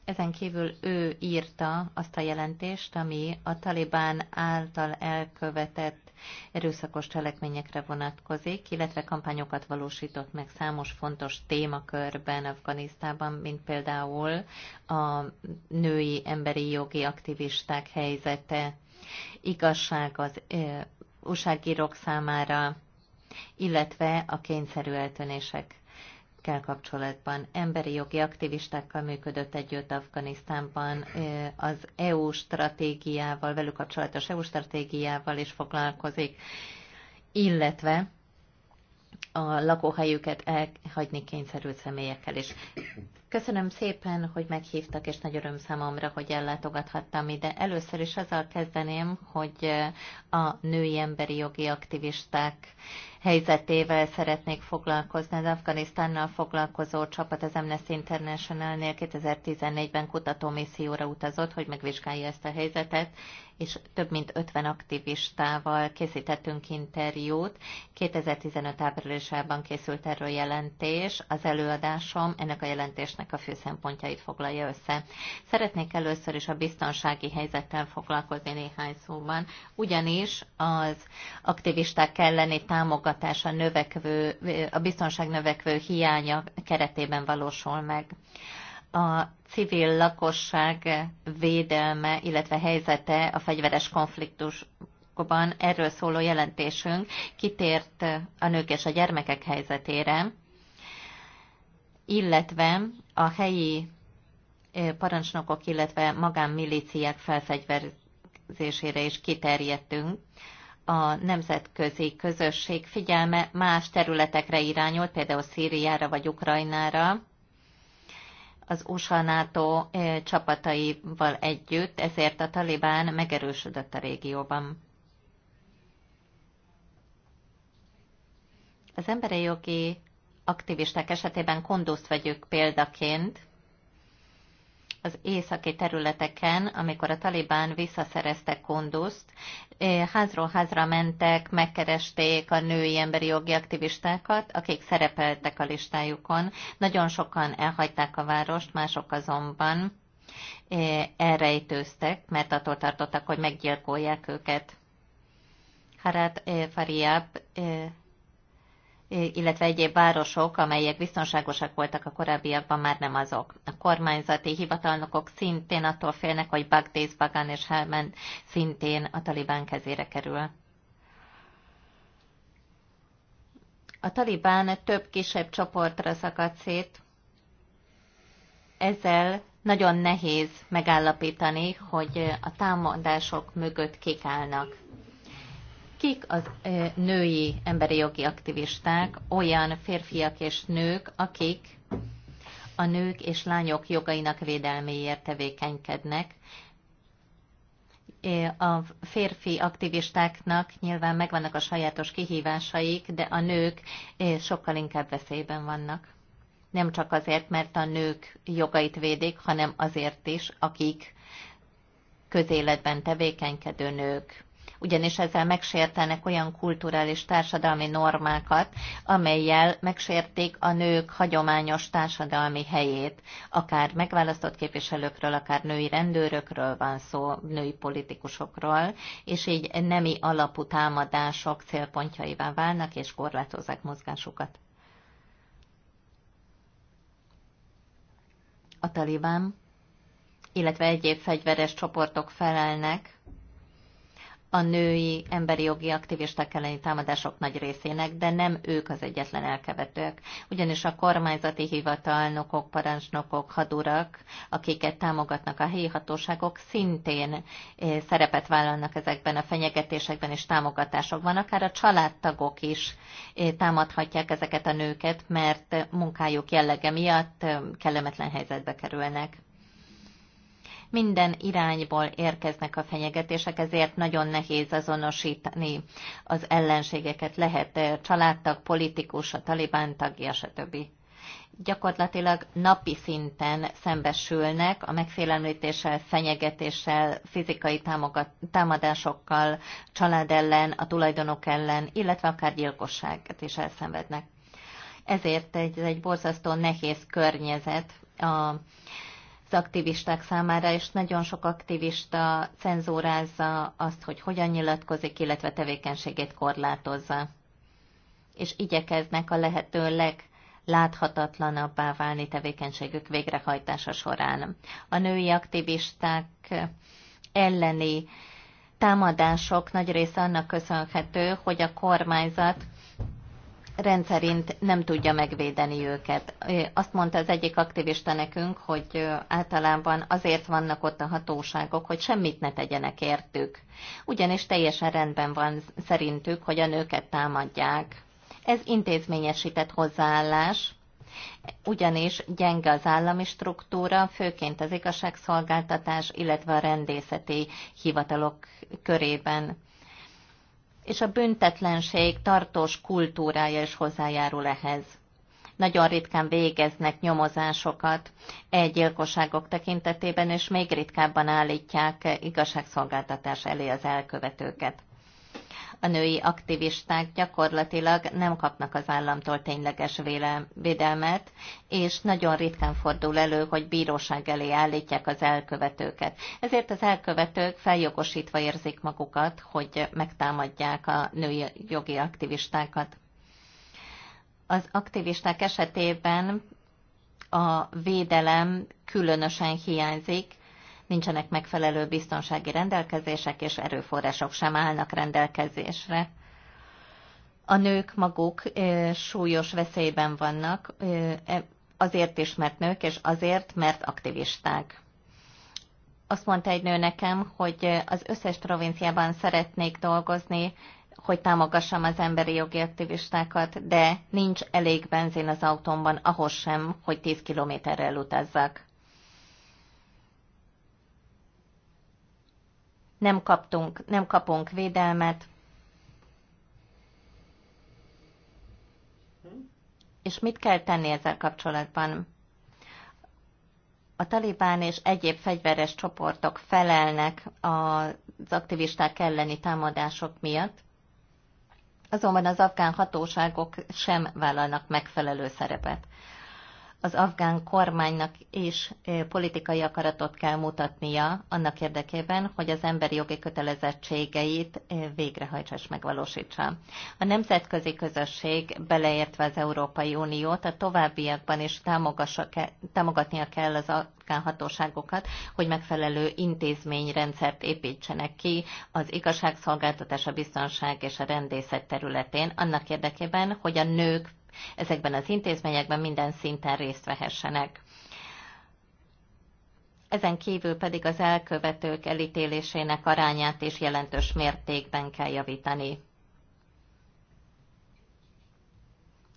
Ezen kívül ő írta azt a jelentést, ami a Talibán által elkövetett erőszakos cselekményekre vonatkozik, illetve kampányokat valósított meg számos fontos témakörben Afganisztában, mint például a női emberi jogi aktivisták helyzete, igazság az újságírók számára, illetve a kényszerű eltönések akikkel kapcsolatban. Emberi jogi aktivistákkal működött együtt Afganisztánban, az EU stratégiával, velük kapcsolatos EU stratégiával is foglalkozik, illetve a lakóhelyüket elhagyni kényszerült személyekkel is. Köszönöm szépen, hogy meghívtak, és nagy öröm számomra, hogy ellátogathattam ide. Először is azzal kezdeném, hogy a női emberi jogi aktivisták helyzetével szeretnék foglalkozni. Az Afganisztánnal foglalkozó csapat az Amnesty International-nél 2014-ben kutató misszióra utazott, hogy megvizsgálja ezt a helyzetet, és több mint 50 aktivistával készítettünk interjút. 2015 áprilisában készült erről jelentés. Az előadásom ennek a jelentésnek a fő szempontjait foglalja össze. Szeretnék először is a biztonsági helyzettel foglalkozni néhány szóban, ugyanis az aktivisták elleni támogatás támogatása növekvő, a biztonság növekvő hiánya keretében valósul meg. A civil lakosság védelme, illetve helyzete a fegyveres konfliktusokban erről szóló jelentésünk kitért a nők és a gyermekek helyzetére, illetve a helyi parancsnokok, illetve magánmilíciák felfegyverzésére is kiterjedtünk a nemzetközi közösség figyelme más területekre irányult, például Szíriára vagy Ukrajnára, az USA NATO csapataival együtt, ezért a Talibán megerősödött a régióban. Az emberi jogi aktivisták esetében konduszt vegyük példaként, az északi területeken, amikor a talibán visszaszerezte Kunduszt, eh, házról házra mentek, megkeresték a női emberi jogi aktivistákat, akik szerepeltek a listájukon. Nagyon sokan elhagyták a várost, mások azonban eh, elrejtőztek, mert attól tartottak, hogy meggyilkolják őket. Harad eh, Fariab illetve egyéb városok, amelyek biztonságosak voltak a korábbiakban, már nem azok. A kormányzati hivatalnokok szintén attól félnek, hogy Bagdész, Bagán és Helmand szintén a talibán kezére kerül. A talibán több kisebb csoportra szakadt szét, ezzel nagyon nehéz megállapítani, hogy a támadások mögött kik állnak kik az női emberi jogi aktivisták, olyan férfiak és nők, akik a nők és lányok jogainak védelméért tevékenykednek. A férfi aktivistáknak nyilván megvannak a sajátos kihívásaik, de a nők sokkal inkább veszélyben vannak. Nem csak azért, mert a nők jogait védik, hanem azért is, akik közéletben tevékenykedő nők, ugyanis ezzel megsértenek olyan kulturális társadalmi normákat, amelyel megsérték a nők hagyományos társadalmi helyét. Akár megválasztott képviselőkről, akár női rendőrökről van szó, női politikusokról, és így nemi alapú támadások célpontjaivá válnak, és korlátozzák mozgásukat. a talibán, illetve egyéb fegyveres csoportok felelnek a női emberi jogi aktivisták elleni támadások nagy részének, de nem ők az egyetlen elkövetők. Ugyanis a kormányzati hivatalnokok, parancsnokok, hadurak, akiket támogatnak a helyi hatóságok, szintén eh, szerepet vállalnak ezekben a fenyegetésekben és támogatásokban. Akár a családtagok is eh, támadhatják ezeket a nőket, mert munkájuk jellege miatt eh, kellemetlen helyzetbe kerülnek. Minden irányból érkeznek a fenyegetések, ezért nagyon nehéz azonosítani az ellenségeket. Lehet családtag, politikus, a talibán tagja, stb gyakorlatilag napi szinten szembesülnek a megfélemlítéssel, fenyegetéssel, fizikai támogat, támadásokkal, család ellen, a tulajdonok ellen, illetve akár gyilkosságot is elszenvednek. Ezért ez egy borzasztó nehéz környezet a az aktivisták számára, és nagyon sok aktivista cenzúrázza azt, hogy hogyan nyilatkozik, illetve tevékenységét korlátozza. És igyekeznek a lehető legláthatatlanabbá válni tevékenységük végrehajtása során. A női aktivisták elleni támadások nagy része annak köszönhető, hogy a kormányzat rendszerint nem tudja megvédeni őket. Azt mondta az egyik aktivista nekünk, hogy általában azért vannak ott a hatóságok, hogy semmit ne tegyenek értük. Ugyanis teljesen rendben van szerintük, hogy a nőket támadják. Ez intézményesített hozzáállás, ugyanis gyenge az állami struktúra, főként az igazságszolgáltatás, illetve a rendészeti hivatalok körében és a büntetlenség tartós kultúrája is hozzájárul ehhez. Nagyon ritkán végeznek nyomozásokat egy gyilkosságok tekintetében, és még ritkábban állítják igazságszolgáltatás elé az elkövetőket a női aktivisták gyakorlatilag nem kapnak az államtól tényleges védelmet, és nagyon ritkán fordul elő, hogy bíróság elé állítják az elkövetőket. Ezért az elkövetők feljogosítva érzik magukat, hogy megtámadják a női jogi aktivistákat. Az aktivisták esetében a védelem különösen hiányzik, nincsenek megfelelő biztonsági rendelkezések, és erőforrások sem állnak rendelkezésre. A nők maguk súlyos veszélyben vannak, e, azért is, mert nők, és azért, mert aktivisták. Azt mondta egy nő nekem, hogy az összes provinciában szeretnék dolgozni, hogy támogassam az emberi jogi aktivistákat, de nincs elég benzin az autómban ahhoz sem, hogy 10 kilométerrel utazzak. nem, kaptunk, nem kapunk védelmet, És mit kell tenni ezzel kapcsolatban? A talibán és egyéb fegyveres csoportok felelnek az aktivisták elleni támadások miatt, azonban az afgán hatóságok sem vállalnak megfelelő szerepet az afgán kormánynak is politikai akaratot kell mutatnia annak érdekében, hogy az emberi jogi kötelezettségeit végrehajtsa és megvalósítsa. A nemzetközi közösség, beleértve az Európai Uniót, a továbbiakban is támogatnia kell az afgán hatóságokat, hogy megfelelő intézményrendszert építsenek ki az igazságszolgáltatás, a biztonság és a rendészet területén, annak érdekében, hogy a nők ezekben az intézményekben minden szinten részt vehessenek. Ezen kívül pedig az elkövetők elítélésének arányát is jelentős mértékben kell javítani.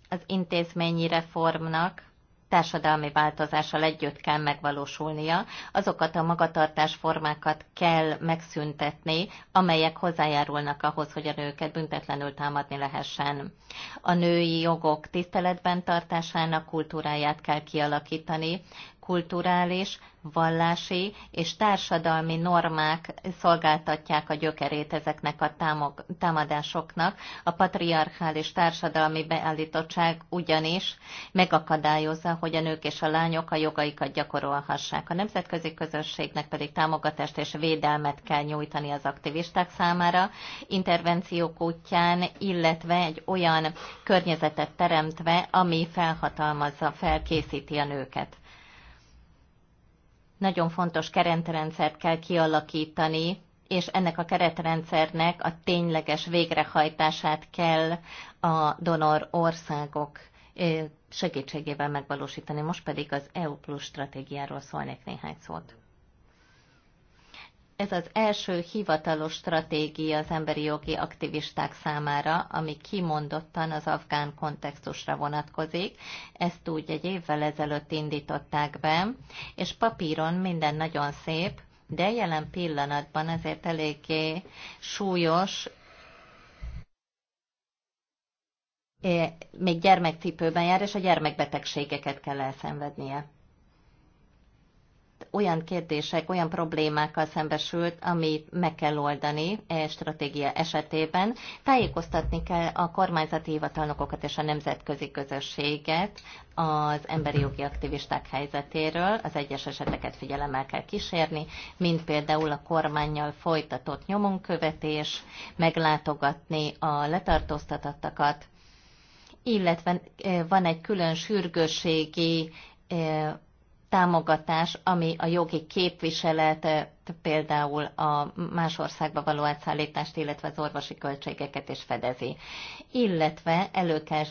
Az intézményi reformnak társadalmi változással együtt kell megvalósulnia, azokat a magatartásformákat kell megszüntetni, amelyek hozzájárulnak ahhoz, hogy a nőket büntetlenül támadni lehessen. A női jogok tiszteletben tartásának kultúráját kell kialakítani, kulturális, vallási és társadalmi normák szolgáltatják a gyökerét ezeknek a támog, támadásoknak. A patriarchális társadalmi beállítottság ugyanis megakadályozza, hogy a nők és a lányok a jogaikat gyakorolhassák. A nemzetközi közösségnek pedig támogatást és védelmet kell nyújtani az aktivisták számára, intervenciók útján, illetve egy olyan környezetet teremtve, ami felhatalmazza, felkészíti a nőket. Nagyon fontos kerentrendszert kell kialakítani, és ennek a keretrendszernek a tényleges végrehajtását kell a donor országok segítségével megvalósítani. Most pedig az EU Plus stratégiáról szólnék néhány szót. Ez az első hivatalos stratégia az emberi jogi aktivisták számára, ami kimondottan az afgán kontextusra vonatkozik. Ezt úgy egy évvel ezelőtt indították be, és papíron minden nagyon szép, de jelen pillanatban azért eléggé súlyos még gyermekcipőben jár, és a gyermekbetegségeket kell elszenvednie. Olyan kérdések, olyan problémákkal szembesült, amit meg kell oldani e, stratégia esetében. Tájékoztatni kell a kormányzati hivatalnokokat és a nemzetközi közösséget az emberi jogi aktivisták helyzetéről, az egyes eseteket figyelemmel kell kísérni, mint például a kormányjal folytatott nyomonkövetés, meglátogatni a letartóztatottakat, illetve van egy külön sürgősségi támogatás, ami a jogi képviselet, például a más országba való átszállítást, illetve az orvosi költségeket is fedezi. Illetve elő kell,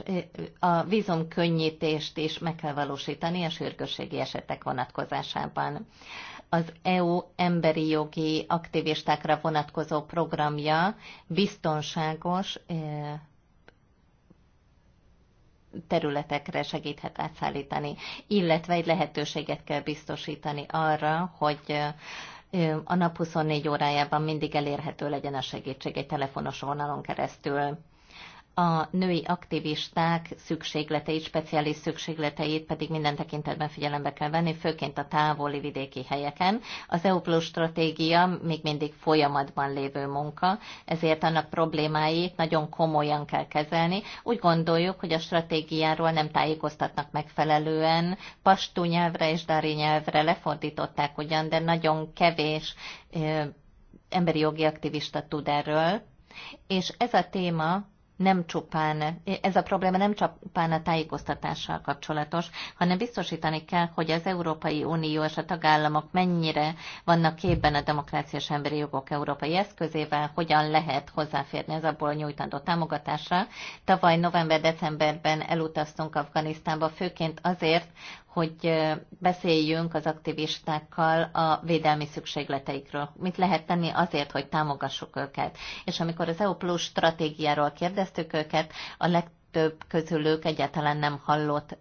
a vízumkönnyítést is meg kell valósítani a sürgősségi esetek vonatkozásában. Az EU emberi jogi aktivistákra vonatkozó programja biztonságos területekre segíthet átszállítani, illetve egy lehetőséget kell biztosítani arra, hogy a nap 24 órájában mindig elérhető legyen a segítség egy telefonos vonalon keresztül a női aktivisták szükségleteit, speciális szükségleteit pedig minden tekintetben figyelembe kell venni, főként a távoli vidéki helyeken. Az EU Plus stratégia még mindig folyamatban lévő munka, ezért annak problémáit nagyon komolyan kell kezelni. Úgy gondoljuk, hogy a stratégiáról nem tájékoztatnak megfelelően, pastú nyelvre és dári nyelvre lefordították ugyan, de nagyon kevés emberi jogi aktivista tud erről, és ez a téma nem csupán, ez a probléma nem csupán a tájékoztatással kapcsolatos, hanem biztosítani kell, hogy az Európai Unió és a tagállamok mennyire vannak képben a demokrácia és emberi jogok európai eszközével, hogyan lehet hozzáférni az abból nyújtandó támogatásra. Tavaly november-decemberben elutaztunk Afganisztánba, főként azért, hogy beszéljünk az aktivistákkal a védelmi szükségleteikről. Mit lehet tenni azért, hogy támogassuk őket? És amikor az EU Plus stratégiáról kérdeztük őket, a legtöbb közülük egyáltalán nem hallott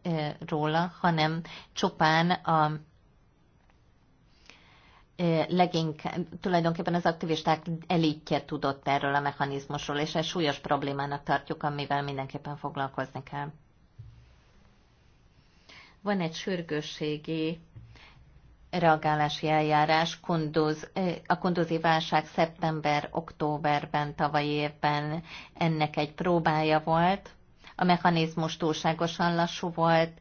róla, hanem csupán a leginkább, tulajdonképpen az aktivisták elítje tudott erről a mechanizmusról, és ez súlyos problémának tartjuk, amivel mindenképpen foglalkozni kell. Van egy sürgősségi reagálási eljárás kondoz, eh, a kondozi válság szeptember-októberben tavaly évben ennek egy próbája volt. A mechanizmus túlságosan lassú volt,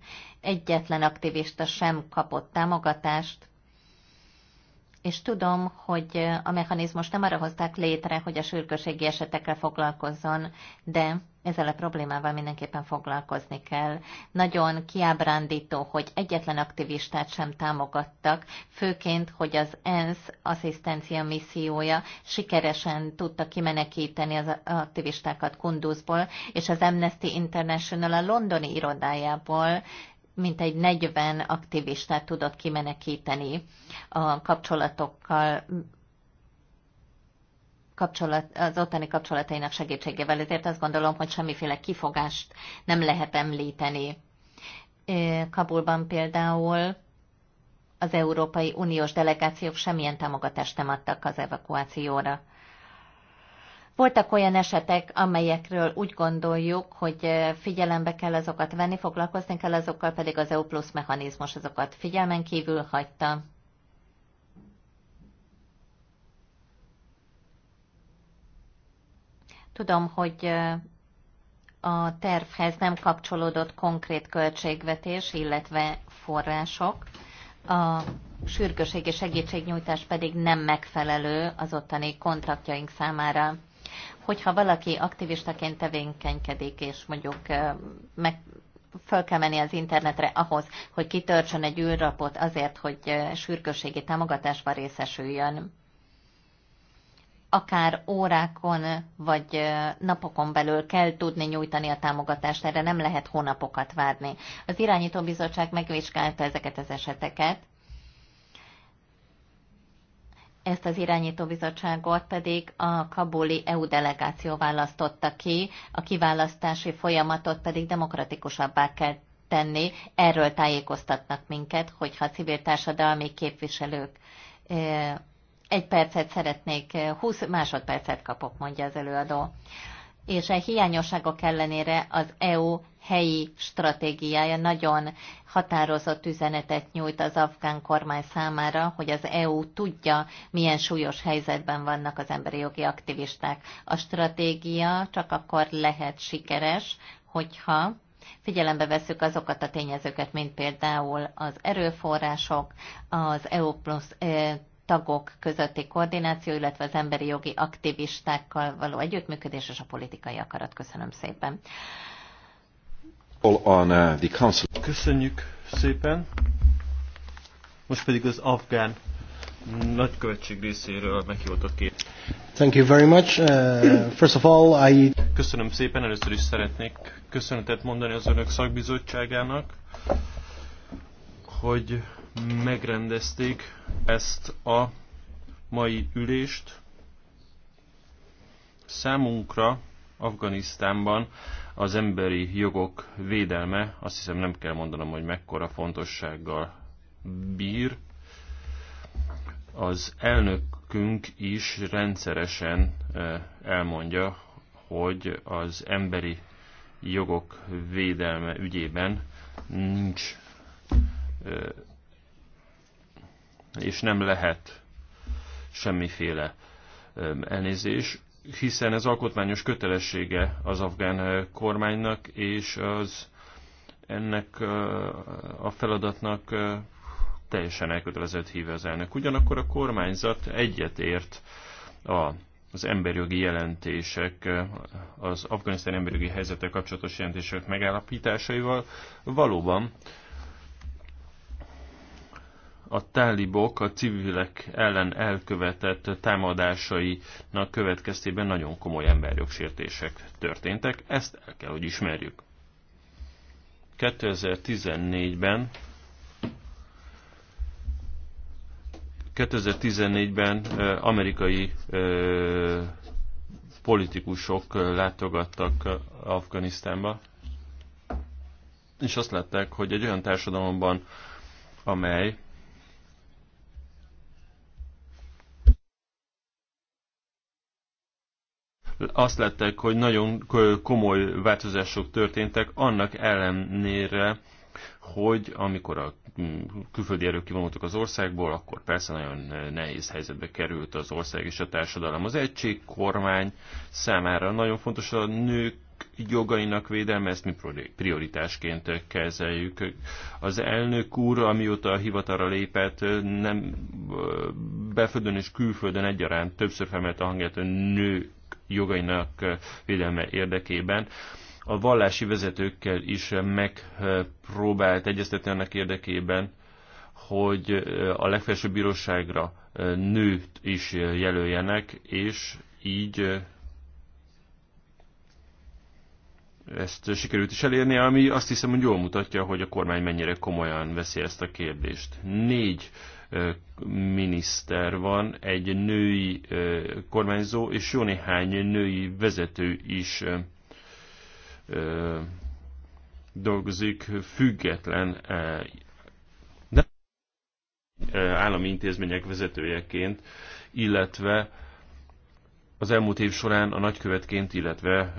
egyetlen aktivista sem kapott támogatást, és tudom, hogy a mechanizmus nem arra hozták létre, hogy a sürgőségi esetekkel foglalkozzon, de ezzel a problémával mindenképpen foglalkozni kell. Nagyon kiábrándító, hogy egyetlen aktivistát sem támogattak, főként, hogy az ENSZ asszisztencia missziója sikeresen tudta kimenekíteni az aktivistákat Kunduzból, és az Amnesty International a londoni irodájából mintegy 40 aktivistát tudott kimenekíteni a kapcsolatokkal kapcsolat, az ottani kapcsolatainak segítségével, ezért azt gondolom, hogy semmiféle kifogást nem lehet említeni. Kabulban például az Európai Uniós delegációk semmilyen támogatást nem adtak az evakuációra. Voltak olyan esetek, amelyekről úgy gondoljuk, hogy figyelembe kell azokat venni, foglalkozni kell azokkal, pedig az EU plusz mechanizmus azokat figyelmen kívül hagyta. Tudom, hogy a tervhez nem kapcsolódott konkrét költségvetés, illetve források. A sürgőségi segítségnyújtás pedig nem megfelelő az ottani kontaktjaink számára hogyha valaki aktivistaként tevékenykedik, és mondjuk meg föl kell menni az internetre ahhoz, hogy kitörtsön egy űrrapot azért, hogy sürgősségi támogatásban részesüljön, akár órákon vagy napokon belül kell tudni nyújtani a támogatást, erre nem lehet hónapokat várni. Az irányítóbizottság megvizsgálta ezeket az eseteket, ezt az bizottságot pedig a kabuli EU delegáció választotta ki, a kiválasztási folyamatot pedig demokratikusabbá kell tenni. Erről tájékoztatnak minket, hogyha a civil társadalmi képviselők egy percet szeretnék, 20 másodpercet kapok, mondja az előadó és a e hiányosságok ellenére az EU helyi stratégiája nagyon határozott üzenetet nyújt az afgán kormány számára, hogy az EU tudja, milyen súlyos helyzetben vannak az emberi jogi aktivisták. A stratégia csak akkor lehet sikeres, hogyha figyelembe veszük azokat a tényezőket, mint például az erőforrások, az EU plusz e, tagok közötti koordináció, illetve az emberi jogi aktivistákkal való együttműködés és a politikai akarat. Köszönöm szépen. Köszönjük szépen. Most pedig az afgán nagykövetség részéről meghívott két. Thank you very much. Uh, first of all, I... Köszönöm szépen, először is szeretnék köszönetet mondani az önök szakbizottságának, hogy megrendezték ezt a mai ülést. Számunkra Afganisztánban az emberi jogok védelme, azt hiszem nem kell mondanom, hogy mekkora fontossággal bír. Az elnökünk is rendszeresen eh, elmondja, hogy az emberi jogok védelme ügyében nincs eh, és nem lehet semmiféle elnézés, hiszen ez alkotmányos kötelessége az afgán kormánynak, és az ennek a feladatnak teljesen elkötelezett híve az elnök. Ugyanakkor a kormányzat egyetért a az emberjogi jelentések, az afganisztán emberjogi helyzetek kapcsolatos jelentések megállapításaival valóban a tálibok a civilek ellen elkövetett támadásainak következtében nagyon komoly emberjogsértések történtek, ezt el kell, hogy ismerjük. 2014-ben 2014-ben amerikai politikusok látogattak Afganisztánba, és azt látták, hogy egy olyan társadalomban, amely azt lettek, hogy nagyon komoly változások történtek, annak ellenére, hogy amikor a külföldi erők kivonultak az országból, akkor persze nagyon nehéz helyzetbe került az ország és a társadalom. Az egység kormány számára nagyon fontos a nők jogainak védelme, ezt mi prioritásként kezeljük. Az elnök úr, amióta a hivatalra lépett, nem beföldön és külföldön egyaránt többször felmelt a hangját a nő jogainak eh, védelme érdekében. A vallási vezetőkkel is eh, megpróbált egyeztetni annak érdekében, hogy eh, a legfelsőbb bíróságra nőt is jelöljenek, és így ezt sikerült is elérni, ami azt hiszem, hogy jól mutatja, hogy a kormány mennyire komolyan veszi ezt a kérdést. Négy miniszter van, egy női kormányzó, és jó néhány női vezető is dolgozik független de állami intézmények vezetőjeként, illetve az elmúlt év során a nagykövetként, illetve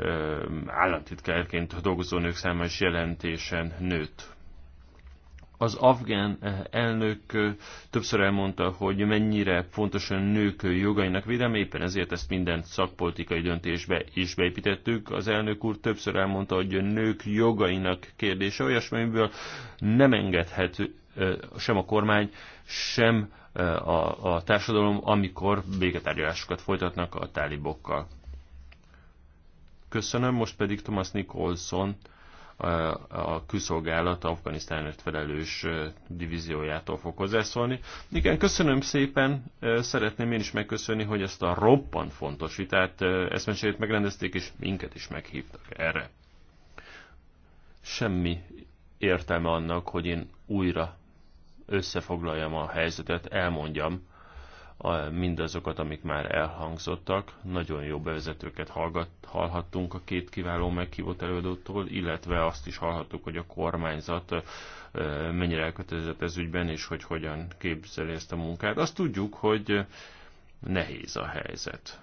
államtitkárként dolgozó nők száma is jelentésen nőtt. Az afgán eh, elnök eh, többször elmondta, hogy mennyire fontos a nők jogainak védelme, éppen ezért ezt minden szakpolitikai döntésbe is beépítettük. Az elnök úr többször elmondta, hogy a nők jogainak kérdése olyasmi, amiből nem engedhet eh, sem a kormány, sem a, a társadalom, amikor béketárgyalásokat folytatnak a tálibokkal. Köszönöm, most pedig Thomas Nicholson a külszolgálat Afganisztánért felelős divíziójától fog hozzászólni. Igen, köszönöm szépen, szeretném én is megköszönni, hogy ezt a roppant fontos vitát, eszmecserét megrendezték, és minket is meghívtak erre. Semmi értelme annak, hogy én újra összefoglaljam a helyzetet, elmondjam, mindazokat, amik már elhangzottak. Nagyon jó bevezetőket hallgat, hallhattunk a két kiváló meghívott előadótól, illetve azt is hallhattuk, hogy a kormányzat mennyire elkötelezett ez ügyben, és hogy hogyan képzeli ezt a munkát. Azt tudjuk, hogy nehéz a helyzet.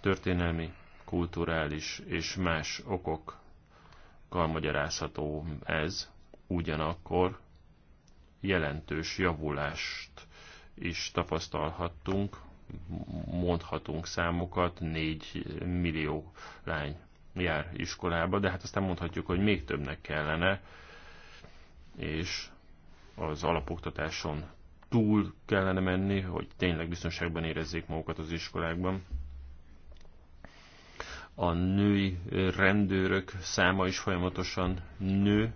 Történelmi, kulturális és más okokkal magyarázható ez, ugyanakkor jelentős javulást is tapasztalhattunk, mondhatunk számokat, 4 millió lány jár iskolába, de hát aztán mondhatjuk, hogy még többnek kellene, és az alapoktatáson túl kellene menni, hogy tényleg biztonságban érezzék magukat az iskolákban. A női rendőrök száma is folyamatosan nő,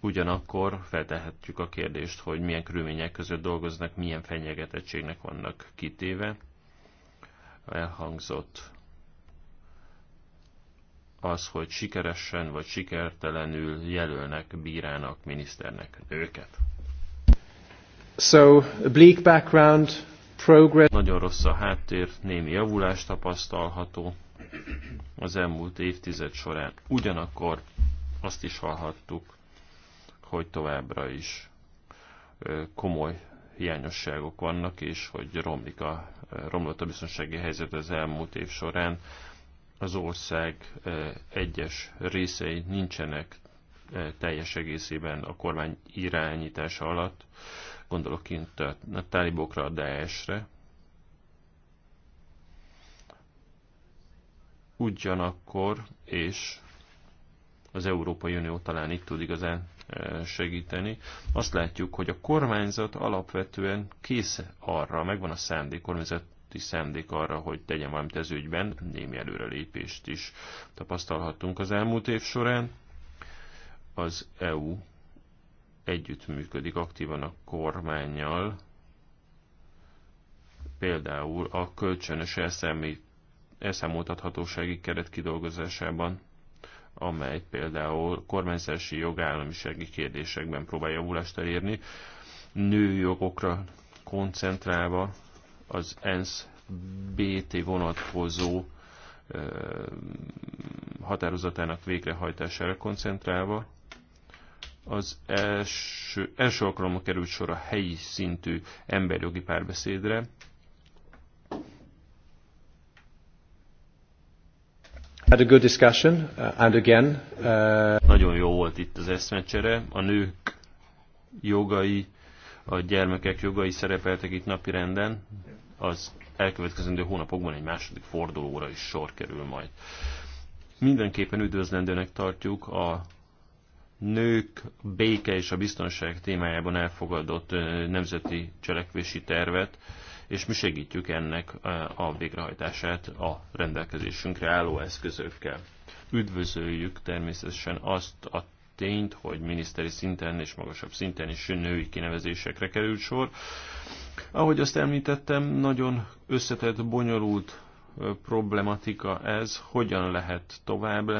Ugyanakkor feltehetjük a kérdést, hogy milyen körülmények között dolgoznak, milyen fenyegetettségnek vannak kitéve. Elhangzott az, hogy sikeresen vagy sikertelenül jelölnek, bírának, miniszternek őket. So, a bleak background, progress. Nagyon rossz a háttér, némi javulás tapasztalható az elmúlt évtized során. Ugyanakkor azt is hallhattuk, hogy továbbra is komoly hiányosságok vannak, és hogy romlik a, romlott a biztonsági helyzet az elmúlt év során. Az ország egyes részei nincsenek teljes egészében a kormány irányítása alatt, gondolok kint a tálibokra, a Daesh-re. Ugyanakkor, és az Európai Unió talán itt tud igazán segíteni. Azt látjuk, hogy a kormányzat alapvetően kész arra, megvan a szándék, kormányzati szándék arra, hogy tegyen valamit ez ügyben, némi előrelépést is tapasztalhattunk az elmúlt év során. Az EU együttműködik aktívan a kormányjal, például a kölcsönös elszámít elszámoltathatósági keret kidolgozásában amely például kormányzási jogállamisági kérdésekben próbál javulást elérni, nőjogokra koncentrálva az ENSZ BT vonatkozó határozatának végrehajtására koncentrálva. Az első, első alkalommal került sor a helyi szintű emberjogi párbeszédre, Uh, uh, Nagyon jó volt itt az eszmecsere. A nők jogai, a gyermekek jogai szerepeltek itt napirenden. Az elkövetkezendő hónapokban egy második fordulóra is sor kerül majd. Mindenképpen üdvözlendőnek tartjuk a nők béke és a biztonság témájában elfogadott uh, nemzeti cselekvési tervet, és mi segítjük ennek e, a végrehajtását a rendelkezésünkre álló eszközökkel. Üdvözöljük természetesen azt a tényt, hogy miniszteri szinten és magasabb szinten is női kinevezésekre került sor. Ahogy azt említettem, nagyon összetett, bonyolult e, problematika ez, hogyan lehet tovább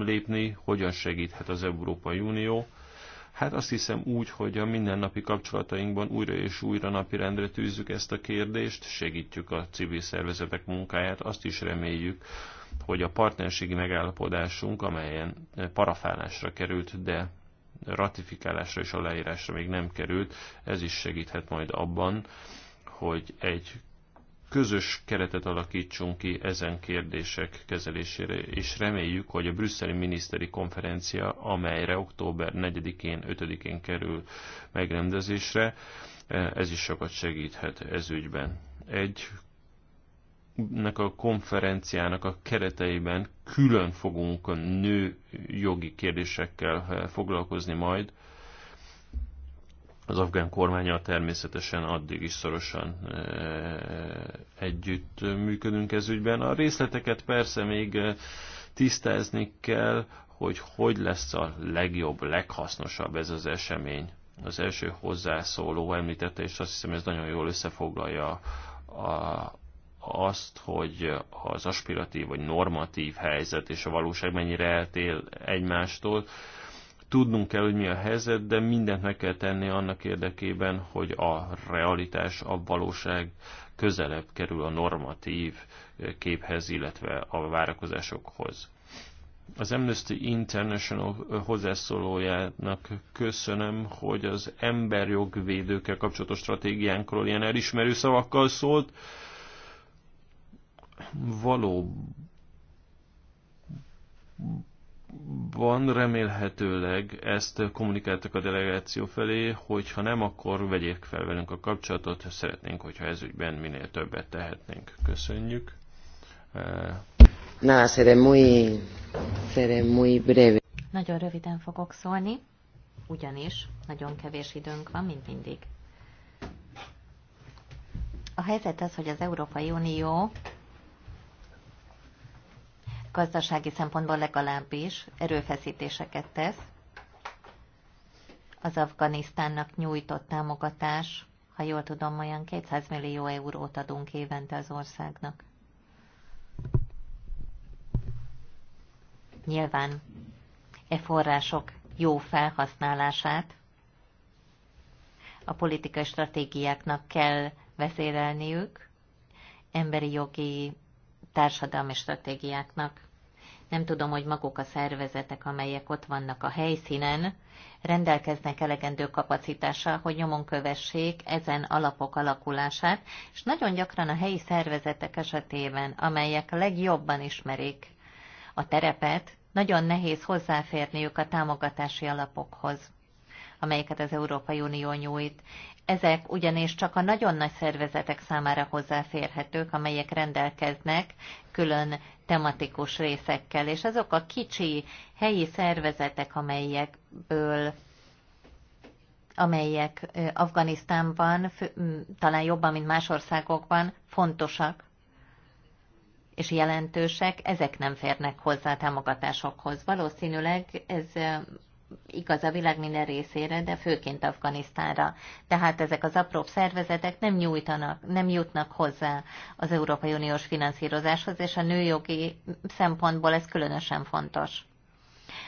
lépni, hogyan segíthet az Európai Unió Hát azt hiszem úgy, hogy a mindennapi kapcsolatainkban újra és újra napirendre tűzzük ezt a kérdést, segítjük a civil szervezetek munkáját, azt is reméljük, hogy a partnerségi megállapodásunk, amelyen parafálásra került, de ratifikálásra és aláírásra még nem került, ez is segíthet majd abban, hogy egy közös keretet alakítsunk ki ezen kérdések kezelésére, és reméljük, hogy a brüsszeli miniszteri konferencia, amelyre október 4-én, 5-én kerül megrendezésre, ez is sokat segíthet ez ügyben. Egy a konferenciának a kereteiben külön fogunk nő jogi kérdésekkel foglalkozni majd, az afgán kormánya természetesen addig is szorosan e, együtt működünk ez ügyben. A részleteket persze még e, tisztázni kell, hogy hogy lesz a legjobb, leghasznosabb ez az esemény. Az első hozzászóló említette, és azt hiszem ez nagyon jól összefoglalja a, azt, hogy az aspiratív vagy normatív helyzet és a valóság mennyire eltél egymástól. Tudnunk kell, hogy mi a helyzet, de mindent meg kell tenni annak érdekében, hogy a realitás, a valóság közelebb kerül a normatív képhez, illetve a várakozásokhoz. Az Amnesty International hozzászólójának köszönöm, hogy az emberjogvédőkkel kapcsolatos stratégiánkról ilyen elismerő szavakkal szólt. Valóban van remélhetőleg ezt kommunikáltak a delegáció felé, hogy ha nem, akkor vegyék fel velünk a kapcsolatot, szeretnénk, hogyha ez ügyben minél többet tehetnénk. Köszönjük. Na seré muy, seré muy breve. Nagyon röviden fogok szólni, ugyanis nagyon kevés időnk van, mint mindig. A helyzet az, hogy az Európai Unió gazdasági szempontból legalábbis erőfeszítéseket tesz. Az Afganisztánnak nyújtott támogatás, ha jól tudom, olyan 200 millió eurót adunk évente az országnak. Nyilván e források jó felhasználását a politikai stratégiáknak kell vezérelniük, emberi jogi társadalmi stratégiáknak. Nem tudom, hogy maguk a szervezetek, amelyek ott vannak a helyszínen, rendelkeznek elegendő kapacitással, hogy nyomon kövessék ezen alapok alakulását, és nagyon gyakran a helyi szervezetek esetében, amelyek legjobban ismerik a terepet, nagyon nehéz hozzáférniük a támogatási alapokhoz amelyeket az Európai Unió nyújt. Ezek ugyanis csak a nagyon nagy szervezetek számára hozzáférhetők, amelyek rendelkeznek külön tematikus részekkel, és azok a kicsi helyi szervezetek, amelyekből amelyek Afganisztánban talán jobban, mint más országokban fontosak és jelentősek, ezek nem férnek hozzá támogatásokhoz. Valószínűleg ez igaz a világ minden részére, de főként Afganisztánra. Tehát ezek az apró szervezetek nem nyújtanak, nem jutnak hozzá az Európai Uniós finanszírozáshoz, és a nőjogi szempontból ez különösen fontos.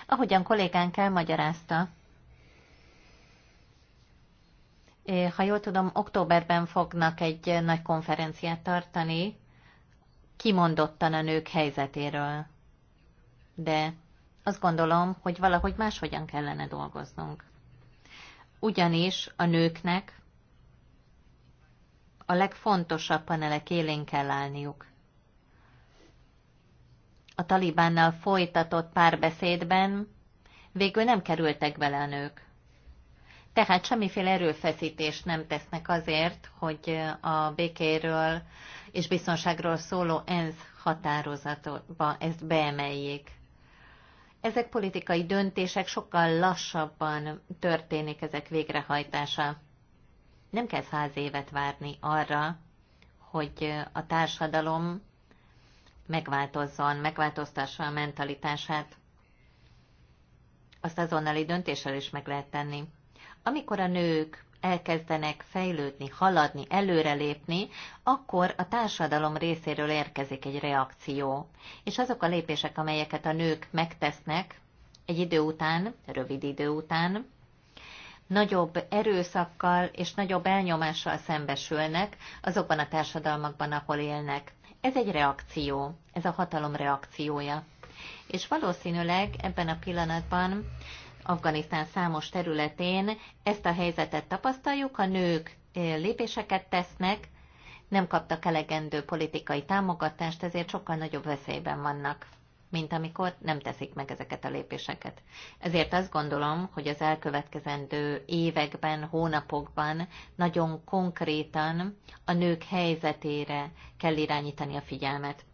Ahogyan kollégánk elmagyarázta, eh, ha jól tudom, októberben fognak egy nagy konferenciát tartani, kimondottan a nők helyzetéről. De azt gondolom, hogy valahogy máshogyan kellene dolgoznunk. Ugyanis a nőknek a legfontosabb panelek élén kell állniuk. A talibánnal folytatott párbeszédben végül nem kerültek bele a nők. Tehát semmiféle erőfeszítést nem tesznek azért, hogy a békéről és biztonságról szóló ENSZ határozatba ezt beemeljék. Ezek politikai döntések, sokkal lassabban történik ezek végrehajtása. Nem kell száz évet várni arra, hogy a társadalom megváltozzon, megváltoztassa a mentalitását. Azt azonnali döntéssel is meg lehet tenni. Amikor a nők elkezdenek fejlődni, haladni, előrelépni, akkor a társadalom részéről érkezik egy reakció. És azok a lépések, amelyeket a nők megtesznek egy idő után, rövid idő után, nagyobb erőszakkal és nagyobb elnyomással szembesülnek azokban a társadalmakban, ahol élnek. Ez egy reakció, ez a hatalom reakciója. És valószínűleg ebben a pillanatban Afganisztán számos területén ezt a helyzetet tapasztaljuk, a nők lépéseket tesznek, nem kaptak elegendő politikai támogatást, ezért sokkal nagyobb veszélyben vannak, mint amikor nem teszik meg ezeket a lépéseket. Ezért azt gondolom, hogy az elkövetkezendő években, hónapokban nagyon konkrétan a nők helyzetére kell irányítani a figyelmet.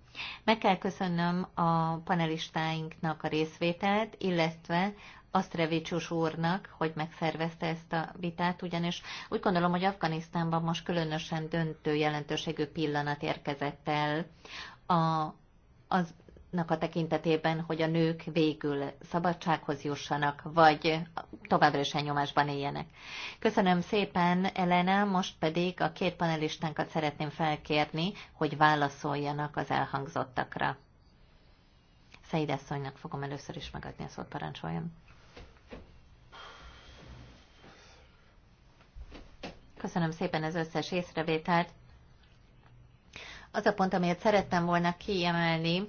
Meg kell köszönnöm a panelistáinknak a részvételt, illetve Asztrevicsus úrnak, hogy megszervezte ezt a vitát, ugyanis úgy gondolom, hogy Afganisztánban most különösen döntő jelentőségű pillanat érkezett el a, az a tekintetében, hogy a nők végül szabadsághoz jussanak, vagy továbbra is elnyomásban éljenek. Köszönöm szépen, Elena, most pedig a két panelistánkat szeretném felkérni, hogy válaszoljanak az elhangzottakra. Szeid fogom először is megadni a szót, parancsoljon. Köszönöm szépen az összes észrevételt. Az a pont, amelyet szerettem volna kiemelni,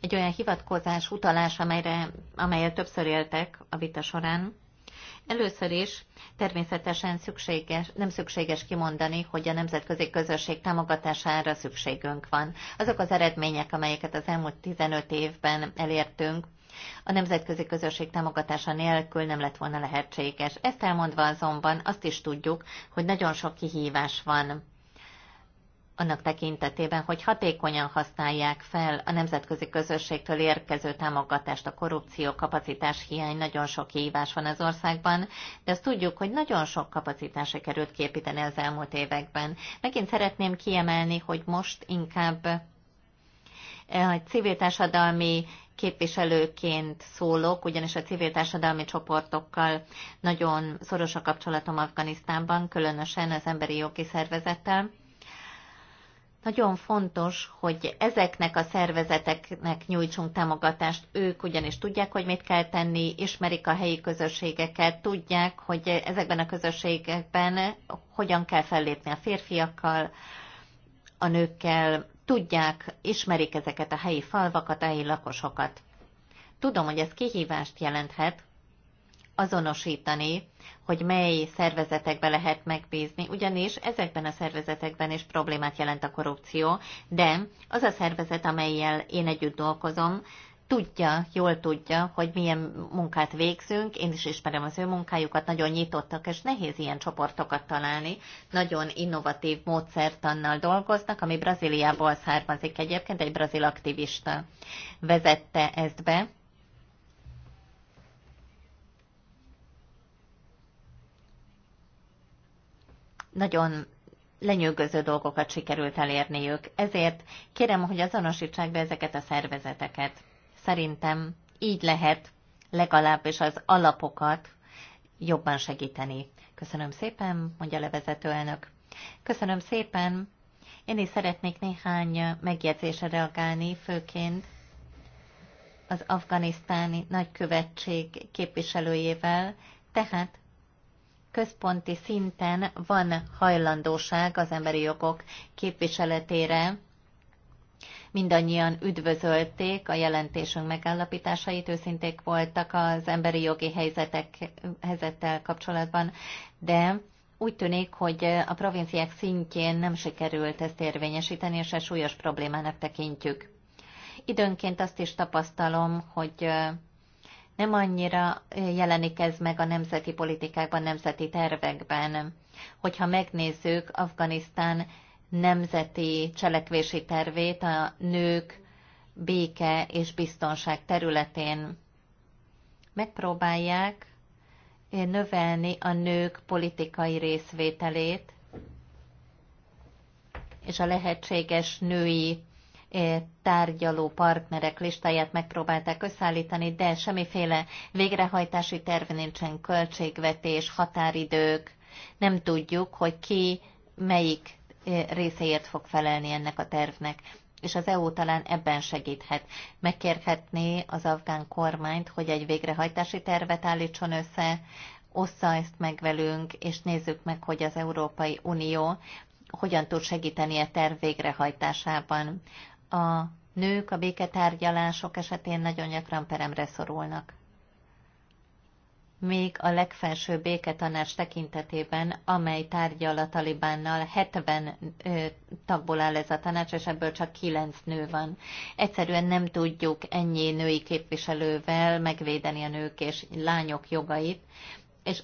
egy olyan hivatkozás, utalás, amelyre, amelyet többször éltek a vita során. Először is természetesen szükséges, nem szükséges kimondani, hogy a nemzetközi közösség támogatására szükségünk van. Azok az eredmények, amelyeket az elmúlt 15 évben elértünk, a nemzetközi közösség támogatása nélkül nem lett volna lehetséges. Ezt elmondva azonban azt is tudjuk, hogy nagyon sok kihívás van annak tekintetében, hogy hatékonyan használják fel a nemzetközi közösségtől érkező támogatást, a korrupció, kapacitás hiány, nagyon sok kihívás van az országban, de azt tudjuk, hogy nagyon sok kapacitás sikerült képíteni az elmúlt években. Megint szeretném kiemelni, hogy most inkább eh, a civil társadalmi képviselőként szólok, ugyanis a civil társadalmi csoportokkal nagyon szoros a kapcsolatom Afganisztánban, különösen az emberi jogi szervezettel. Nagyon fontos, hogy ezeknek a szervezeteknek nyújtsunk támogatást. Ők ugyanis tudják, hogy mit kell tenni, ismerik a helyi közösségeket, tudják, hogy ezekben a közösségekben hogyan kell fellépni a férfiakkal, a nőkkel, tudják, ismerik ezeket a helyi falvakat, a helyi lakosokat. Tudom, hogy ez kihívást jelenthet, azonosítani, hogy mely szervezetekbe lehet megbízni, ugyanis ezekben a szervezetekben is problémát jelent a korrupció, de az a szervezet, amelyel én együtt dolgozom, tudja, jól tudja, hogy milyen munkát végzünk, én is ismerem az ő munkájukat, nagyon nyitottak, és nehéz ilyen csoportokat találni. Nagyon innovatív módszertannal dolgoznak, ami Brazíliából származik egyébként, egy brazil aktivista vezette ezt be. Nagyon lenyűgöző dolgokat sikerült elérniük. Ezért kérem, hogy azonosítsák be ezeket a szervezeteket. Szerintem így lehet legalábbis az alapokat jobban segíteni. Köszönöm szépen, mondja a levezető elnök. Köszönöm szépen. Én is szeretnék néhány megjegyzésre reagálni, főként az afganisztáni nagykövetség képviselőjével, tehát központi szinten van hajlandóság az emberi jogok képviseletére mindannyian üdvözölték a jelentésünk megállapításait, őszinték voltak az emberi jogi helyzetek, helyzettel kapcsolatban, de úgy tűnik, hogy a provinciák szintjén nem sikerült ezt érvényesíteni, és ezt súlyos problémának tekintjük. Időnként azt is tapasztalom, hogy nem annyira jelenik ez meg a nemzeti politikákban, nemzeti tervekben. Hogyha megnézzük Afganisztán nemzeti cselekvési tervét a nők béke és biztonság területén. Megpróbálják eh, növelni a nők politikai részvételét, és a lehetséges női eh, tárgyaló partnerek listáját megpróbálták összeállítani, de semmiféle végrehajtási terv nincsen, költségvetés, határidők, nem tudjuk, hogy ki melyik részeért fog felelni ennek a tervnek, és az EU talán ebben segíthet. Megkérhetné az afgán kormányt, hogy egy végrehajtási tervet állítson össze, ossza ezt meg velünk, és nézzük meg, hogy az Európai Unió hogyan tud segíteni a terv végrehajtásában. A nők a béketárgyalások esetén nagyon gyakran peremre szorulnak még a legfelső béketanás tekintetében, amely tárgyal a Talibánnal 70 ö, tagból áll ez a tanács, és ebből csak 9 nő van. Egyszerűen nem tudjuk ennyi női képviselővel megvédeni a nők és lányok jogait, és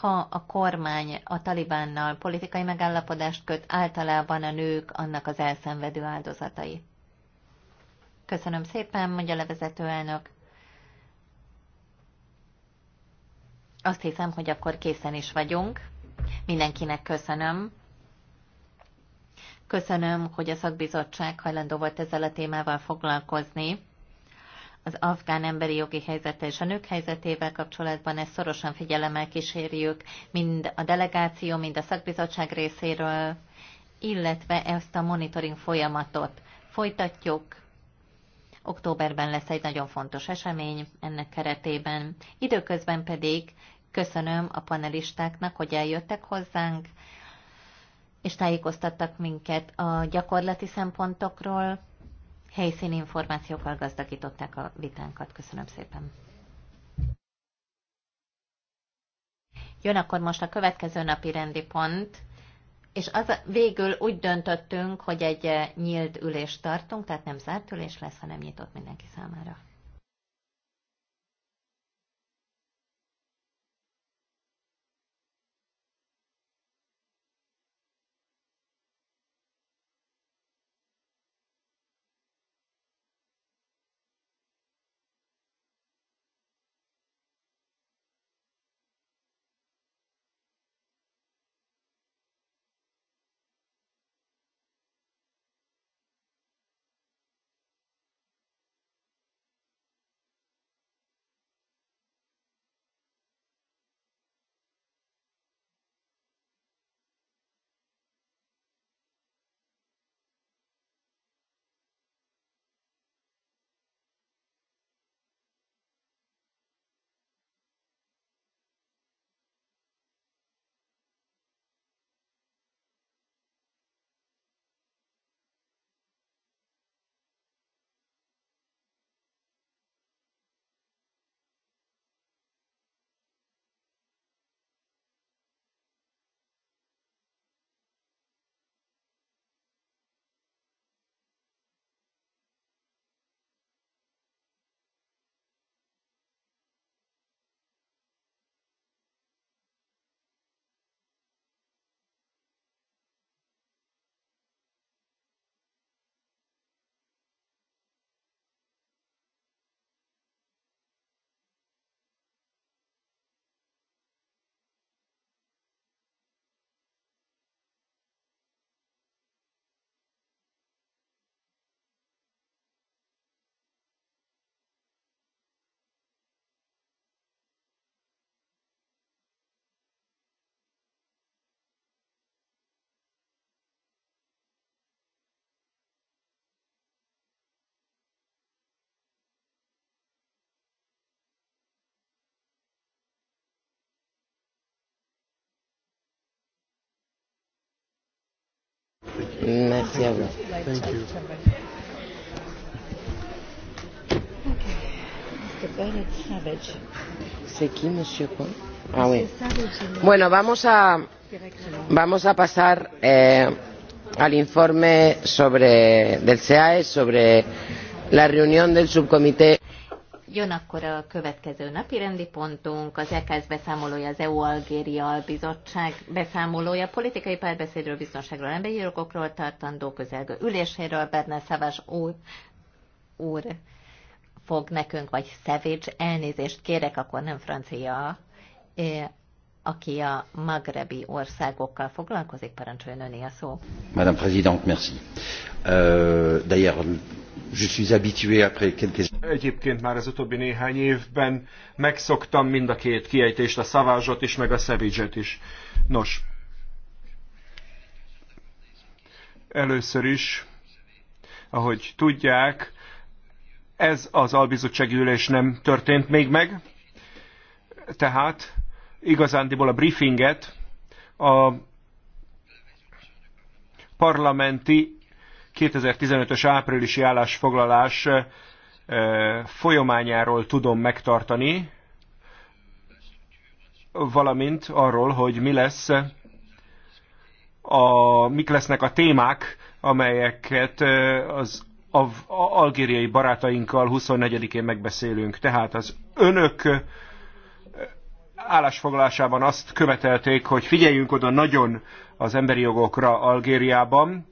ha a kormány a Talibánnal politikai megállapodást köt, általában a nők annak az elszenvedő áldozatai. Köszönöm szépen, mondja levezető elnök. Azt hiszem, hogy akkor készen is vagyunk. Mindenkinek köszönöm. Köszönöm, hogy a szakbizottság hajlandó volt ezzel a témával foglalkozni. Az afgán emberi jogi helyzete és a nők helyzetével kapcsolatban ezt szorosan figyelemmel kísérjük, mind a delegáció, mind a szakbizottság részéről, illetve ezt a monitoring folyamatot folytatjuk. Októberben lesz egy nagyon fontos esemény ennek keretében. Időközben pedig Köszönöm a panelistáknak, hogy eljöttek hozzánk, és tájékoztattak minket a gyakorlati szempontokról. Helyszíni információkkal gazdagították a vitánkat. Köszönöm szépen. Jön akkor most a következő napi rendi pont, és az végül úgy döntöttünk, hogy egy eh, nyílt ülést tartunk, tehát nem zárt ülés lesz, hanem nyitott mindenki számára. Merci à vous. Thank you. C'est qui, monsieur Paul Ah oui. Bueno, vamos a, vamos a pasar eh, al informe sobre, del CAE sobre la reunión del subcomité Jön akkor a következő napi rendi pontunk, az EKSZ beszámolója, az EU-Algéria Bizottság beszámolója, politikai párbeszédről, biztonságról, emberi jogokról tartandó közelgő üléséről, Berne Szavas úr, úr fog nekünk, vagy Szevics, elnézést kérek, akkor nem francia, aki a magrebi országokkal foglalkozik, parancsoljon öné a szó. Madame Présidente, merci. Uh, Egyébként már az utóbbi néhány évben megszoktam mind a két kiejtést, a szavázsot is, meg a szevidzset is. Nos, először is, ahogy tudják, ez az albizottsági ülés nem történt még meg, tehát igazándiból a briefinget a parlamenti 2015-ös áprilisi állásfoglalás eh, folyamányáról tudom megtartani, valamint arról, hogy mi lesz a, mik lesznek a témák, amelyeket eh, az algériai barátainkkal 24-én megbeszélünk. Tehát az önök eh, állásfoglalásában azt követelték, hogy figyeljünk oda nagyon az emberi jogokra Algériában,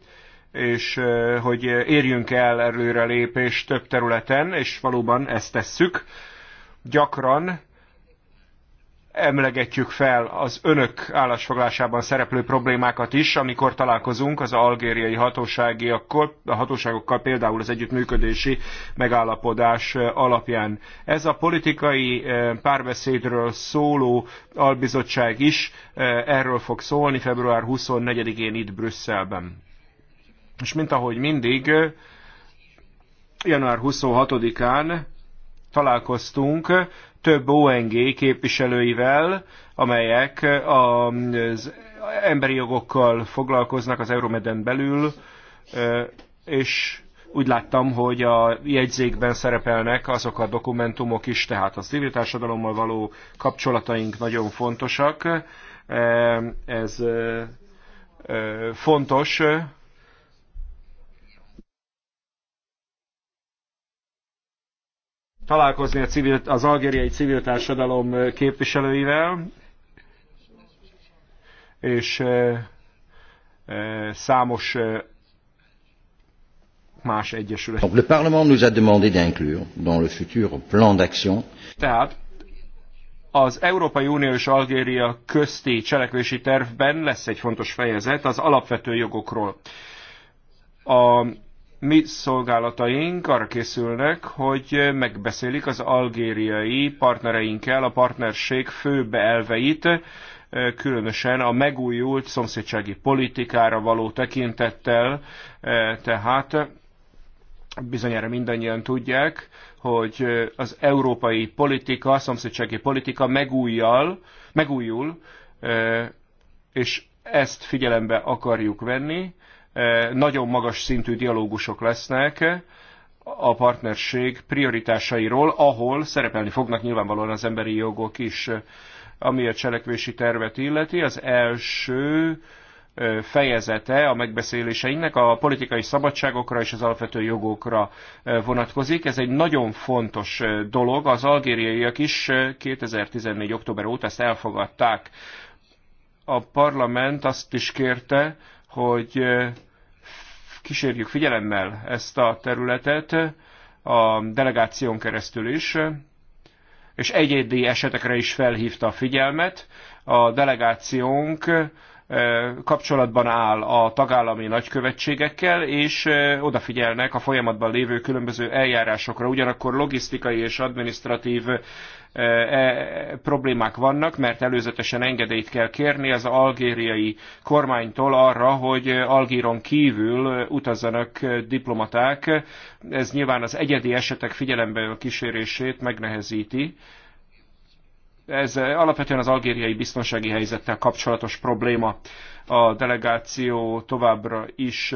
és eh, hogy eh, érjünk el lépés több területen, és valóban ezt tesszük. Gyakran emlegetjük fel az önök állásfoglásában szereplő problémákat is, amikor találkozunk az algériai hatóságiakkal, a hatóságokkal például az együttműködési megállapodás eh, alapján. Ez a politikai párbeszédről szóló albizottság is erről fog szólni február 24-én itt Brüsszelben. És mint ahogy mindig, január 26-án találkoztunk több ONG képviselőivel, amelyek az emberi jogokkal foglalkoznak az Euromeden belül, és úgy láttam, hogy a jegyzékben szerepelnek azok a dokumentumok is, tehát a civil társadalommal való kapcsolataink nagyon fontosak. Ez fontos találkozni a civil, az algériai civil társadalom képviselőivel, és számos más egyesület. Donc le Parlement nous a demandé d'inclure dans le futur plan d'action. Tehát az Európai Unió és Algéria közti cselekvési tervben lesz egy fontos fejezet az alapvető jogokról. A mi szolgálataink arra készülnek, hogy megbeszélik az algériai partnereinkkel a partnerség főbb elveit, különösen a megújult szomszédsági politikára való tekintettel, tehát bizonyára mindannyian tudják, hogy az európai politika, a szomszédsági politika megújjal, megújul, és ezt figyelembe akarjuk venni, Eh, nagyon magas szintű dialógusok lesznek a partnerség prioritásairól, ahol szerepelni fognak nyilvánvalóan az emberi jogok is, ami a cselekvési tervet illeti. Az első eh, fejezete a megbeszéléseinknek a politikai szabadságokra és az alapvető jogokra eh, vonatkozik. Ez egy nagyon fontos dolog. Az algériaiak is 2014. október óta ezt elfogadták. A parlament azt is kérte, hogy kísérjük figyelemmel ezt a területet a delegáción keresztül is, és egyedi esetekre is felhívta a figyelmet. A delegációnk kapcsolatban áll a tagállami nagykövetségekkel, és odafigyelnek a folyamatban lévő különböző eljárásokra. Ugyanakkor logisztikai és administratív E, problémák vannak, mert előzetesen engedélyt kell kérni az algériai kormánytól arra, hogy Algíron kívül utazzanak diplomaták. Ez nyilván az egyedi esetek figyelembe kísérését megnehezíti. Ez alapvetően az algériai biztonsági helyzettel kapcsolatos probléma. A delegáció továbbra is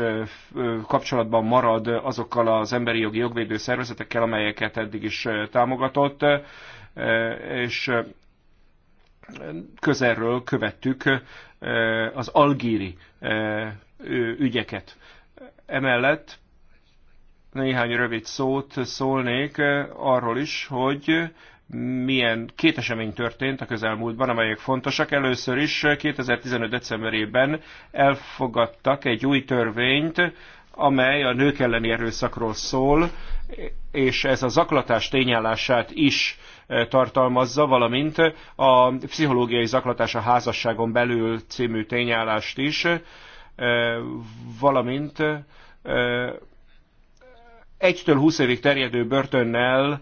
kapcsolatban marad azokkal az emberi jogi jogvédő szervezetekkel, amelyeket eddig is támogatott és közelről követtük az algíri ügyeket. Emellett néhány rövid szót szólnék arról is, hogy milyen két esemény történt a közelmúltban, amelyek fontosak. Először is 2015. decemberében elfogadtak egy új törvényt, amely a nők elleni erőszakról szól, és ez a zaklatás tényállását is tartalmazza, valamint a pszichológiai zaklatás a házasságon belül című tényállást is, e, valamint e, egytől húsz évig terjedő börtönnel e,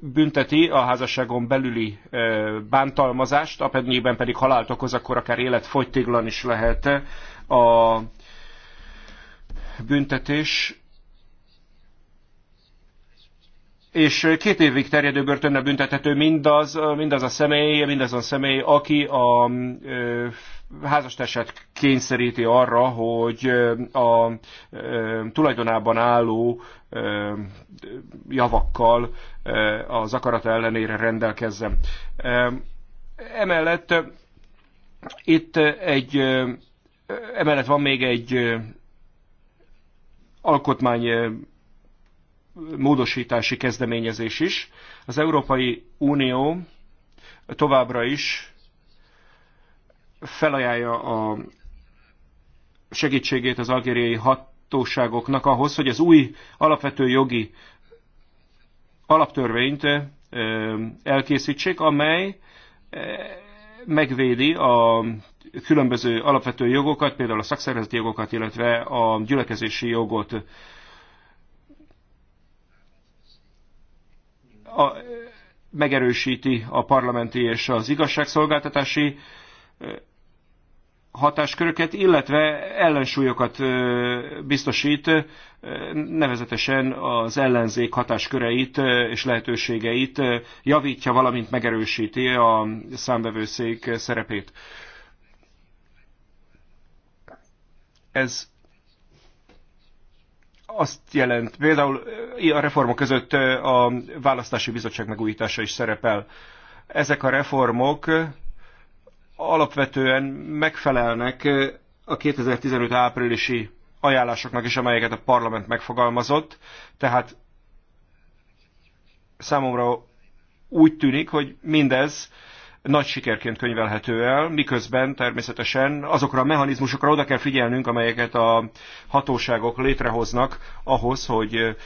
bünteti a házasságon belüli bántalmazást, apennyiben pedig halált okoz, akkor akár életfogytiglan is lehet a büntetés. és két évig terjedő börtönnel büntethető mindaz, mindaz a személy, mindazon a személy, aki a házastársát kényszeríti arra, hogy a tulajdonában álló javakkal az akarata ellenére rendelkezzen. Emellett itt egy, emellett van még egy alkotmány módosítási kezdeményezés is. Az Európai Unió továbbra is felajánlja a segítségét az algériai hatóságoknak ahhoz, hogy az új alapvető jogi alaptörvényt elkészítsék, amely megvédi a különböző alapvető jogokat, például a szakszervezeti jogokat, illetve a gyülekezési jogot. a, megerősíti a parlamenti és az igazságszolgáltatási hatásköröket, illetve ellensúlyokat biztosít, nevezetesen az ellenzék hatásköreit és lehetőségeit javítja, valamint megerősíti a számvevőszék szerepét. Ez azt jelent, például a reformok között a választási bizottság megújítása is szerepel. Ezek a reformok alapvetően megfelelnek a 2015 áprilisi ajánlásoknak is, amelyeket a parlament megfogalmazott, tehát számomra úgy tűnik, hogy mindez nagy sikerként könyvelhető el, miközben természetesen azokra a mechanizmusokra oda kell figyelnünk, amelyeket a hatóságok létrehoznak ahhoz, hogy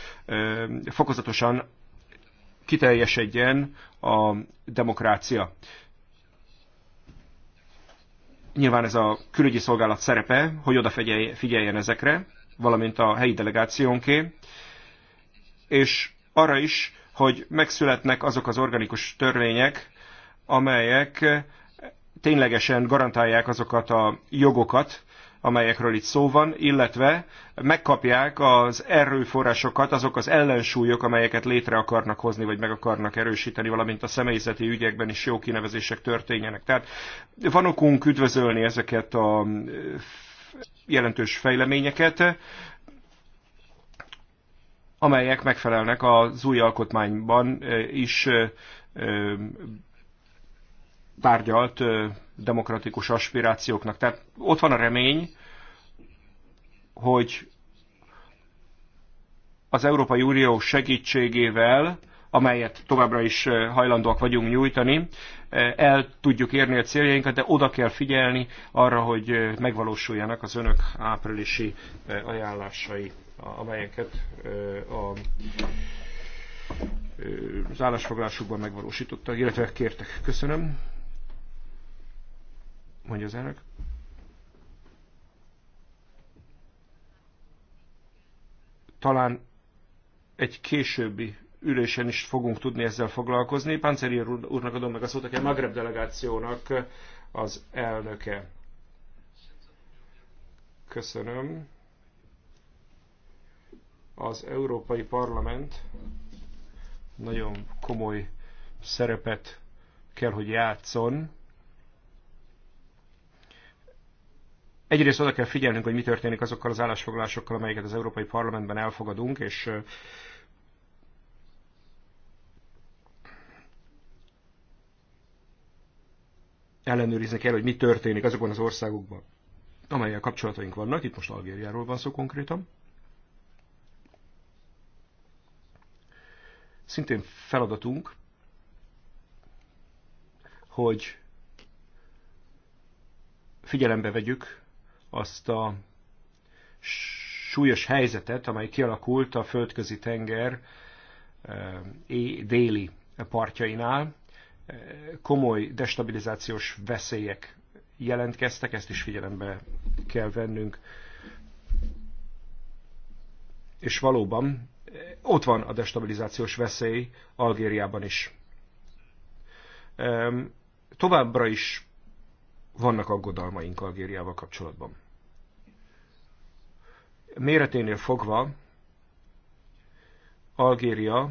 fokozatosan kiteljesedjen a demokrácia. Nyilván ez a külügyi szolgálat szerepe, hogy odafigyeljen ezekre, valamint a helyi delegációnké, és arra is, hogy megszületnek azok az organikus törvények, amelyek ténylegesen garantálják azokat a jogokat, amelyekről itt szó van, illetve megkapják az erőforrásokat, azok az ellensúlyok, amelyeket létre akarnak hozni, vagy meg akarnak erősíteni, valamint a személyzeti ügyekben is jó kinevezések történjenek. Tehát van okunk üdvözölni ezeket a jelentős fejleményeket, amelyek megfelelnek az új alkotmányban is tárgyalt demokratikus aspirációknak. Tehát ott van a remény, hogy az Európai Unió segítségével, amelyet továbbra is hajlandóak vagyunk nyújtani, el tudjuk érni a céljainkat, de oda kell figyelni arra, hogy megvalósuljanak az önök áprilisi ajánlásai, amelyeket a az állásfoglalásukban megvalósítottak, illetve kértek. Köszönöm mondja az elnök. Talán egy későbbi ülésen is fogunk tudni ezzel foglalkozni. Panceri úrnak adom meg a szót, aki a Magreb delegációnak az elnöke. Köszönöm. Az Európai Parlament nagyon komoly szerepet kell, hogy játszon egyrészt oda kell figyelnünk, hogy mi történik azokkal az állásfoglalásokkal, amelyeket az Európai Parlamentben elfogadunk, és ellenőrizni kell, hogy mi történik azokban az országokban, amelyek kapcsolataink vannak. Itt most Algériáról van szó konkrétan. Szintén feladatunk, hogy figyelembe vegyük azt a súlyos helyzetet, amely kialakult a földközi tenger eh, déli partjainál. Eh, komoly destabilizációs veszélyek jelentkeztek, ezt is figyelembe kell vennünk. És valóban eh, ott van a destabilizációs veszély Algériában is. Továbbra is vannak aggodalmaink Algériával kapcsolatban. Méreténél fogva Algéria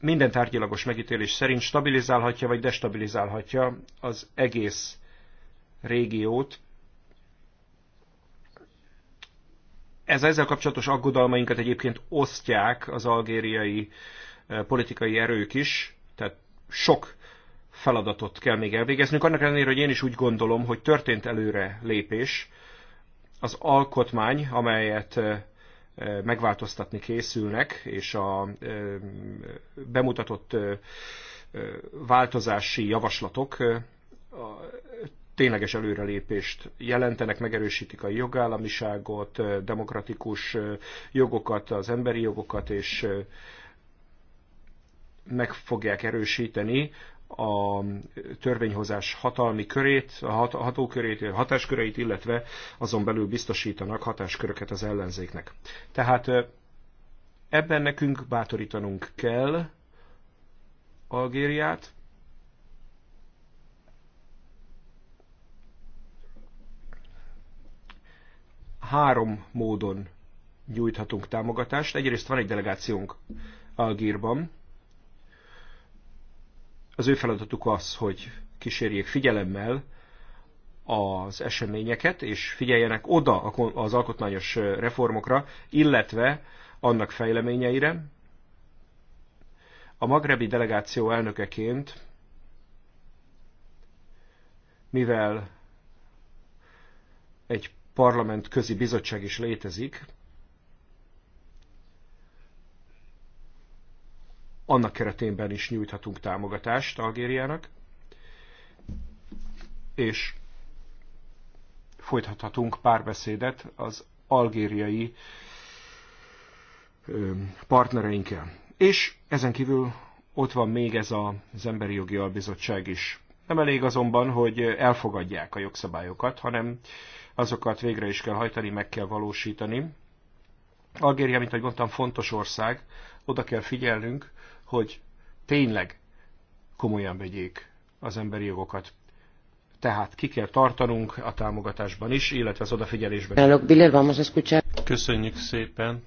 minden tárgyilagos megítélés szerint stabilizálhatja vagy destabilizálhatja az egész régiót. Ez ezzel kapcsolatos aggodalmainkat egyébként osztják az algériai eh, politikai erők is, tehát sok feladatot kell még elvégeznünk. Annak ellenére, hogy én is úgy gondolom, hogy történt előre lépés, az alkotmány, amelyet megváltoztatni készülnek, és a bemutatott változási javaslatok tényleges előrelépést jelentenek, megerősítik a jogállamiságot, demokratikus jogokat, az emberi jogokat, és meg fogják erősíteni a törvényhozás hatalmi körét, a hat, hatókörét, hatásköreit, illetve azon belül biztosítanak hatásköröket az ellenzéknek. Tehát ebben nekünk bátorítanunk kell Algériát, három módon nyújthatunk támogatást. Egyrészt van egy delegációnk Algírban, az ő feladatuk az, hogy kísérjék figyelemmel az eseményeket, és figyeljenek oda az alkotmányos reformokra, illetve annak fejleményeire. A magrebi delegáció elnökeként, mivel egy parlament közi bizottság is létezik, annak keretében is nyújthatunk támogatást Algériának, és folytathatunk párbeszédet az algériai partnereinkkel. És ezen kívül ott van még ez az Emberi Jogi Albizottság is. Nem elég azonban, hogy elfogadják a jogszabályokat, hanem azokat végre is kell hajtani, meg kell valósítani. Algéria, mint ahogy mondtam, fontos ország, oda kell figyelnünk, hogy tényleg komolyan vegyék az emberi jogokat. Tehát ki kell tartanunk a támogatásban is, illetve az odafigyelésben. Köszönjük szépen.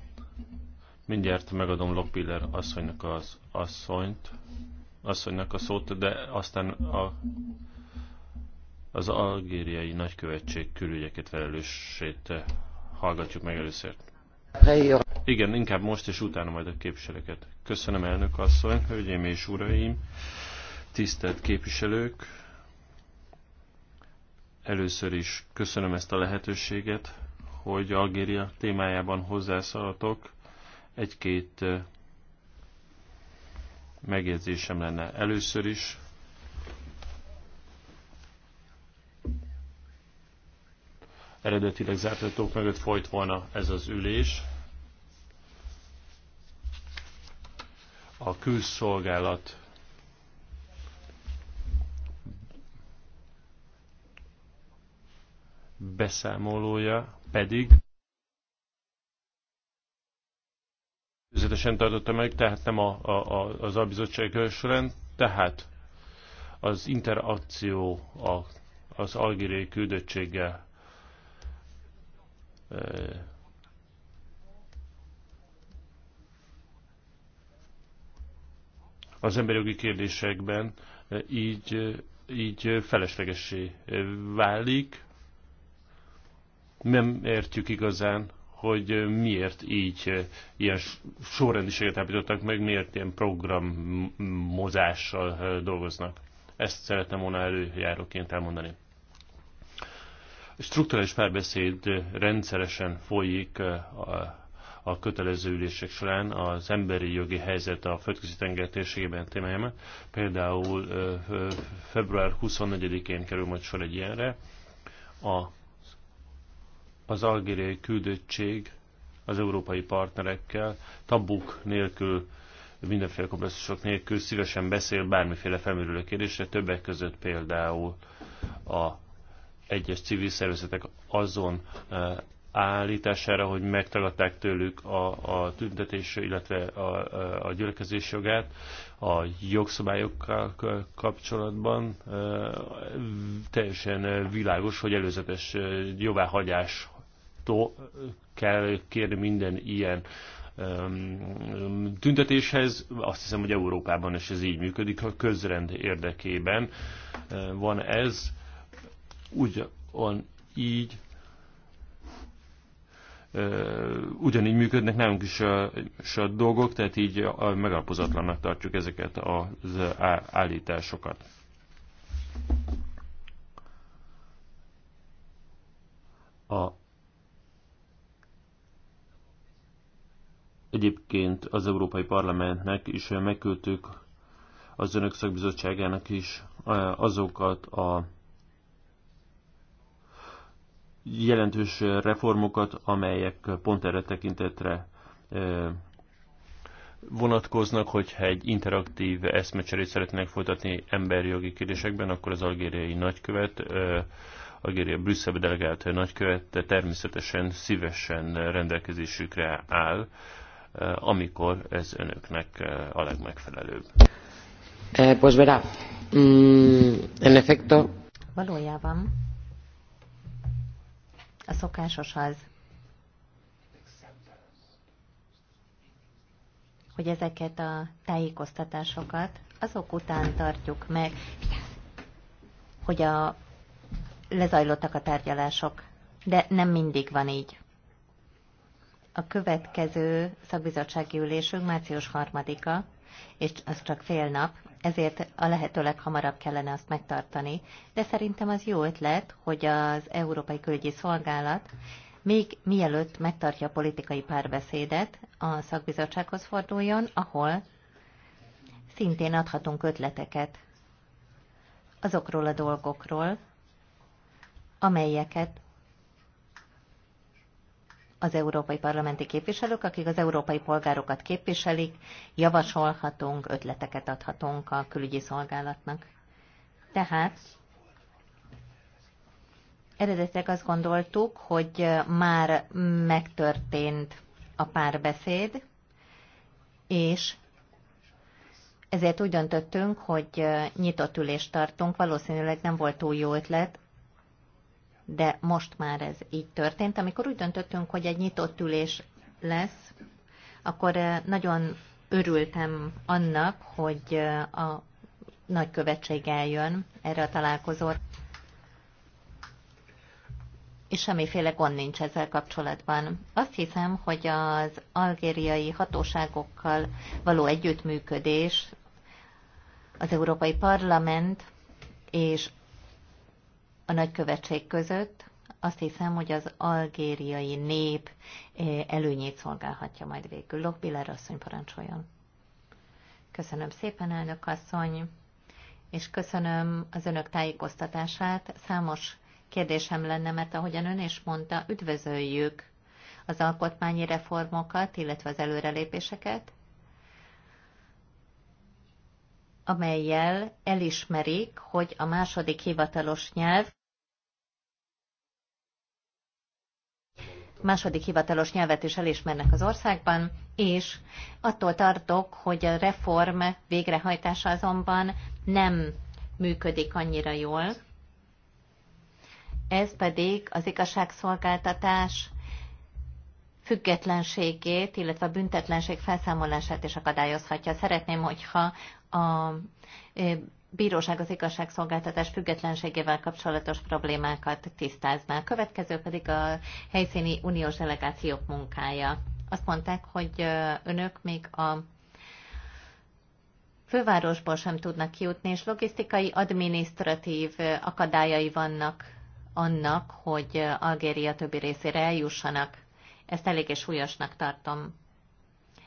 Mindjárt megadom Lockpiller asszonynak az asszonyt, asszonynak a szót, de aztán a, az algériai nagykövetség külügyeket felelősét hallgatjuk meg először. Igen, inkább most és utána majd a képviselőket. Köszönöm elnök asszony, hölgyeim és uraim, tisztelt képviselők. Először is köszönöm ezt a lehetőséget, hogy Algéria témájában hozzászaladok. Egy-két eh, megjegyzésem lenne. Először is eredetileg zárt ajtók mögött folyt volna ez az ülés. A külszolgálat beszámolója pedig előzetesen tartotta meg, tehát nem a, a, a, az albizottság során, tehát az interakció a, az algériai küldöttséggel az emberjogi kérdésekben így, így feleslegessé válik. Nem értjük igazán, hogy miért így ilyen sorrendiséget állítottak meg, miért ilyen programozással dolgoznak. Ezt szeretném volna előjáróként elmondani. Strukturális párbeszéd rendszeresen folyik eh, a, a kötelező ülések során az emberi jogi helyzet a földközi tenger térségében témájában. Például eh, február 24-én kerül majd sor egy ilyenre. A, az algériai küldöttség az európai partnerekkel tabuk nélkül mindenféle kompresszusok nélkül szívesen beszél bármiféle felmerülő kérdésre, többek között például a egyes civil szervezetek azon eh, állítására, hogy megtagadták tőlük a, a tüntetés, illetve a, eh, a gyülekezés jogát a jogszabályokkal kapcsolatban. Eh, teljesen világos, hogy előzetes jóváhagyástól kell kérni minden ilyen tüntetéshez. Azt hiszem, hogy Európában is ez így működik, a közrend érdekében van ez ugyan így ugyanígy működnek nálunk is a, is a dolgok, tehát így megalapozatlanak tartjuk ezeket az állításokat. A Egyébként az Európai Parlamentnek is megküldtük az Önök Szakbizottságának is azokat a jelentős reformokat, amelyek pont erre tekintetre vonatkoznak, hogyha egy interaktív eszmecserét szeretnének folytatni emberi jogi kérdésekben, akkor az algériai nagykövet, algéria Brüsszelbe delegált nagykövet természetesen szívesen rendelkezésükre áll, amikor ez önöknek a legmegfelelőbb. Eh, pues verá, mm, en efecto. Valójában a szokásoshoz, hogy ezeket a tájékoztatásokat azok után tartjuk meg, hogy a lezajlottak a tárgyalások, de nem mindig van így. A következő szakbizottsági ülésünk március 3-a, és az csak fél nap, ezért a lehető leghamarabb kellene azt megtartani. De szerintem az jó ötlet, hogy az Európai Külügyi Szolgálat még mielőtt megtartja a politikai párbeszédet, a szakbizottsághoz forduljon, ahol szintén adhatunk ötleteket azokról a dolgokról, amelyeket az európai parlamenti képviselők, akik az európai polgárokat képviselik, javasolhatunk, ötleteket adhatunk a külügyi szolgálatnak. Tehát eredetileg azt gondoltuk, hogy már megtörtént a párbeszéd, és ezért úgy döntöttünk, hogy nyitott ülést tartunk. Valószínűleg nem volt túl jó ötlet, de most már ez így történt. Amikor úgy döntöttünk, hogy egy nyitott ülés lesz, akkor eh, nagyon örültem annak, hogy eh, a nagykövetség eljön erre a találkozóra. És semmiféle gond nincs ezzel kapcsolatban. Azt hiszem, hogy az algériai hatóságokkal való együttműködés, az Európai Parlament és a nagykövetség között, azt hiszem, hogy az algériai nép eh, előnyét szolgálhatja majd végül. Lokbiller asszony parancsoljon. Köszönöm szépen, elnök asszony, és köszönöm az önök tájékoztatását. Számos kérdésem lenne, mert ahogyan ön is mondta, üdvözöljük az alkotmányi reformokat, illetve az előrelépéseket, amelyel elismerik, hogy a második hivatalos nyelv második hivatalos nyelvet is elismernek az országban, és attól tartok, hogy a reform végrehajtása azonban nem működik annyira jól. Ez pedig az igazságszolgáltatás függetlenségét, illetve a büntetlenség felszámolását is akadályozhatja. Szeretném, hogyha a bíróság az igazságszolgáltatás függetlenségével kapcsolatos problémákat tisztázná. Következő pedig a helyszíni uniós delegációk munkája. Azt mondták, hogy önök még a fővárosból sem tudnak kijutni, és logisztikai, adminisztratív akadályai vannak annak, hogy Algéria többi részére eljussanak. Ezt eléggé súlyosnak tartom.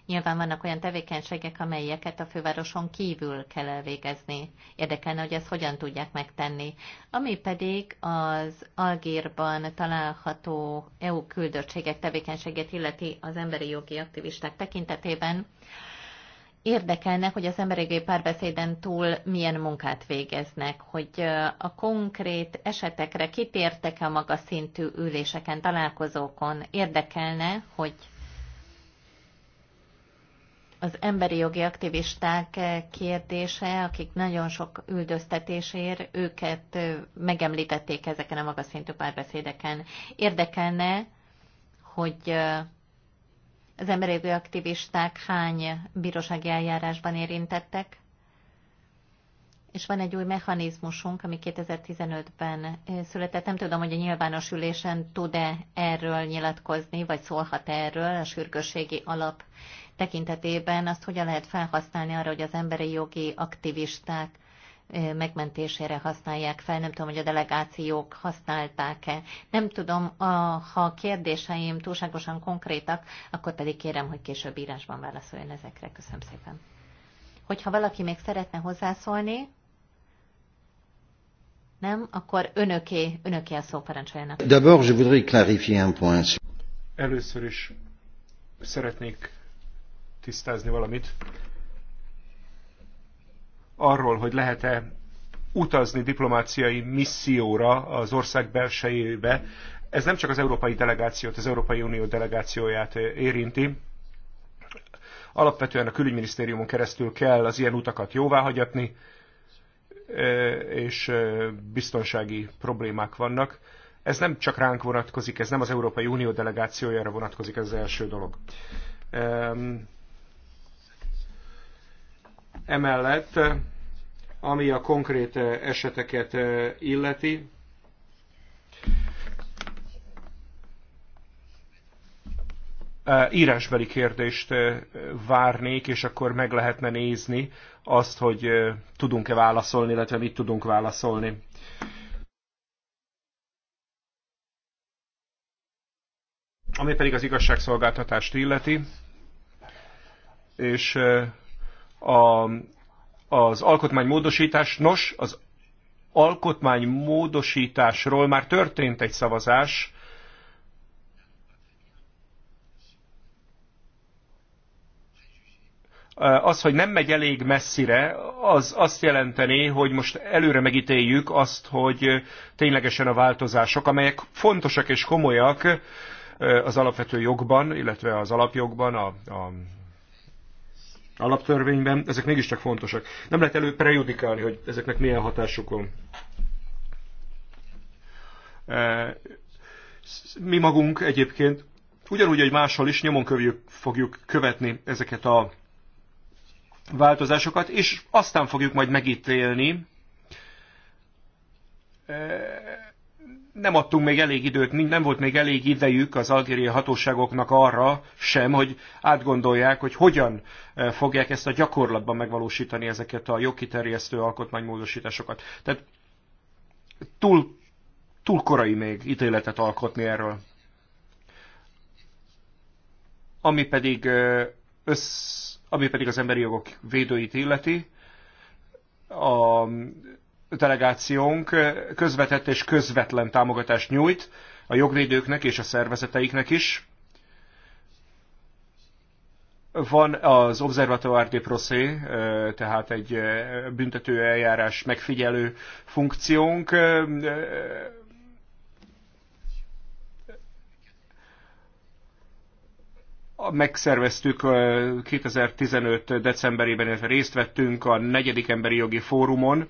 Nyilván vannak olyan tevékenységek, amelyeket a fővároson kívül kell elvégezni. Érdekelne, hogy ezt hogyan tudják megtenni. Ami pedig az Algérban található EU küldöttségek tevékenységét illeti az emberi jogi aktivisták tekintetében, érdekelnek, hogy az emberi párbeszéden túl milyen munkát végeznek, hogy a konkrét esetekre kitértek-e a magas szintű üléseken, találkozókon. Érdekelne, hogy az emberi jogi aktivisták eh, kérdése, akik nagyon sok üldöztetésért, őket eh, megemlítették ezeken a magas szintű párbeszédeken. Érdekelne, hogy eh, az emberi jogi aktivisták hány bírósági eljárásban érintettek, és van egy új mechanizmusunk, ami 2015-ben született. Nem tudom, hogy a nyilvános ülésen tud-e erről nyilatkozni, vagy szólhat -e erről a sürgősségi alap tekintetében azt hogyan lehet felhasználni arra, hogy az emberi jogi aktivisták megmentésére használják fel, nem tudom, hogy a delegációk használták-e. Nem tudom, a, ha a kérdéseim túlságosan konkrétak, akkor pedig kérem, hogy később írásban válaszoljon ezekre. Köszönöm szépen. Hogyha valaki még szeretne hozzászólni, nem, akkor önöké, önöké a szó parancsoljanak. D'abord, je voudrais clarifier un point. Először is szeretnék tisztázni valamit arról, hogy lehet-e utazni diplomáciai misszióra az ország belsejébe. Ez nem csak az európai delegációt, az Európai Unió delegációját érinti. Alapvetően a külügyminisztériumon keresztül kell az ilyen utakat jóváhagyatni, és biztonsági problémák vannak. Ez nem csak ránk vonatkozik, ez nem az Európai Unió delegációjára vonatkozik, ez az első dolog. Emellett, ami a konkrét eh, eseteket eh, illeti, eh, írásbeli kérdést várnék, és akkor meg lehetne nézni azt, hogy tudunk-e válaszolni, illetve mit tudunk válaszolni. Ami pedig az igazságszolgáltatást illeti, és a, az alkotmánymódosítás. Nos, az alkotmánymódosításról már történt egy szavazás, az, hogy nem megy elég messzire, az azt jelenteni hogy most előre megítéljük azt, hogy ténylegesen a változások, amelyek fontosak és komolyak az alapvető jogban, illetve az alapjogban, a, a alaptörvényben, ezek mégiscsak fontosak. Nem lehet elő prejudikálni, hogy ezeknek milyen hatásuk van. E, mi magunk egyébként ugyanúgy, hogy máshol is nyomon kövjük, fogjuk követni ezeket a változásokat, és aztán fogjuk majd megítélni, e, nem adtunk még elég időt, nem volt még elég idejük az algériai hatóságoknak arra sem, hogy átgondolják, hogy hogyan eh, fogják ezt a gyakorlatban megvalósítani ezeket a jogkiterjesztő alkotmánymódosításokat. Tehát túl, túl korai még ítéletet alkotni erről. Ami pedig, eh, össz, ami pedig az emberi jogok védőit illeti, a delegációnk közvetett és közvetlen támogatást nyújt a jogvédőknek és a szervezeteiknek is. Van az Observatoire de Procé, tehát egy büntető eljárás megfigyelő funkciónk. megszerveztük 2015. decemberében, illetve részt vettünk a negyedik emberi jogi fórumon,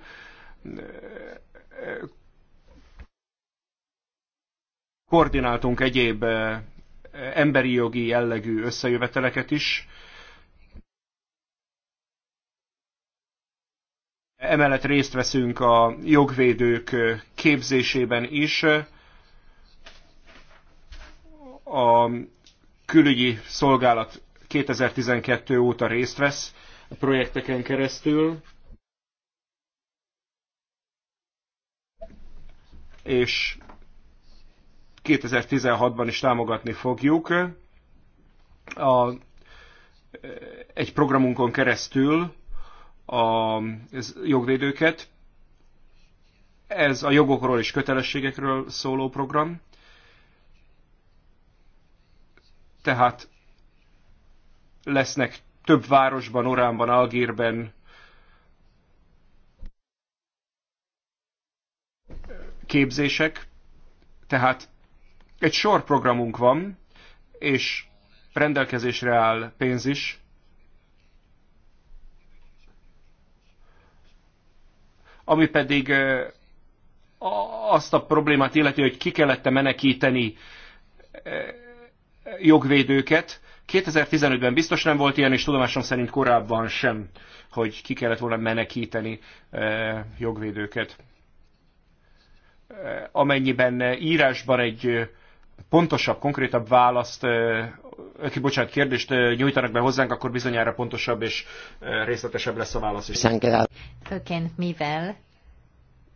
koordináltunk egyéb eh, emberi jogi jellegű összejöveteleket is. Emellett részt veszünk a jogvédők eh, képzésében is. A külügyi szolgálat 2012 óta részt vesz a projekteken keresztül. és 2016-ban is támogatni fogjuk. A, egy programunkon keresztül a ez, jogvédőket. Ez a jogokról és kötelességekről szóló program. Tehát lesznek több városban, Oránban, algírben. képzések, tehát egy sor programunk van, és rendelkezésre áll pénz is. Ami pedig azt a problémát illeti, hogy ki kellett -e menekíteni jogvédőket. 2015-ben biztos nem volt ilyen, és tudomásom szerint korábban sem, hogy ki kellett volna menekíteni jogvédőket. Eh, amennyiben eh, írásban egy eh, pontosabb, konkrétabb választ, bocsánat, kérdést nyújtanak be hozzánk, akkor bizonyára pontosabb és részletesebb lesz a válasz is. Főként mivel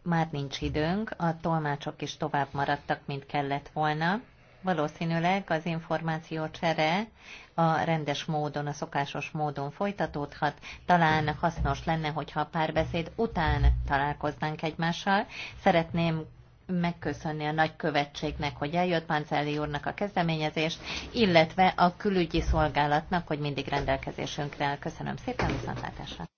már nincs időnk, a tolmácsok is tovább maradtak, mint kellett volna. Valószínűleg az információ csere a rendes módon, a szokásos módon folytatódhat. Talán hasznos lenne, hogyha a párbeszéd után találkoznánk egymással. Szeretném megköszönni a nagykövetségnek, hogy eljött Pancelli úrnak a kezdeményezést, illetve a külügyi szolgálatnak, hogy mindig rendelkezésünkre Köszönöm szépen, viszontlátásra!